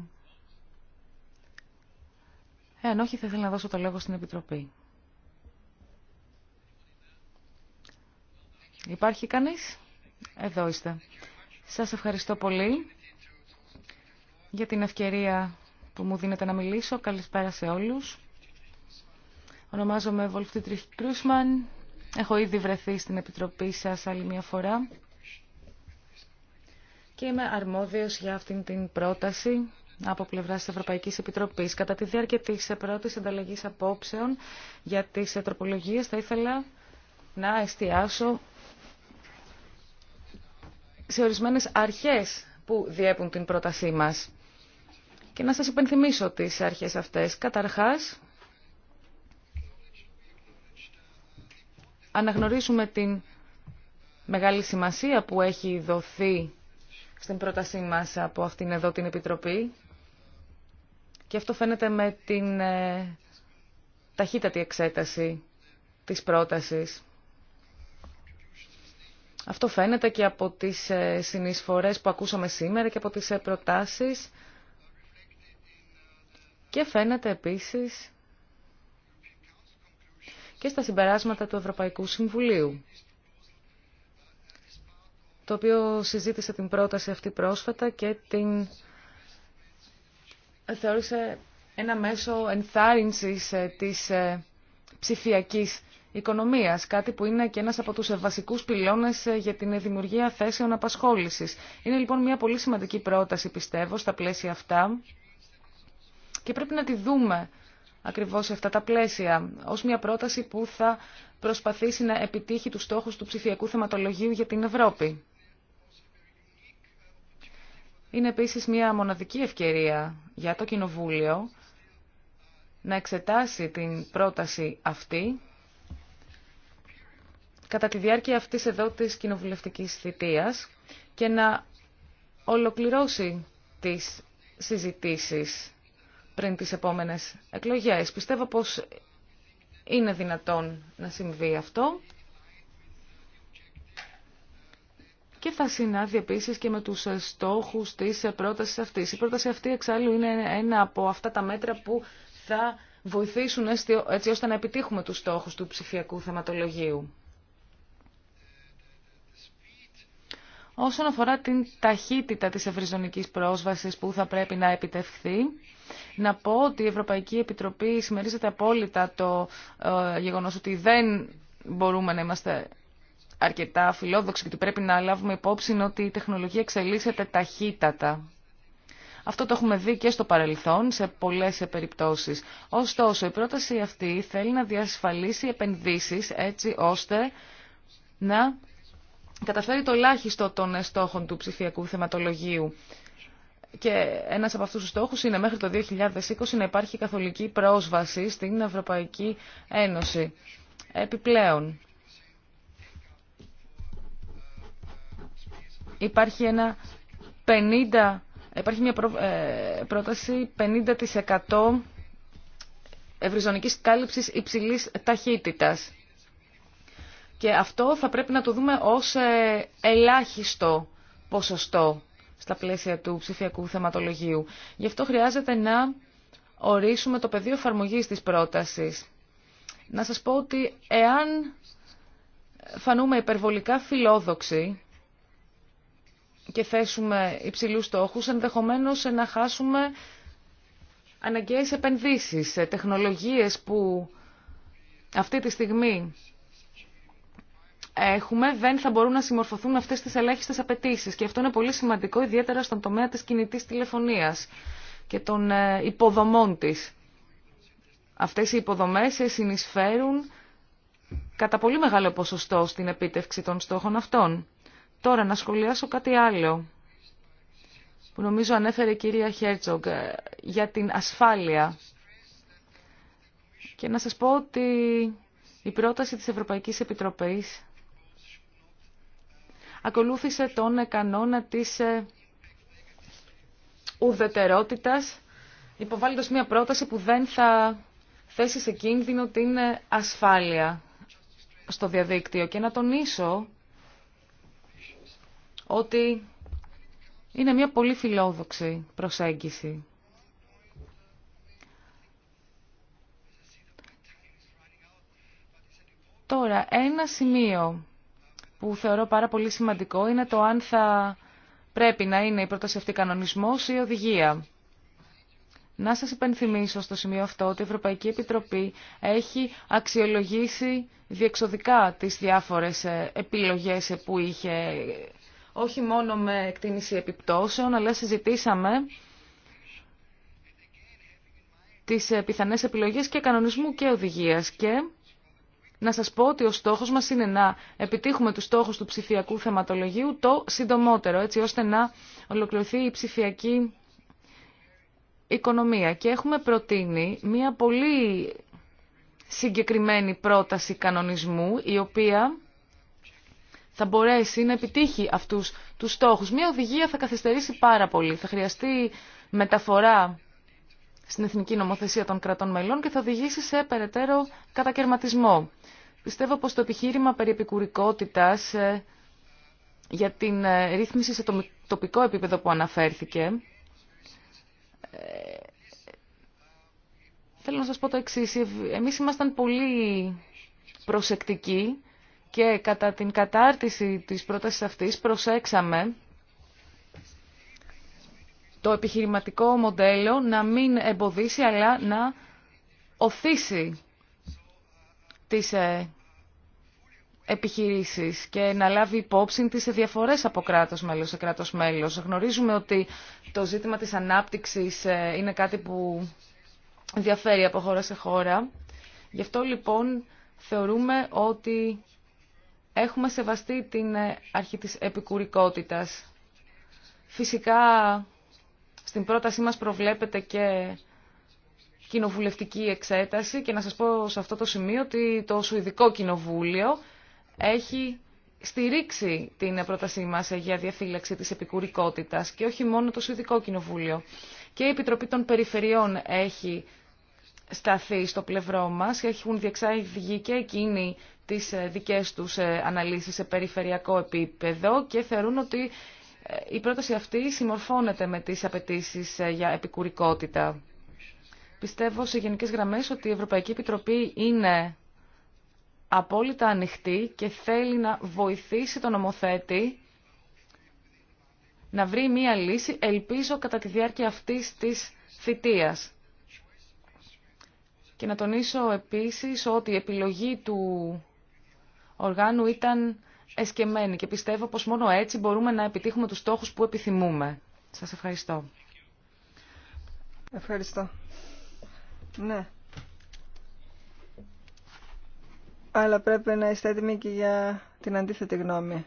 Εάν όχι, θα ήθελα να δώσω το λόγο στην Επιτροπή. Υπάρχει κανείς? Εδώ είστε. Σας ευχαριστώ πολύ για την ευκαιρία που μου δίνεται να μιλήσω. Καλησπέρα σε όλους. Ονομάζομαι Βολφτίτριχ Κρούσμαν. Έχω ήδη βρεθεί στην Επιτροπή σας άλλη μια φορά. Και είμαι αρμόδιος για αυτήν την πρόταση από πλευρά τη Ευρωπαϊκή Επιτροπή. Κατά τη διάρκεια τη πρώτη ανταλλαγή απόψεων για τι τροπολογίε, θα ήθελα να εστιάσω σε ορισμένες αρχές που διέπουν την πρότασή μας. Και να σας υπενθυμίσω τις αρχές αυτές. Καταρχάς, αναγνωρίζουμε την μεγάλη σημασία που έχει δοθεί στην πρότασή μας από αυτήν εδώ την Επιτροπή και αυτό φαίνεται με την ε, ταχύτατη εξέταση της πρότασης. Αυτό φαίνεται και από τις ε, συνεισφορές που ακούσαμε σήμερα και από τις ε, προτάσεις και φαίνεται επίσης και στα συμπεράσματα του Ευρωπαϊκού Συμβουλίου, το οποίο συζήτησε την πρόταση αυτή πρόσφατα και την θεώρησε ένα μέσο ενθάρρυνσης ε, της ψηφιακής κάτι που είναι και ένα από τους βασικούς πυλώνε ε, για την δημιουργία θέσεων απασχόληση. Είναι λοιπόν μια πολύ σημαντική πρόταση, πιστεύω, στα πλαίσια αυτά και πρέπει να τη δούμε ακριβώς σε αυτά τα πλαίσια, ως μια πρόταση που θα προσπαθήσει να επιτύχει τους στόχους του ψηφιακού θεματολογίου για την Ευρώπη. Είναι επίσης μια μοναδική ευκαιρία για το Κοινοβούλιο να εξετάσει την πρόταση αυτή κατά τη διάρκεια αυτής εδώ της κοινοβουλευτικής θητείας και να ολοκληρώσει τις συζητήσεις πριν τις επόμενες εκλογές. Πιστεύω πως είναι δυνατόν να συμβεί αυτό και θα συνάδει επίσης και με τους στόχους της πρότασης αυτής. Η πρόταση αυτή εξάλλου είναι ένα από αυτά τα μέτρα που θα βοηθήσουν έτσι ώστε να επιτύχουμε τους στόχους του ψηφιακού θεματολογίου. Όσον αφορά την ταχύτητα της ευρυζωνικής πρόσβασης που θα πρέπει να επιτευχθεί, να πω ότι η Ευρωπαϊκή Επιτροπή συμμερίζεται απόλυτα το ε, γεγονός ότι δεν μπορούμε να είμαστε αρκετά φιλόδοξοι και ότι πρέπει να λάβουμε υπόψη ότι η τεχνολογία εξελίσσεται ταχύτατα. Αυτό το έχουμε δει και στο παρελθόν σε πολλές περιπτώσεις. Ωστόσο, η πρόταση αυτή θέλει να διασφαλίσει επενδύσεις έτσι ώστε να καταφέρει το ελάχιστο των στόχων του ψηφιακού θεματολογίου. Και ένας από αυτούς του στόχου είναι μέχρι το 2020 να υπάρχει καθολική πρόσβαση στην Ευρωπαϊκή Ένωση. Επιπλέον, υπάρχει ένα 50, υπάρχει μια ε, πρόταση 50% ευρυζωνικής κάλυψης υψηλής ταχύτητας. Και αυτό θα πρέπει να το δούμε ως ε, ελάχιστο ποσοστό στα πλαίσια του ψηφιακού θεματολογίου. Γι' αυτό χρειάζεται να ορίσουμε το πεδίο εφαρμογή της πρότασης. Να σας πω ότι εάν φανούμε υπερβολικά φιλόδοξοι και θέσουμε υψηλούς στόχους, ενδεχομένως να χάσουμε αναγκαίες επενδύσεις, τεχνολογίες που αυτή τη στιγμή έχουμε δεν θα μπορούν να συμμορφωθούν αυτές τις ελάχιστες απαιτήσεις. Και αυτό είναι πολύ σημαντικό, ιδιαίτερα στον τομέα της κινητής τηλεφωνίας και των ε, υποδομών της. Αυτές οι υποδομές ε, συνεισφέρουν κατά πολύ μεγάλο ποσοστό στην επίτευξη των στόχων αυτών. Τώρα να σχολιάσω κάτι άλλο που νομίζω ανέφερε η κυρία Χέρτσογκ ε, για την ασφάλεια. Και να σας πω ότι η πρόταση της Ευρωπαϊκής Επιτροπής ακολούθησε τον κανόνα της ε, ουδετερότητας, υποβάλλοντας μια πρόταση που δεν θα θέσει σε κίνδυνο την ε, ασφάλεια στο διαδίκτυο. Και να τονίσω ότι είναι μια πολύ φιλόδοξη προσέγγιση. Τώρα, ένα σημείο που θεωρώ πάρα πολύ σημαντικό είναι το αν θα πρέπει να είναι η πρόταση αυτή κανονισμός ή οδηγία. Να σας υπενθυμίσω στο σημείο αυτό ότι η Ευρωπαϊκή Επιτροπή έχει αξιολογήσει διεξοδικά τις διάφορες ε, επιλογές που είχε, όχι μόνο με εκτίμηση επιπτώσεων, αλλά συζητήσαμε τις ε, πιθανές επιλογές και κανονισμού και οδηγίας και να σας πω ότι ο στόχος μας είναι να επιτύχουμε τους στόχους του ψηφιακού θεματολογίου το συντομότερο, έτσι ώστε να ολοκληρωθεί η ψηφιακή οικονομία. Και έχουμε προτείνει μια πολύ συγκεκριμένη πρόταση κανονισμού, η οποία θα μπορέσει να επιτύχει αυτούς τους στόχους. Μια οδηγία θα καθυστερήσει πάρα πολύ. Θα χρειαστεί μεταφορά στην εθνική νομοθεσία των κρατών μελών και θα οδηγήσει σε περαιτέρω κατακαιρματισμό. Πιστεύω πως το επιχείρημα περί επικουρικότητας ε, για την ε, ρύθμιση σε τοπικό επίπεδο που αναφέρθηκε, ε, θέλω να σας πω το εξής. Εμείς ήμασταν πολύ προσεκτικοί και κατά την κατάρτιση της πρότασης αυτής προσέξαμε το επιχειρηματικό μοντέλο να μην εμποδίσει αλλά να οθήσει τις ε, επιχειρήσεις και να λάβει υπόψη τις διαφορές από κράτος μέλος σε κράτος μέλος. Γνωρίζουμε ότι το ζήτημα της ανάπτυξης ε, είναι κάτι που διαφέρει από χώρα σε χώρα. Γι' αυτό λοιπόν θεωρούμε ότι έχουμε σεβαστεί την ε, αρχή της επικουρικότητας. Φυσικά στην πρότασή μας προβλέπεται και κοινοβουλευτική εξέταση και να σας πω σε αυτό το σημείο ότι το Σουηδικό Κοινοβούλιο έχει στηρίξει την πρότασή μας για διαφύλαξη της επικουρικότητας και όχι μόνο το Σουηδικό Κοινοβούλιο. Και η Επιτροπή των Περιφερειών έχει σταθεί στο πλευρό μας, έχουν διεξάγει και εκείνοι τις δικές τους αναλύσεις σε περιφερειακό επίπεδο και θεωρούν ότι ε, η πρόταση αυτή συμμορφώνεται με τις απαιτήσει ε, για επικουρικότητα. Πιστεύω σε γενικές γραμμές ότι η Ευρωπαϊκή Επιτροπή είναι απόλυτα ανοιχτή και θέλει να βοηθήσει τον νομοθέτη να βρει μία λύση, ελπίζω, κατά τη διάρκεια αυτής της θητείας. Και να τονίσω επίσης ότι η επιλογή του οργάνου ήταν εσκεμμένη και πιστεύω πως μόνο έτσι μπορούμε να επιτύχουμε τους στόχους που επιθυμούμε. Σας ευχαριστώ. Ευχαριστώ. Ναι. Αλλά πρέπει να είστε έτοιμοι και για την αντίθετη γνώμη.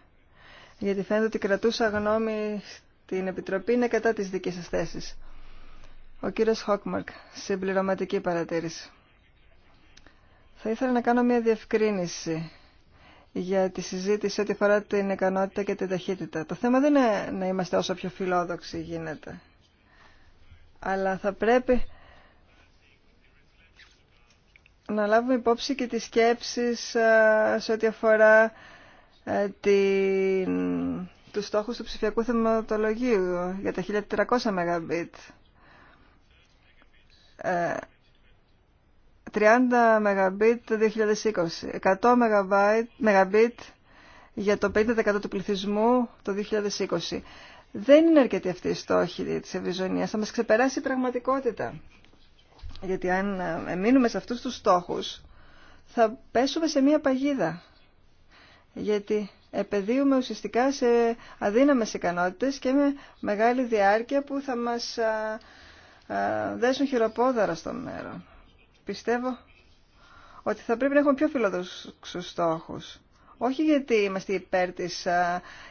Γιατί φαίνεται ότι κρατούσα γνώμη στην Επιτροπή είναι κατά της δικής σας θέση. Ο κύριος Χόκμαρκ, συμπληρωματική παρατήρηση. Θα ήθελα να κάνω μια διευκρίνηση για τη συζήτηση ό,τι αφορά την ικανότητα και την ταχύτητα. Το θέμα δεν είναι να είμαστε όσο πιο φιλόδοξοι γίνεται. Αλλά θα πρέπει να λάβουμε υπόψη και τις σκέψεις ε, σε ό,τι αφορά ε, την, τους στόχους του ψηφιακού θεματολογίου για τα 1400 Mbit. 30 Mbit το 2020, 100 Mbit για το 50% του πληθυσμού το 2020. Δεν είναι αρκετή αυτοί η στόχη της ευρυζωνίας, θα μας ξεπεράσει η πραγματικότητα. Γιατί αν ε, μείνουμε σε αυτούς τους στόχους, θα πέσουμε σε μία παγίδα. Γιατί επαιδείουμε ουσιαστικά σε αδύναμες ικανότητες και με μεγάλη διάρκεια που θα μας ε, ε, δέσουν χειροπόδαρα στο μέρο. Πιστεύω ότι θα πρέπει να έχουμε πιο φιλοδοξούς στόχους. Όχι γιατί είμαστε υπέρ τη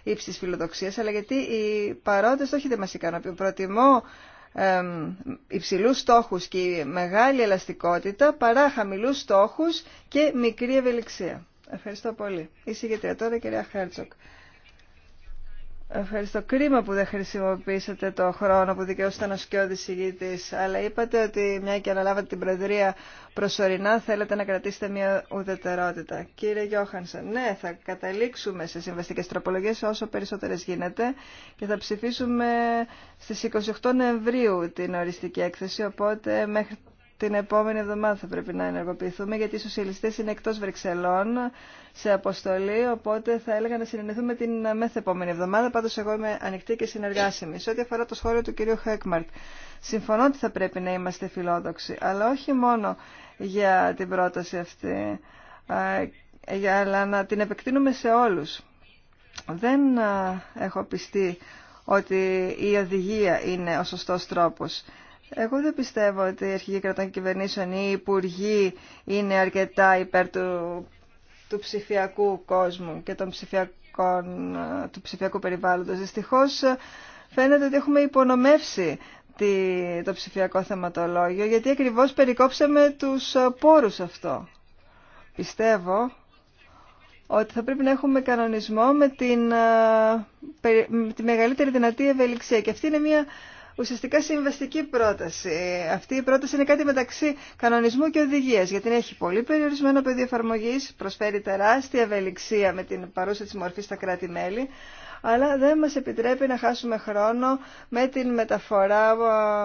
ύψη φιλοδοξία, αλλά γιατί οι παρόντε όχι δεν μα ικανοποιούν. Προτιμώ υψηλούς στόχους και μεγάλη ελαστικότητα παρά χαμηλούς στόχους και μικρή ευελιξία. Ευχαριστώ πολύ. Είσαι τώρα κυρία Ευχαριστώ. Κρίμα που δεν χρησιμοποίησατε το χρόνο που δικαιώς να ο σκιώδης αλλά είπατε ότι μια και αναλάβατε την Προεδρία προσωρινά θέλετε να κρατήσετε μια ουδετερότητα. Κύριε Γιώχανσεν, ναι, θα καταλήξουμε σε συμβαστικές τροπολογίες όσο περισσότερες γίνεται και θα ψηφίσουμε στις 28 Νοεμβρίου την οριστική έκθεση, οπότε μέχρι την επόμενη εβδομάδα θα πρέπει να ενεργοποιηθούμε, γιατί οι σοσιαλιστές είναι εκτός Βρυξελών σε αποστολή, οπότε θα έλεγα να συνενεθούμε την μέθε επόμενη εβδομάδα, πάντως εγώ είμαι ανοιχτή και συνεργάσιμη. Σε ό,τι αφορά το σχόλιο του κυρίου Χέκμαρτ, συμφωνώ ότι θα πρέπει να είμαστε φιλόδοξοι, αλλά όχι μόνο για την πρόταση αυτή, αλλά να την επεκτείνουμε σε όλους. Δεν έχω πιστεί ότι η οδηγία είναι ο σωστός τρόπος. Εγώ δεν πιστεύω ότι οι αρχηγοί κρατών κυβερνήσεων ή οι υπουργοί είναι αρκετά υπέρ του, του ψηφιακού κόσμου και των ψηφιακών, του ψηφιακού περιβάλλοντος. Δυστυχώς φαίνεται ότι έχουμε υπονομεύσει το ψηφιακό θεματολόγιο γιατί ακριβώς περικόψαμε τους πόρους αυτό. Πιστεύω ότι θα πρέπει να έχουμε κανονισμό με την, ε, τη μεγαλύτερη δυνατή ευελιξία και αυτή είναι μια ουσιαστικά συμβαστική πρόταση. Αυτή η πρόταση είναι κάτι μεταξύ κανονισμού και οδηγίας, γιατί έχει πολύ περιορισμένο πεδίο εφαρμογή, προσφέρει τεράστια ευελιξία με την παρούσα της μορφή στα κράτη-μέλη, αλλά δεν μας επιτρέπει να χάσουμε χρόνο με την μεταφορά,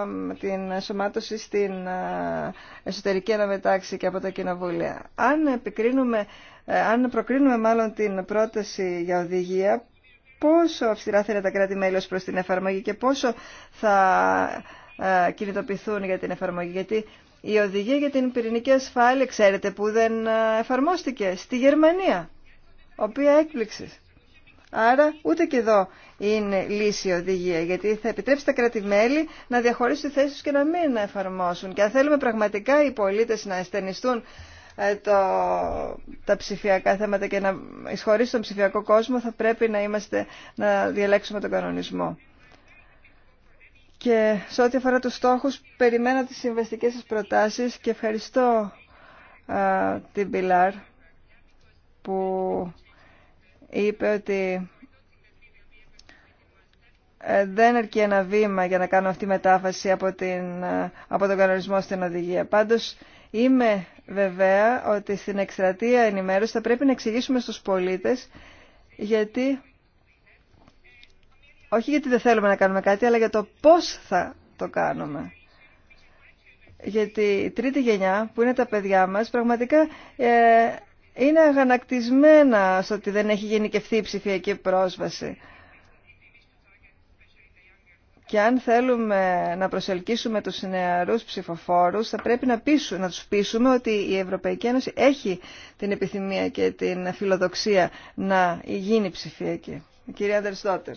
με την σωμάτωση στην ε, εσωτερική αναμετάξη και από τα κοινοβούλια. Αν, επικρίνουμε, ε, αν προκρίνουμε μάλλον την πρόταση για οδηγία πόσο αυστηρά θα τα κράτη-μέλη προς την εφαρμογή και πόσο θα ε, κινητοποιηθούν για την εφαρμογή. Γιατί η οδηγία για την πυρηνική ασφάλεια, ξέρετε, που δεν ε, εφαρμόστηκε στη Γερμανία, οποία έκπληξη. Άρα ούτε και εδώ είναι λύση η οδηγία, γιατί θα επιτρέψει τα κράτη-μέλη να διαχωρίσουν τη θέση και να μην εφαρμόσουν. Και αν θέλουμε πραγματικά οι πολίτες να ασθενιστούν ε, το, τα ψηφιακά θέματα και να εισχωρήσει τον ψηφιακό κόσμο θα πρέπει να, είμαστε, να διαλέξουμε τον κανονισμό. Και σε ό,τι αφορά τους στόχους, περιμένω τις συμβαστικές σας προτάσεις και ευχαριστώ α, την Πιλάρ που είπε ότι ε, δεν αρκεί ένα βήμα για να κάνω αυτή η μετάφαση από, την, ε, από τον κανονισμό στην οδηγία. Πάντως Είμαι βεβαία ότι στην εκστρατεία ενημέρωση θα πρέπει να εξηγήσουμε στους πολίτες γιατί, όχι γιατί δεν θέλουμε να κάνουμε κάτι, αλλά για το πώς θα το κάνουμε. Γιατί η τρίτη γενιά που είναι τα παιδιά μας πραγματικά ε, είναι αγανακτισμένα στο ότι δεν έχει γενικευθεί η ψηφιακή πρόσβαση. Και αν θέλουμε να προσελκύσουμε τους νεαρούς ψηφοφόρους, θα πρέπει να, του να τους πείσουμε ότι η Ευρωπαϊκή Ένωση έχει την επιθυμία και την φιλοδοξία να γίνει ψηφιακή. κυρία Αντερστότερ.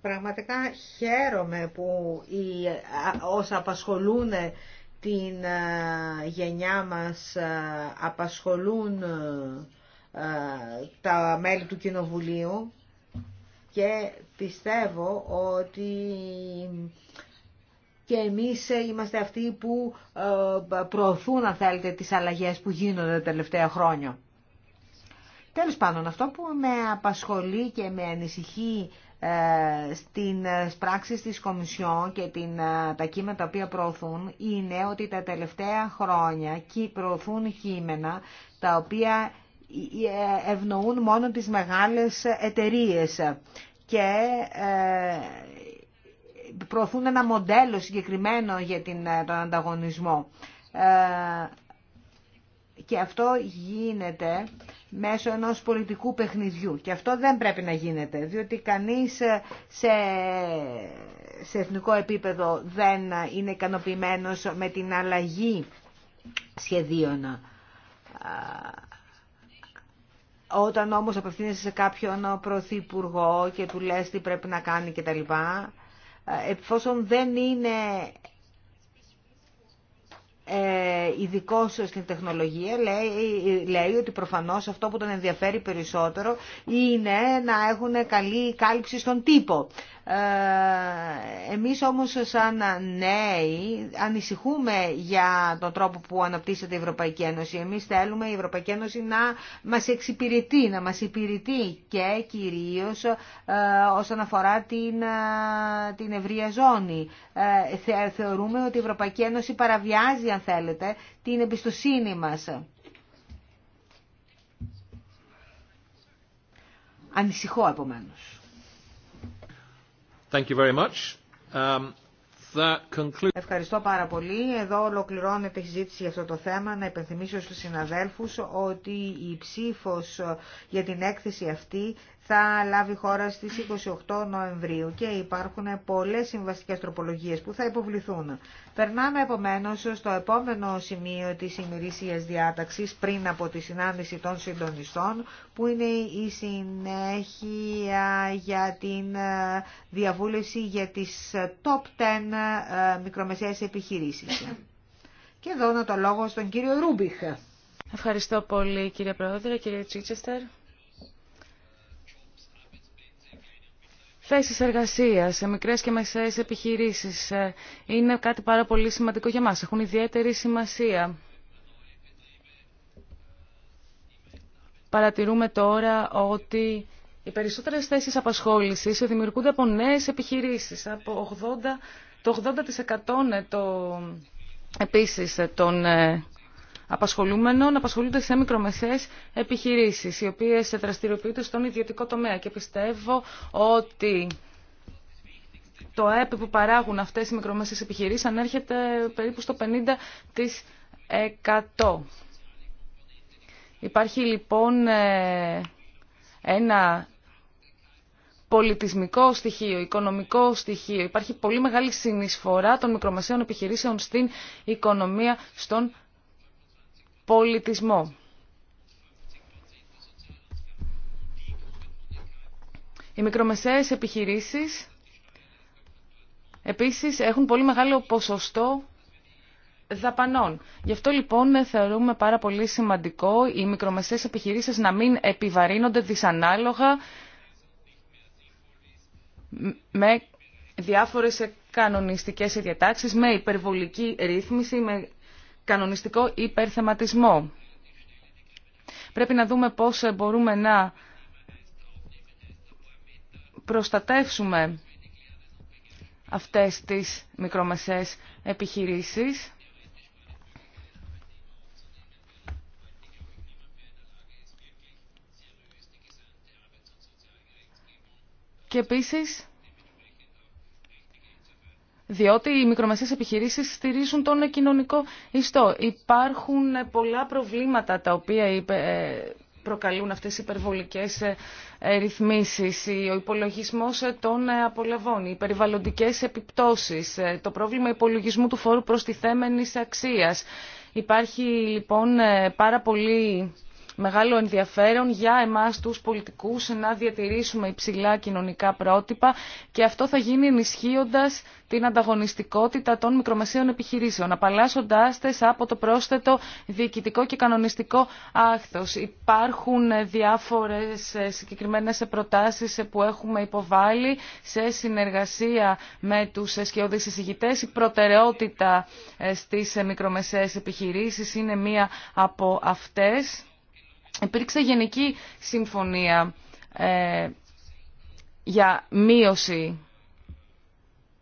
Πραγματικά χαίρομαι που οι, όσα απασχολούν την γενιά μας απασχολούν τα μέλη του Κοινοβουλίου και πιστεύω ότι και εμείς είμαστε αυτοί που ε, προωθούν, αν θέλετε, τις αλλαγές που γίνονται τα τελευταία χρόνια. Τέλος πάντων, αυτό που με απασχολεί και με ανησυχεί ε, στην πράξη της Κομισιόν και την, ε, τα κείμενα τα οποία προωθούν είναι ότι τα τελευταία χρόνια προωθούν κείμενα τα οποία ευνοούν μόνο τις μεγάλες εταιρείες και ε, προωθούν ένα μοντέλο συγκεκριμένο για ε, τον ανταγωνισμό. Ε, και αυτό γίνεται μέσω ενός πολιτικού παιχνιδιού. Και αυτό δεν πρέπει να γίνεται, διότι κανείς σε, σε εθνικό επίπεδο δεν είναι ικανοποιημένος με την αλλαγή σχεδίων όταν όμως απευθύνεσαι σε κάποιον πρωθυπουργό και του λες τι πρέπει να κάνει κτλ. Ε, εφόσον δεν είναι ε, ειδικό στην τεχνολογία λέει, λέει ότι προφανώς αυτό που τον ενδιαφέρει περισσότερο είναι να έχουν καλή κάλυψη στον τύπο. Ε, εμείς όμως σαν νέοι ανησυχούμε για τον τρόπο που αναπτύσσεται η Ευρωπαϊκή Ένωση. Εμείς θέλουμε η Ευρωπαϊκή Ένωση να μας εξυπηρετεί, να μας υπηρετεί και κυρίως ε, όσον αφορά την, την ευρεία ζώνη. Θεωρούμε ότι η Ευρωπαϊκή Ένωση παραβιάζει αν θέλετε, την εμπιστοσύνη μας. Ανησυχώ επομένως. Thank you very much. Um, Ευχαριστώ πάρα πολύ. Εδώ ολοκληρώνεται η συζήτηση για αυτό το θέμα. Να υπενθυμίσω στους συναδέλφους ότι η ψήφος για την έκθεση αυτή θα λάβει χώρα στις 28 Νοεμβρίου και υπάρχουν πολλές συμβαστικές τροπολογίες που θα υποβληθούν. Περνάμε επομένως στο επόμενο σημείο της ημερήσιας διάταξης πριν από τη συνάντηση των συντονιστών που είναι η συνέχεια για την ε, διαβούλευση για τις ε, top 10 ε, μικρομεσαίες επιχειρήσεις. Και δώνα το λόγο στον κύριο Ρούμπιχ. Ευχαριστώ πολύ κύριε Πρόεδρε, κύριε Τσίτσεστερ. Θέσεις εργασίας σε μικρέ και μεσαίες επιχειρήσεις ε, είναι κάτι πάρα πολύ σημαντικό για μα. Έχουν ιδιαίτερη σημασία. Παρατηρούμε τώρα ότι οι περισσότερες θέσεις απασχόλησης δημιουργούνται από νέες επιχειρήσεις. Από 80, το 80% ε, το, επίσης ε, των Απασχολούμενο να απασχολούνται σε μικρομεσαίες επιχειρήσεις, οι οποίες δραστηριοποιούνται στον ιδιωτικό τομέα. Και πιστεύω ότι το ΕΠ που παράγουν αυτές οι μικρομεσαίες επιχειρήσεις ανέρχεται περίπου στο 50%. Υπάρχει λοιπόν ε, ένα πολιτισμικό στοιχείο, οικονομικό στοιχείο. Υπάρχει πολύ μεγάλη συνεισφορά των μικρομεσαίων επιχειρήσεων στην οικονομία, στον πολιτισμό. Οι μικρομεσαίες επιχειρήσεις επίσης έχουν πολύ μεγάλο ποσοστό δαπανών. Γι' αυτό λοιπόν θεωρούμε πάρα πολύ σημαντικό οι μικρομεσαίες επιχειρήσεις να μην επιβαρύνονται δυσανάλογα με διάφορες κανονιστικές διατάξεις, με υπερβολική ρύθμιση, με κανονιστικό υπερθεματισμό. Πρέπει να δούμε πώς μπορούμε να προστατεύσουμε αυτές τις μικρομεσαίες επιχειρήσεις. Και επίσης διότι οι μικρομεσαίες επιχειρήσεις στηρίζουν τον κοινωνικό ιστό. Υπάρχουν πολλά προβλήματα τα οποία ε, προκαλούν αυτές οι υπερβολικές ε, ε, ρυθμίσεις, ο υπολογισμός των απολαβών, οι περιβαλλοντικές επιπτώσεις, το πρόβλημα υπολογισμού του φόρου προστιθέμενης αξίας. Υπάρχει λοιπόν πάρα πολύ μεγάλο ενδιαφέρον για εμάς τους πολιτικούς να διατηρήσουμε υψηλά κοινωνικά πρότυπα και αυτό θα γίνει ενισχύοντα την ανταγωνιστικότητα των μικρομεσαίων επιχειρήσεων, απαλλάσσοντάς τες από το πρόσθετο διοικητικό και κανονιστικό άχθος. Υπάρχουν διάφορες συγκεκριμένες προτάσεις που έχουμε υποβάλει σε συνεργασία με τους σκιώδεις Η προτεραιότητα ε, στις μικρομεσαίες επιχειρήσεις είναι μία από αυτές υπήρξε γενική συμφωνία ε, για μείωση,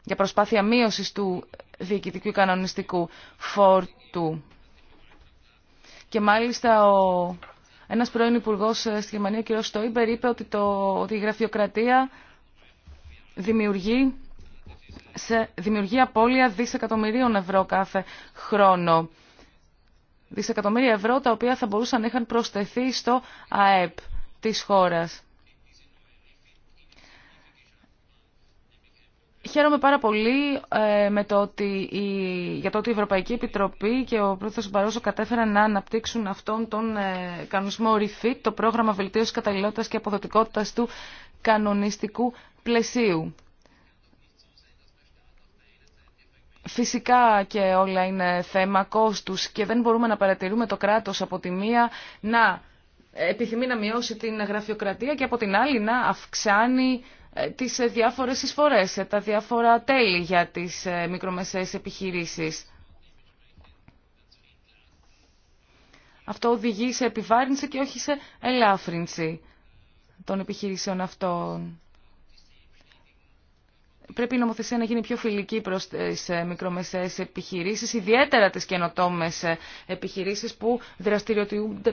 για προσπάθεια μείωσης του διοικητικού κανονιστικού φόρτου. Και μάλιστα ο, ένας πρώην υπουργός ε, στη Γερμανία, ο κ. Στόιμπερ, είπε ότι, το, η γραφειοκρατία δημιουργεί, σε, δημιουργεί απώλεια δισεκατομμυρίων ευρώ κάθε χρόνο δισεκατομμύρια ευρώ τα οποία θα μπορούσαν να είχαν προσθεθεί στο ΑΕΠ της χώρας. Χαίρομαι πάρα πολύ ε, με το ότι η, για το ότι η Ευρωπαϊκή Επιτροπή και ο πρόεδρος Μπαρόζο κατέφεραν να αναπτύξουν αυτόν τον ε, κανονισμό REFIT, το πρόγραμμα βελτίωσης καταλληλότητας και αποδοτικότητας του κανονιστικού πλαισίου. Φυσικά και όλα είναι θέμα κόστους και δεν μπορούμε να παρατηρούμε το κράτος από τη μία να επιθυμεί να μειώσει την γραφειοκρατία και από την άλλη να αυξάνει ε, τις ε, διάφορες εισφορές, ε, τα διάφορα τέλη για τις μικρομεσαίες επιχειρήσεις. Αυτό οδηγεί σε επιβάρυνση και όχι σε ελάφρυνση των επιχειρήσεων αυτών. Πρέπει η νομοθεσία να γίνει πιο φιλική προς τις ε, μικρομεσαίες επιχειρήσεις, ιδιαίτερα τις καινοτόμες ε, επιχειρήσεις που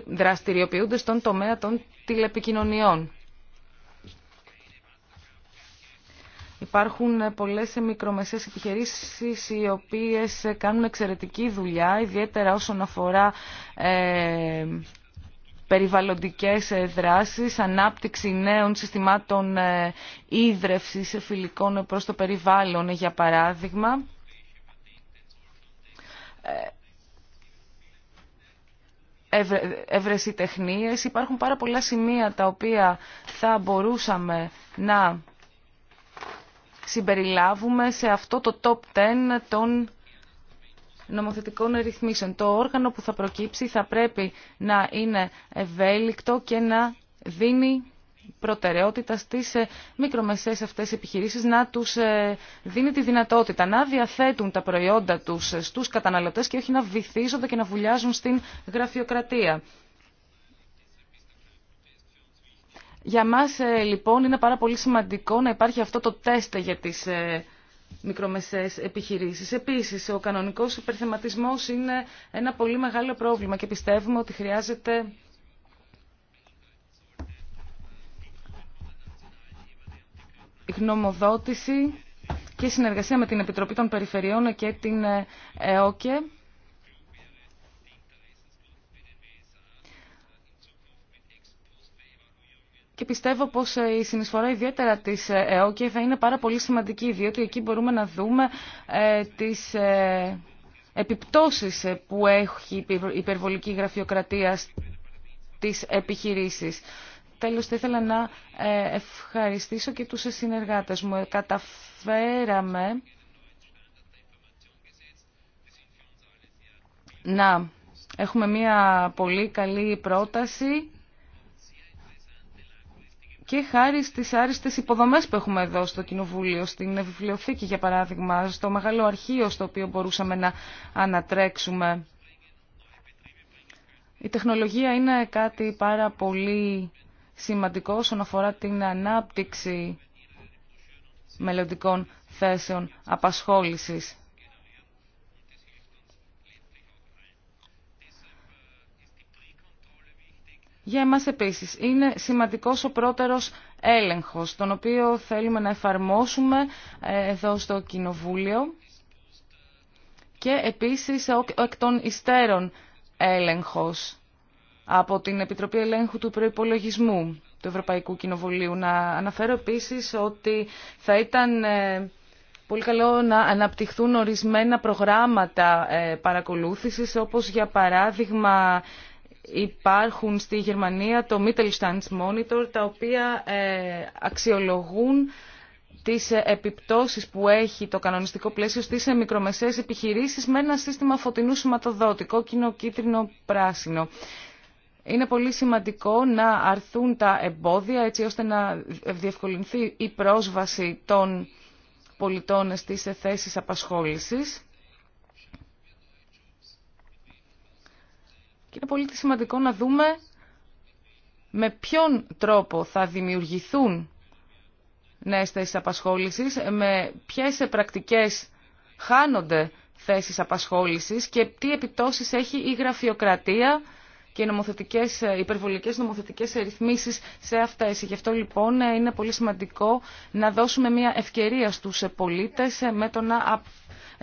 δραστηριοποιούνται, στον τομέα των τηλεπικοινωνιών. Υπάρχουν ε, πολλές μικρομεσαίες επιχειρήσεις οι οποίες κάνουν εξαιρετική δουλειά, ιδιαίτερα όσον αφορά ε, περιβαλλοντικές ε, δράσεις, ανάπτυξη νέων συστημάτων ε, ίδρευσης φιλικών προς το περιβάλλον, για παράδειγμα. Ε, ευρεσιτεχνίες. Υπάρχουν πάρα πολλά σημεία τα οποία θα μπορούσαμε να συμπεριλάβουμε σε αυτό το top 10 των νομοθετικών ρυθμίσεων. Το όργανο που θα προκύψει θα πρέπει να είναι ευέλικτο και να δίνει προτεραιότητα στις ε, μικρομεσαίες αυτές επιχειρήσεις να τους ε, δίνει τη δυνατότητα να διαθέτουν τα προϊόντα τους ε, στους καταναλωτές και όχι να βυθίζονται και να βουλιάζουν στην γραφειοκρατία. Για μας λοιπόν είναι πάρα πολύ σημαντικό να υπάρχει αυτό το τεστ για τις μικρομεσαίες επιχειρήσεις. Επίσης, ο κανονικός υπερθεματισμός είναι ένα πολύ μεγάλο πρόβλημα και πιστεύουμε ότι χρειάζεται γνωμοδότηση και συνεργασία με την Επιτροπή των Περιφερειών και την ΕΟΚΕ και πιστεύω πως η συνεισφορά ιδιαίτερα της ε, ΕΟΚΕ θα είναι πάρα πολύ σημαντική, διότι εκεί μπορούμε να δούμε ε, τις ε, επιπτώσεις που έχει η υπερβολική γραφειοκρατία στις επιχειρήσεις. Τέλος, θα ήθελα να ευχαριστήσω και τους συνεργάτες μου. Καταφέραμε να έχουμε μια πολύ καλή πρόταση και χάρη στις άριστες υποδομές που έχουμε εδώ στο Κοινοβούλιο, στην βιβλιοθήκη για παράδειγμα, στο μεγάλο αρχείο στο οποίο μπορούσαμε να ανατρέξουμε. Η τεχνολογία είναι κάτι πάρα πολύ σημαντικό όσον αφορά την ανάπτυξη μελλοντικών θέσεων απασχόλησης. Για εμάς επίσης είναι σημαντικός ο πρώτερος έλεγχος, τον οποίο θέλουμε να εφαρμόσουμε ε, εδώ στο Κοινοβούλιο και επίσης ο εκ των υστέρων έλεγχος από την Επιτροπή Ελέγχου του Προϋπολογισμού του Ευρωπαϊκού Κοινοβουλίου. Να αναφέρω επίσης ότι θα ήταν ε, πολύ καλό να αναπτυχθούν ορισμένα προγράμματα ε, παρακολούθησης, όπως για παράδειγμα υπάρχουν στη Γερμανία το Mittelstands Monitor, τα οποία ε, αξιολογούν τις ε, επιπτώσεις που έχει το κανονιστικό πλαίσιο στις ε, μικρομεσαίες επιχειρήσεις με ένα σύστημα φωτεινού σηματοδότη, κόκκινο, κίτρινο, πράσινο. Είναι πολύ σημαντικό να αρθούν τα εμπόδια έτσι ώστε να διευκολυνθεί η πρόσβαση των πολιτών στις θέσεις απασχόλησης. Και είναι πολύ σημαντικό να δούμε με ποιον τρόπο θα δημιουργηθούν νέες θέσεις απασχόλησης, με ποιες πρακτικές χάνονται θέσεις απασχόλησης και τι επιπτώσεις έχει η γραφειοκρατία και οι νομοθετικές, ε, υπερβολικές νομοθετικές ρυθμίσεις σε αυτές. Γι' αυτό λοιπόν ε, είναι πολύ σημαντικό να δώσουμε μια ευκαιρία στους ε, πολίτες με το να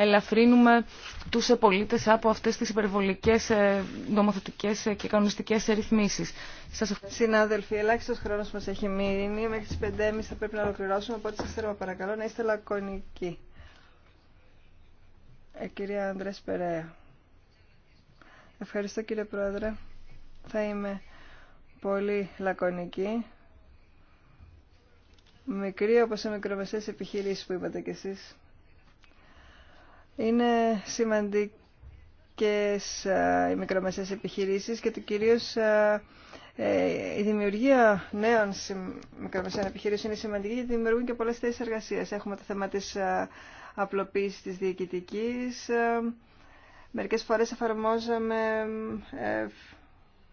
ελαφρύνουμε τους πολίτες από αυτές τις υπερβολικές ε, νομοθετικές ε, και κανονιστικές ρυθμίσεις. Σας ευχαριστώ. Συνάδελφοι, ελάχιστος χρόνος μας έχει μείνει. Μέχρι τις 5.30 θα πρέπει να ολοκληρώσουμε, οπότε σας θέλω παρακαλώ να είστε λακωνικοί. Ε, κυρία Αντρέ Περέα. Ευχαριστώ κύριε Πρόεδρε. Θα είμαι πολύ λακωνική. Μικρή όπως σε μικρομεσαίες επιχειρήσεις που είπατε κι εσείς. Είναι σημαντικές οι μικρομεσαίες επιχειρήσεις και το κυρίως ε, η δημιουργία νέων μικρομεσαίων επιχειρήσεων είναι σημαντική γιατί δημιουργούν και πολλές θέσεις εργασίας. Έχουμε το θέμα της απλοποίησης της διοικητικής. Μερικές φορές εφαρμόζαμε ε,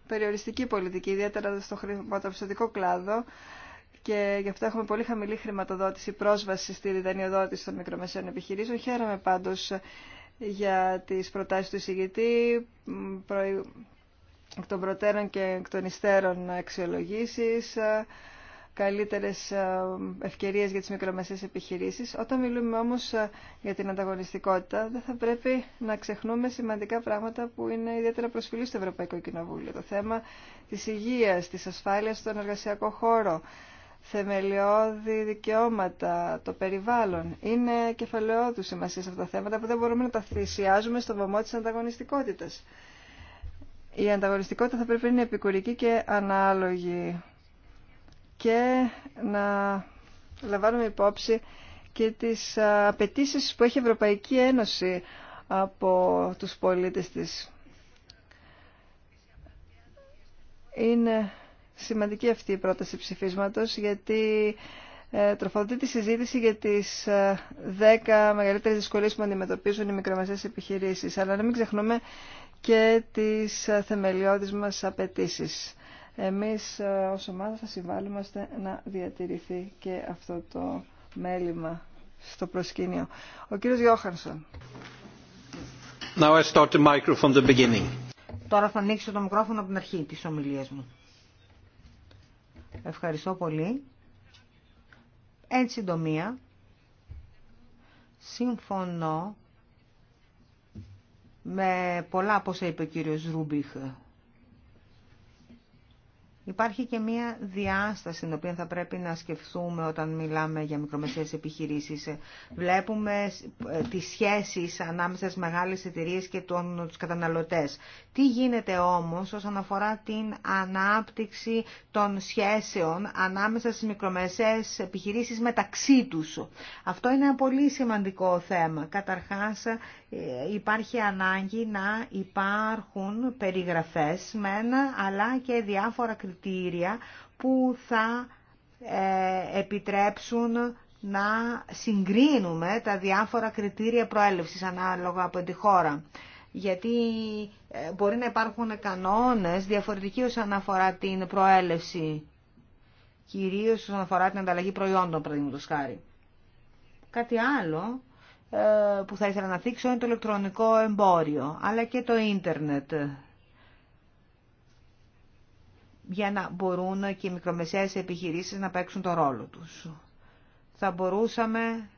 περιοριστική πολιτική, ιδιαίτερα στο χρηματοπιστωτικό κλάδο, και γι' αυτό έχουμε πολύ χαμηλή χρηματοδότηση, πρόσβαση στη διδανειοδότηση των μικρομεσαίων επιχειρήσεων. Χαίρομαι πάντως για τις προτάσεις του εισηγητή, εκ των προτέρων και εκ των υστέρων αξιολογήσεις, καλύτερες ε, ευκαιρίες για τις μικρομεσαίες επιχειρήσεις. Όταν μιλούμε όμως ε, για την ανταγωνιστικότητα, δεν θα πρέπει να ξεχνούμε σημαντικά πράγματα που είναι ιδιαίτερα προσφυλή στο Ευρωπαϊκό Κοινοβούλιο. Το θέμα της υγείας, της ασφάλειας στον εργασιακό χώρο, θεμελιώδη δικαιώματα, το περιβάλλον. Είναι κεφαλαιόδου σημασία σε αυτά τα θέματα που δεν μπορούμε να τα θυσιάζουμε στο βωμό τη ανταγωνιστικότητας. Η ανταγωνιστικότητα θα πρέπει να είναι επικουρική και ανάλογη και να λαμβάνουμε υπόψη και τις απαιτήσει που έχει η Ευρωπαϊκή Ένωση από τους πολίτες της. Είναι σημαντική αυτή η πρόταση ψηφίσματος γιατί ε, τροφοδοτεί τη συζήτηση για τις 10 ε, μεγαλύτερες δυσκολίες που αντιμετωπίζουν οι μικρομεσαίες επιχειρήσεις. Αλλά να μην ξεχνούμε και τις ε, θεμελιώδεις μας απαιτήσει. Εμείς ως ομάδα θα συμβάλλουμε να διατηρηθεί και αυτό το μέλημα στο προσκήνιο. Ο κύριος Γιώχανσον. Τώρα θα ανοίξω το μικρόφωνο από την αρχή της ομιλίας μου. Ευχαριστώ πολύ. Εν συντομία, συμφωνώ με πολλά από όσα είπε ο κύριος Ρούμπιχ Υπάρχει και μία διάσταση την οποία θα πρέπει να σκεφτούμε όταν μιλάμε για μικρομεσαίες επιχειρήσεις. Βλέπουμε ε, τις σχέσεις ανάμεσα στις μεγάλες εταιρείες και τον, τους καταναλωτές. Τι γίνεται όμως όσον αφορά την ανάπτυξη των σχέσεων ανάμεσα στις μικρομεσαίες επιχειρήσεις μεταξύ τους. Αυτό είναι ένα πολύ σημαντικό θέμα. Καταρχάς ε, υπάρχει ανάγκη να υπάρχουν περιγραφές μένα, αλλά και διάφορα κριτήρια κριτήρια που θα ε, επιτρέψουν να συγκρίνουμε τα διάφορα κριτήρια προέλευσης ανάλογα από τη χώρα. Γιατί ε, μπορεί να υπάρχουν κανόνες διαφορετικοί όσον αφορά την προέλευση, κυρίως όσον αφορά την ανταλλαγή προϊόντων, παραδείγματος χάρη. Κάτι άλλο ε, που θα ήθελα να δείξω είναι το ηλεκτρονικό εμπόριο, αλλά και το ίντερνετ για να μπορούν και οι μικρομεσαίες επιχειρήσεις να παίξουν τον ρόλο τους. Θα μπορούσαμε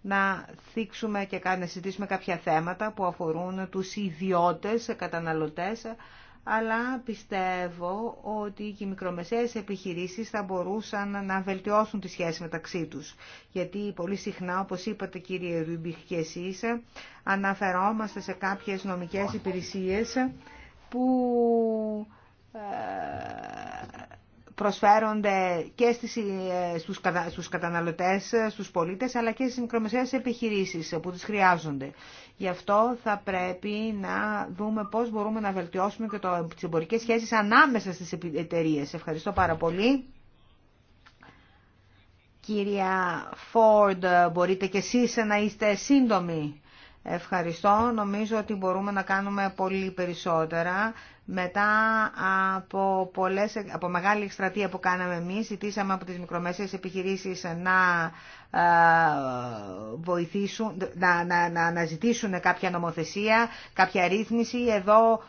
να θίξουμε και να συζητήσουμε κάποια θέματα που αφορούν τους ιδιώτες καταναλωτές, αλλά πιστεύω ότι και οι μικρομεσαίες επιχειρήσεις θα μπορούσαν να βελτιώσουν τη σχέση μεταξύ τους. Γιατί πολύ συχνά, όπως είπατε κύριε Ρουμπιχ και εσείς, αναφερόμαστε σε κάποιες νομικές υπηρεσίες που ε, προσφέρονται και στις, ε, στους, κατα, στους καταναλωτές, στους πολίτες, αλλά και στις μικρομεσαίες επιχειρήσεις που τις χρειάζονται. Γι' αυτό θα πρέπει να δούμε πώς μπορούμε να βελτιώσουμε και το, τις εμπορικές σχέσεις ανάμεσα στις εταιρείε. Ευχαριστώ πάρα πολύ. Κυρία Φόρντ, μπορείτε και εσείς να είστε σύντομοι. Ευχαριστώ. Νομίζω ότι μπορούμε να κάνουμε πολύ περισσότερα. Μετά από, πολλές, από μεγάλη εκστρατεία που κάναμε εμείς, ζητήσαμε από τις μικρομεσαίες επιχειρήσεις να ε, βοηθήσουν, να, να, να, ζητήσουν κάποια νομοθεσία, κάποια ρύθμιση. Εδώ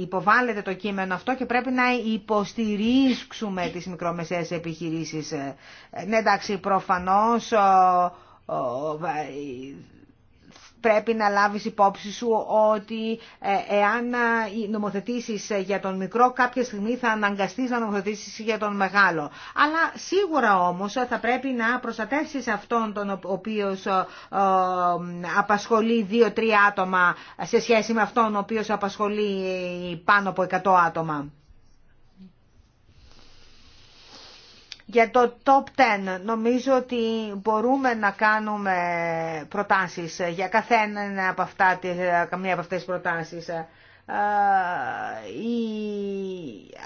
υποβάλλεται το κείμενο αυτό και πρέπει να υποστηρίξουμε τις μικρομεσαίες επιχειρήσεις. Ε, ναι, εντάξει, προφανώς πρέπει να λάβεις υπόψη σου ότι ε, εάν ε, νομοθετήσεις ε, για τον μικρό κάποια στιγμή θα αναγκαστείς να νομοθετήσεις για τον μεγάλο. Αλλά σίγουρα όμως θα πρέπει να προστατεύσεις αυτόν τον οποίος απασχολεί δύο-τρία άτομα σε σχέση με αυτόν ο οποίος απασχολεί πάνω από 100 άτομα. Για το top 10 νομίζω ότι μπορούμε να κάνουμε προτάσεις για καθένα από αυτά, καμία από αυτές τις προτάσεις. Ε, η,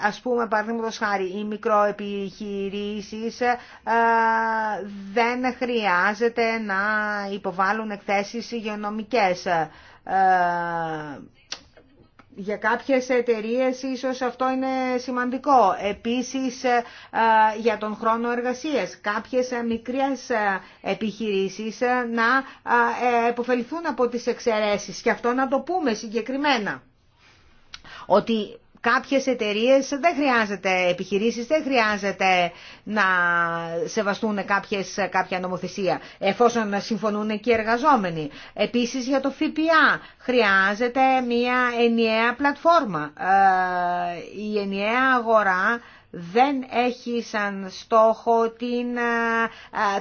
ας πούμε παραδείγματο χάρη οι μικροεπιχειρήσεις ε, δεν χρειάζεται να υποβάλουν εκθέσεις υγειονομικές ε, για κάποιες εταιρείες ίσως αυτό είναι σημαντικό. Επίσης ε, για τον χρόνο εργασίας. Κάποιες ε, μικρές ε, επιχειρήσεις να επωφεληθούν από τις εξαιρέσεις και αυτό να το πούμε συγκεκριμένα. Ότι κάποιες εταιρείες δεν χρειάζεται, επιχειρήσεις δεν χρειάζεται να σεβαστούν κάποιες, κάποια νομοθεσία, εφόσον συμφωνούν και οι εργαζόμενοι. Επίσης για το ΦΠΑ χρειάζεται μια ενιαία πλατφόρμα. Ε, η ενιαία αγορά δεν έχει σαν στόχο την,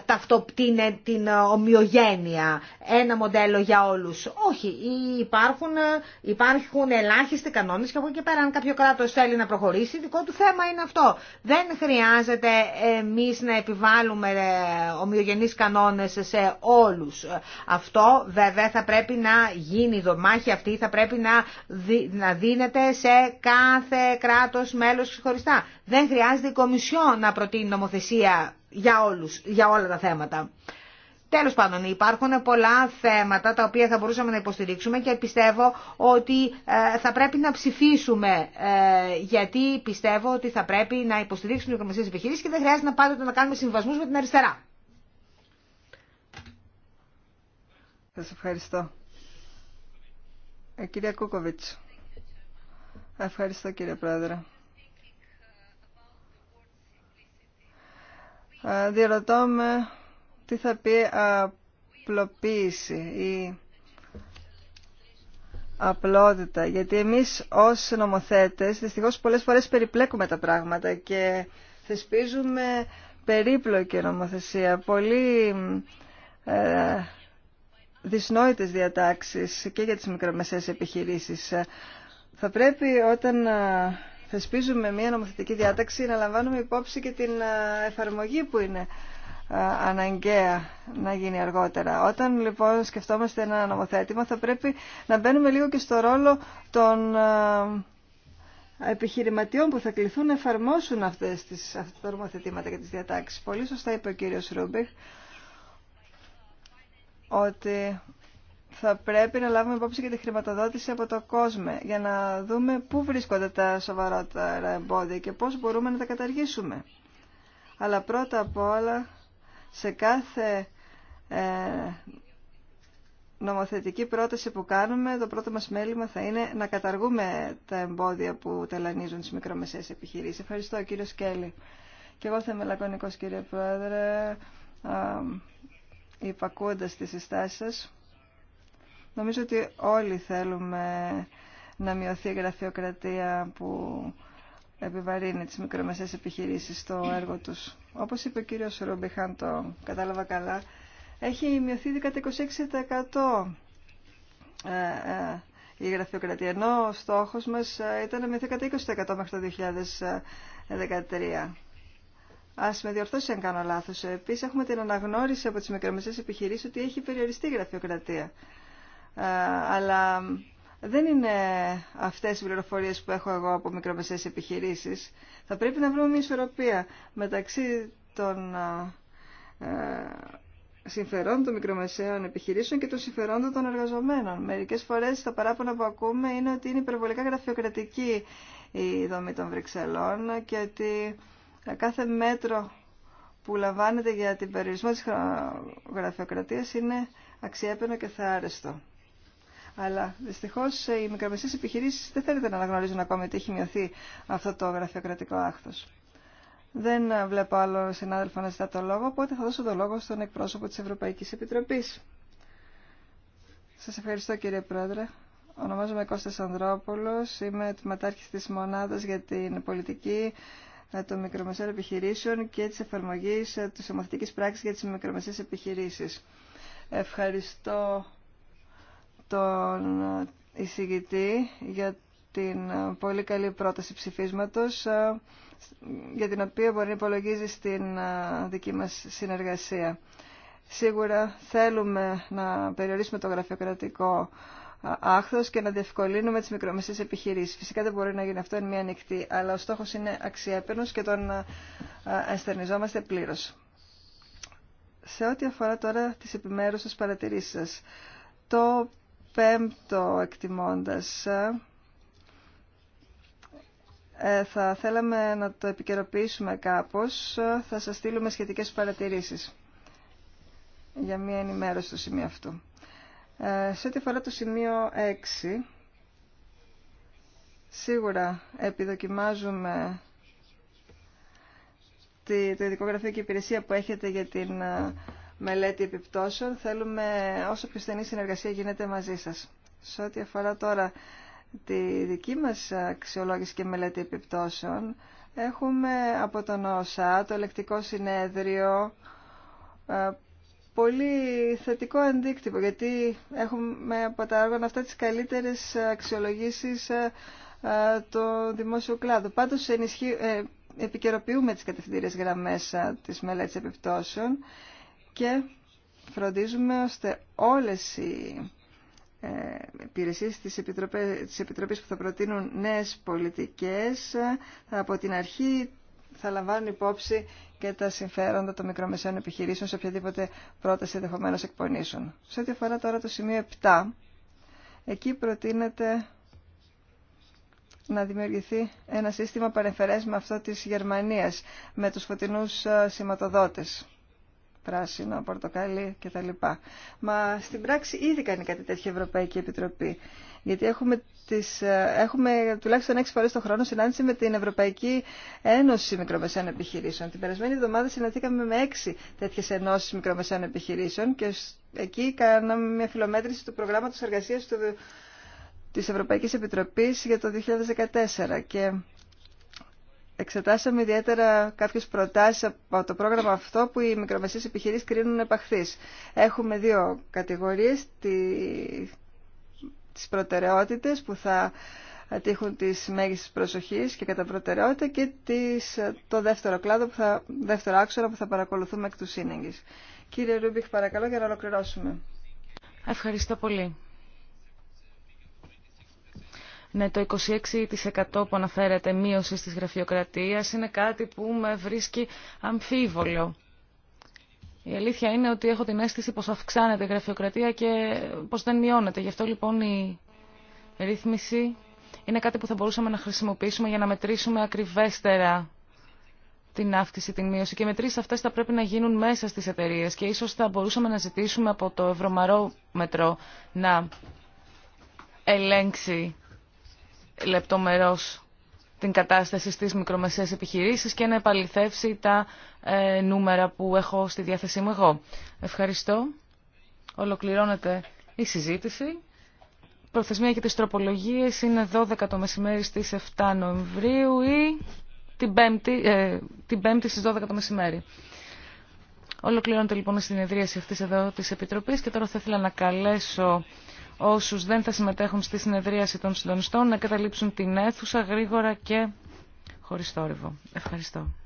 ταυτο, την, ε, την ε, ομοιογένεια, ένα μοντέλο για όλους. Όχι, υπάρχουν, ε, υπάρχουν ελάχιστοι κανόνες και από εκεί πέρα αν κάποιο κράτος θέλει να προχωρήσει, δικό του θέμα είναι αυτό. Δεν χρειάζεται εμείς να επιβάλλουμε ομοιογενείς κανόνες σε όλους. Αυτό βέβαια θα πρέπει να γίνει, η δομάχη αυτή θα πρέπει να, να δίνεται σε κάθε κράτος μέλος ξεχωριστά. Δεν χρειάζεται η Κομισιό να προτείνει νομοθεσία για, όλους, για όλα τα θέματα. Τέλος πάντων, υπάρχουν πολλά θέματα τα οποία θα μπορούσαμε να υποστηρίξουμε και πιστεύω ότι ε, θα πρέπει να ψηφίσουμε ε, γιατί πιστεύω ότι θα πρέπει να υποστηρίξουμε οι οικονομικές επιχειρήσεις και δεν χρειάζεται να πάντοτε να κάνουμε συμβασμούς με την αριστερά. Σας ευχαριστώ. Ε, κυρία Κούκοβιτς. Ευχαριστώ κύριε Πρόεδρε. Διερωτώ με τι θα πει απλοποίηση ή απλότητα. Γιατί εμείς ως νομοθέτες δυστυχώς πολλές φορές περιπλέκουμε τα πράγματα και θεσπίζουμε περίπλοκη νομοθεσία, πολύ ε, δυσνόητες διατάξεις και για τις μικρομεσαίες επιχειρήσεις. Θα πρέπει όταν θεσπίζουμε μια νομοθετική διάταξη να λαμβάνουμε υπόψη και την εφαρμογή που είναι αναγκαία να γίνει αργότερα. Όταν λοιπόν σκεφτόμαστε ένα νομοθέτημα θα πρέπει να μπαίνουμε λίγο και στο ρόλο των επιχειρηματιών που θα κληθούν να εφαρμόσουν αυτές τις, τα νομοθετήματα και τις διατάξεις. Πολύ σωστά είπε ο κύριος Ρούμπιχ ότι θα πρέπει να λάβουμε υπόψη και τη χρηματοδότηση από το κόσμο για να δούμε πού βρίσκονται τα σοβαρότερα εμπόδια και πώς μπορούμε να τα καταργήσουμε. Αλλά πρώτα απ' όλα σε κάθε ε, νομοθετική πρόταση που κάνουμε το πρώτο μας μέλημα θα είναι να καταργούμε τα εμπόδια που ταλανίζουν τις μικρομεσαίες επιχειρήσεις. Ευχαριστώ κύριο Σκέλη. Και εγώ θα είμαι λακωνικός κύριε Πρόεδρε, υπακούντας τις συστάσεις σας. Νομίζω ότι όλοι θέλουμε να μειωθεί η γραφειοκρατία που επιβαρύνει τις μικρομεσαίες επιχειρήσεις στο έργο τους. Όπως είπε ο κύριος Ρομπιχάν, το κατάλαβα καλά, έχει μειωθεί ήδη κατά 26% ε, ε, η γραφειοκρατία, ενώ ο στόχος μας ε, ήταν να μειωθεί κατά 20% μέχρι το 2013. Α με διορθώσει αν κάνω λάθο. Επίση, έχουμε την αναγνώριση από τι μικρομεσαίε επιχειρήσει ότι έχει περιοριστεί η γραφειοκρατία. Ε, αλλά δεν είναι αυτές οι πληροφορίες που έχω εγώ από μικρομεσαίες επιχειρήσεις. Θα πρέπει να βρούμε μια ισορροπία μεταξύ των ε, ε, συμφερόντων των μικρομεσαίων επιχειρήσεων και των συμφερόντων των εργαζομένων. Μερικές φορές τα παράπονα που ακούμε είναι ότι είναι υπερβολικά γραφειοκρατική η δομή των Βρυξελών και ότι κάθε μέτρο που λαμβάνεται για την περιορισμό της γραφειοκρατίας είναι αξιέπαινο και θάρεστο. Αλλά δυστυχώ οι μικρομεσαίε επιχειρήσει δεν θέλετε να αναγνωρίζουν ακόμη ότι έχει μειωθεί αυτό το γραφειοκρατικό άχθο. Δεν βλέπω άλλο συνάδελφο να ζητά το λόγο, οπότε θα δώσω το λόγο στον εκπρόσωπο τη Ευρωπαϊκή Επιτροπή. Σα ευχαριστώ κύριε Πρόεδρε. Ονομάζομαι Κώστας Ανδρόπουλος, είμαι τμηματάρχης της Μονάδας για την Πολιτική ε, των Μικρομεσαίων Επιχειρήσεων και της εφαρμογής ε, της ομοθετικής πράξης για τις μικρομεσαίες επιχειρήσεις. Ευχαριστώ τον εισηγητή για την πολύ καλή πρόταση ψηφίσματος ε, για την οποία μπορεί να υπολογίζει στην ε, δική μας συνεργασία. Σίγουρα θέλουμε να περιορίσουμε το γραφειοκρατικό ε, άχθος και να διευκολύνουμε τις μικρομεσαίες επιχειρήσεις. Φυσικά δεν μπορεί να γίνει αυτό εν μία νυχτή, αλλά ο στόχος είναι αξιέπαινος και τον αστερνιζόμαστε πλήρως. Σε ό,τι αφορά τώρα τις επιμέρους σας παρατηρήσεις σας, το πέμπτο εκτιμώντας ε, θα θέλαμε να το επικαιροποιήσουμε κάπως. Θα σας στείλουμε σχετικές παρατηρήσεις για μία ενημέρωση στο σημείο αυτό. Ε, σε ό,τι αφορά το σημείο 6, σίγουρα επιδοκιμάζουμε τη, το ειδικό και υπηρεσία που έχετε για την ε, μελέτη επιπτώσεων. Θέλουμε όσο πιο στενή συνεργασία γίνεται μαζί σας. Σε ό,τι αφορά τώρα τη δική μας αξιολόγηση και μελέτη επιπτώσεων, έχουμε από τον ΩΣΑ το ελεκτικό συνέδριο ε, πολύ θετικό αντίκτυπο, γιατί έχουμε από τα άργανα αυτά τις καλύτερες αξιολογήσεις ε, ε, του δημόσιου κλάδου. Πάντως ενισχύ, επικαιροποιούμε τις κατευθυντήριες γραμμές της μελέτης επιπτώσεων και φροντίζουμε ώστε όλες οι ε, υπηρεσίε της, της Επιτροπής που θα προτείνουν νέες πολιτικές ε, από την αρχή θα λαμβάνουν υπόψη και τα συμφέροντα των μικρομεσαίων επιχειρήσεων σε οποιαδήποτε πρόταση ενδεχομένω εκπονήσουν. Σε ό,τι αφορά τώρα το σημείο 7, εκεί προτείνεται να δημιουργηθεί ένα σύστημα παρεμφερές με αυτό της Γερμανίας, με τους φωτεινούς ε, σηματοδότες πράσινο, πορτοκαλί κτλ. Μα στην πράξη ήδη κάνει κάτι τέτοιο η Ευρωπαϊκή Επιτροπή. Γιατί έχουμε, τις, ε, έχουμε τουλάχιστον έξι φορέ το χρόνο συνάντηση με την Ευρωπαϊκή Ένωση Μικρομεσαίων Επιχειρήσεων. Την περασμένη εβδομάδα συναντήκαμε με έξι τέτοιε ενώσει μικρομεσαίων επιχειρήσεων και εκεί κάναμε μια φιλομέτρηση του προγράμματο εργασία του, της Ευρωπαϊκής Επιτροπής για το 2014. Και εξετάσαμε ιδιαίτερα κάποιε προτάσει από το πρόγραμμα αυτό που οι μικρομεσαίε επιχειρήσει κρίνουν επαχθεί. Έχουμε δύο κατηγορίε, τι προτεραιότητε που θα τύχουν τη μέγιστη προσοχή και κατά προτεραιότητα και τις, το δεύτερο κλάδο, που θα, δεύτερο άξονα που θα παρακολουθούμε εκ του σύνεγγυ. Κύριε Ρούμπιχ, παρακαλώ για να ολοκληρώσουμε. Ευχαριστώ πολύ. Ναι, το 26% που αναφέρεται μείωση της γραφειοκρατίας είναι κάτι που με βρίσκει αμφίβολο. Η αλήθεια είναι ότι έχω την αίσθηση πως αυξάνεται η γραφειοκρατία και πως δεν μειώνεται. Γι' αυτό λοιπόν η ρύθμιση είναι κάτι που θα μπορούσαμε να χρησιμοποιήσουμε για να μετρήσουμε ακριβέστερα την αύξηση, την μείωση. Και μετρήσεις αυτές θα πρέπει να γίνουν μέσα στις εταιρείες και ίσως θα μπορούσαμε να ζητήσουμε από το Ευρωμαρόμετρο να ελέγξει λεπτομερώς την κατάσταση στις μικρομεσαίες επιχειρήσεις και να επαληθεύσει τα ε, νούμερα που έχω στη διάθεσή μου εγώ. Ευχαριστώ. Ολοκληρώνεται η συζήτηση. Προθεσμία και τις τροπολογίες είναι 12 το μεσημέρι στις 7 Νοεμβρίου ή την 5η, ε, την 5η στις 12 το μεσημέρι. Ολοκληρώνεται λοιπόν η συνεδρίαση αυτής εδώ της Επιτροπής και τώρα θα ήθελα να καλέσω όσους δεν θα συμμετέχουν στη συνεδρίαση των συντονιστών να καταλήψουν την αίθουσα γρήγορα και χωρίς Ευχαριστώ.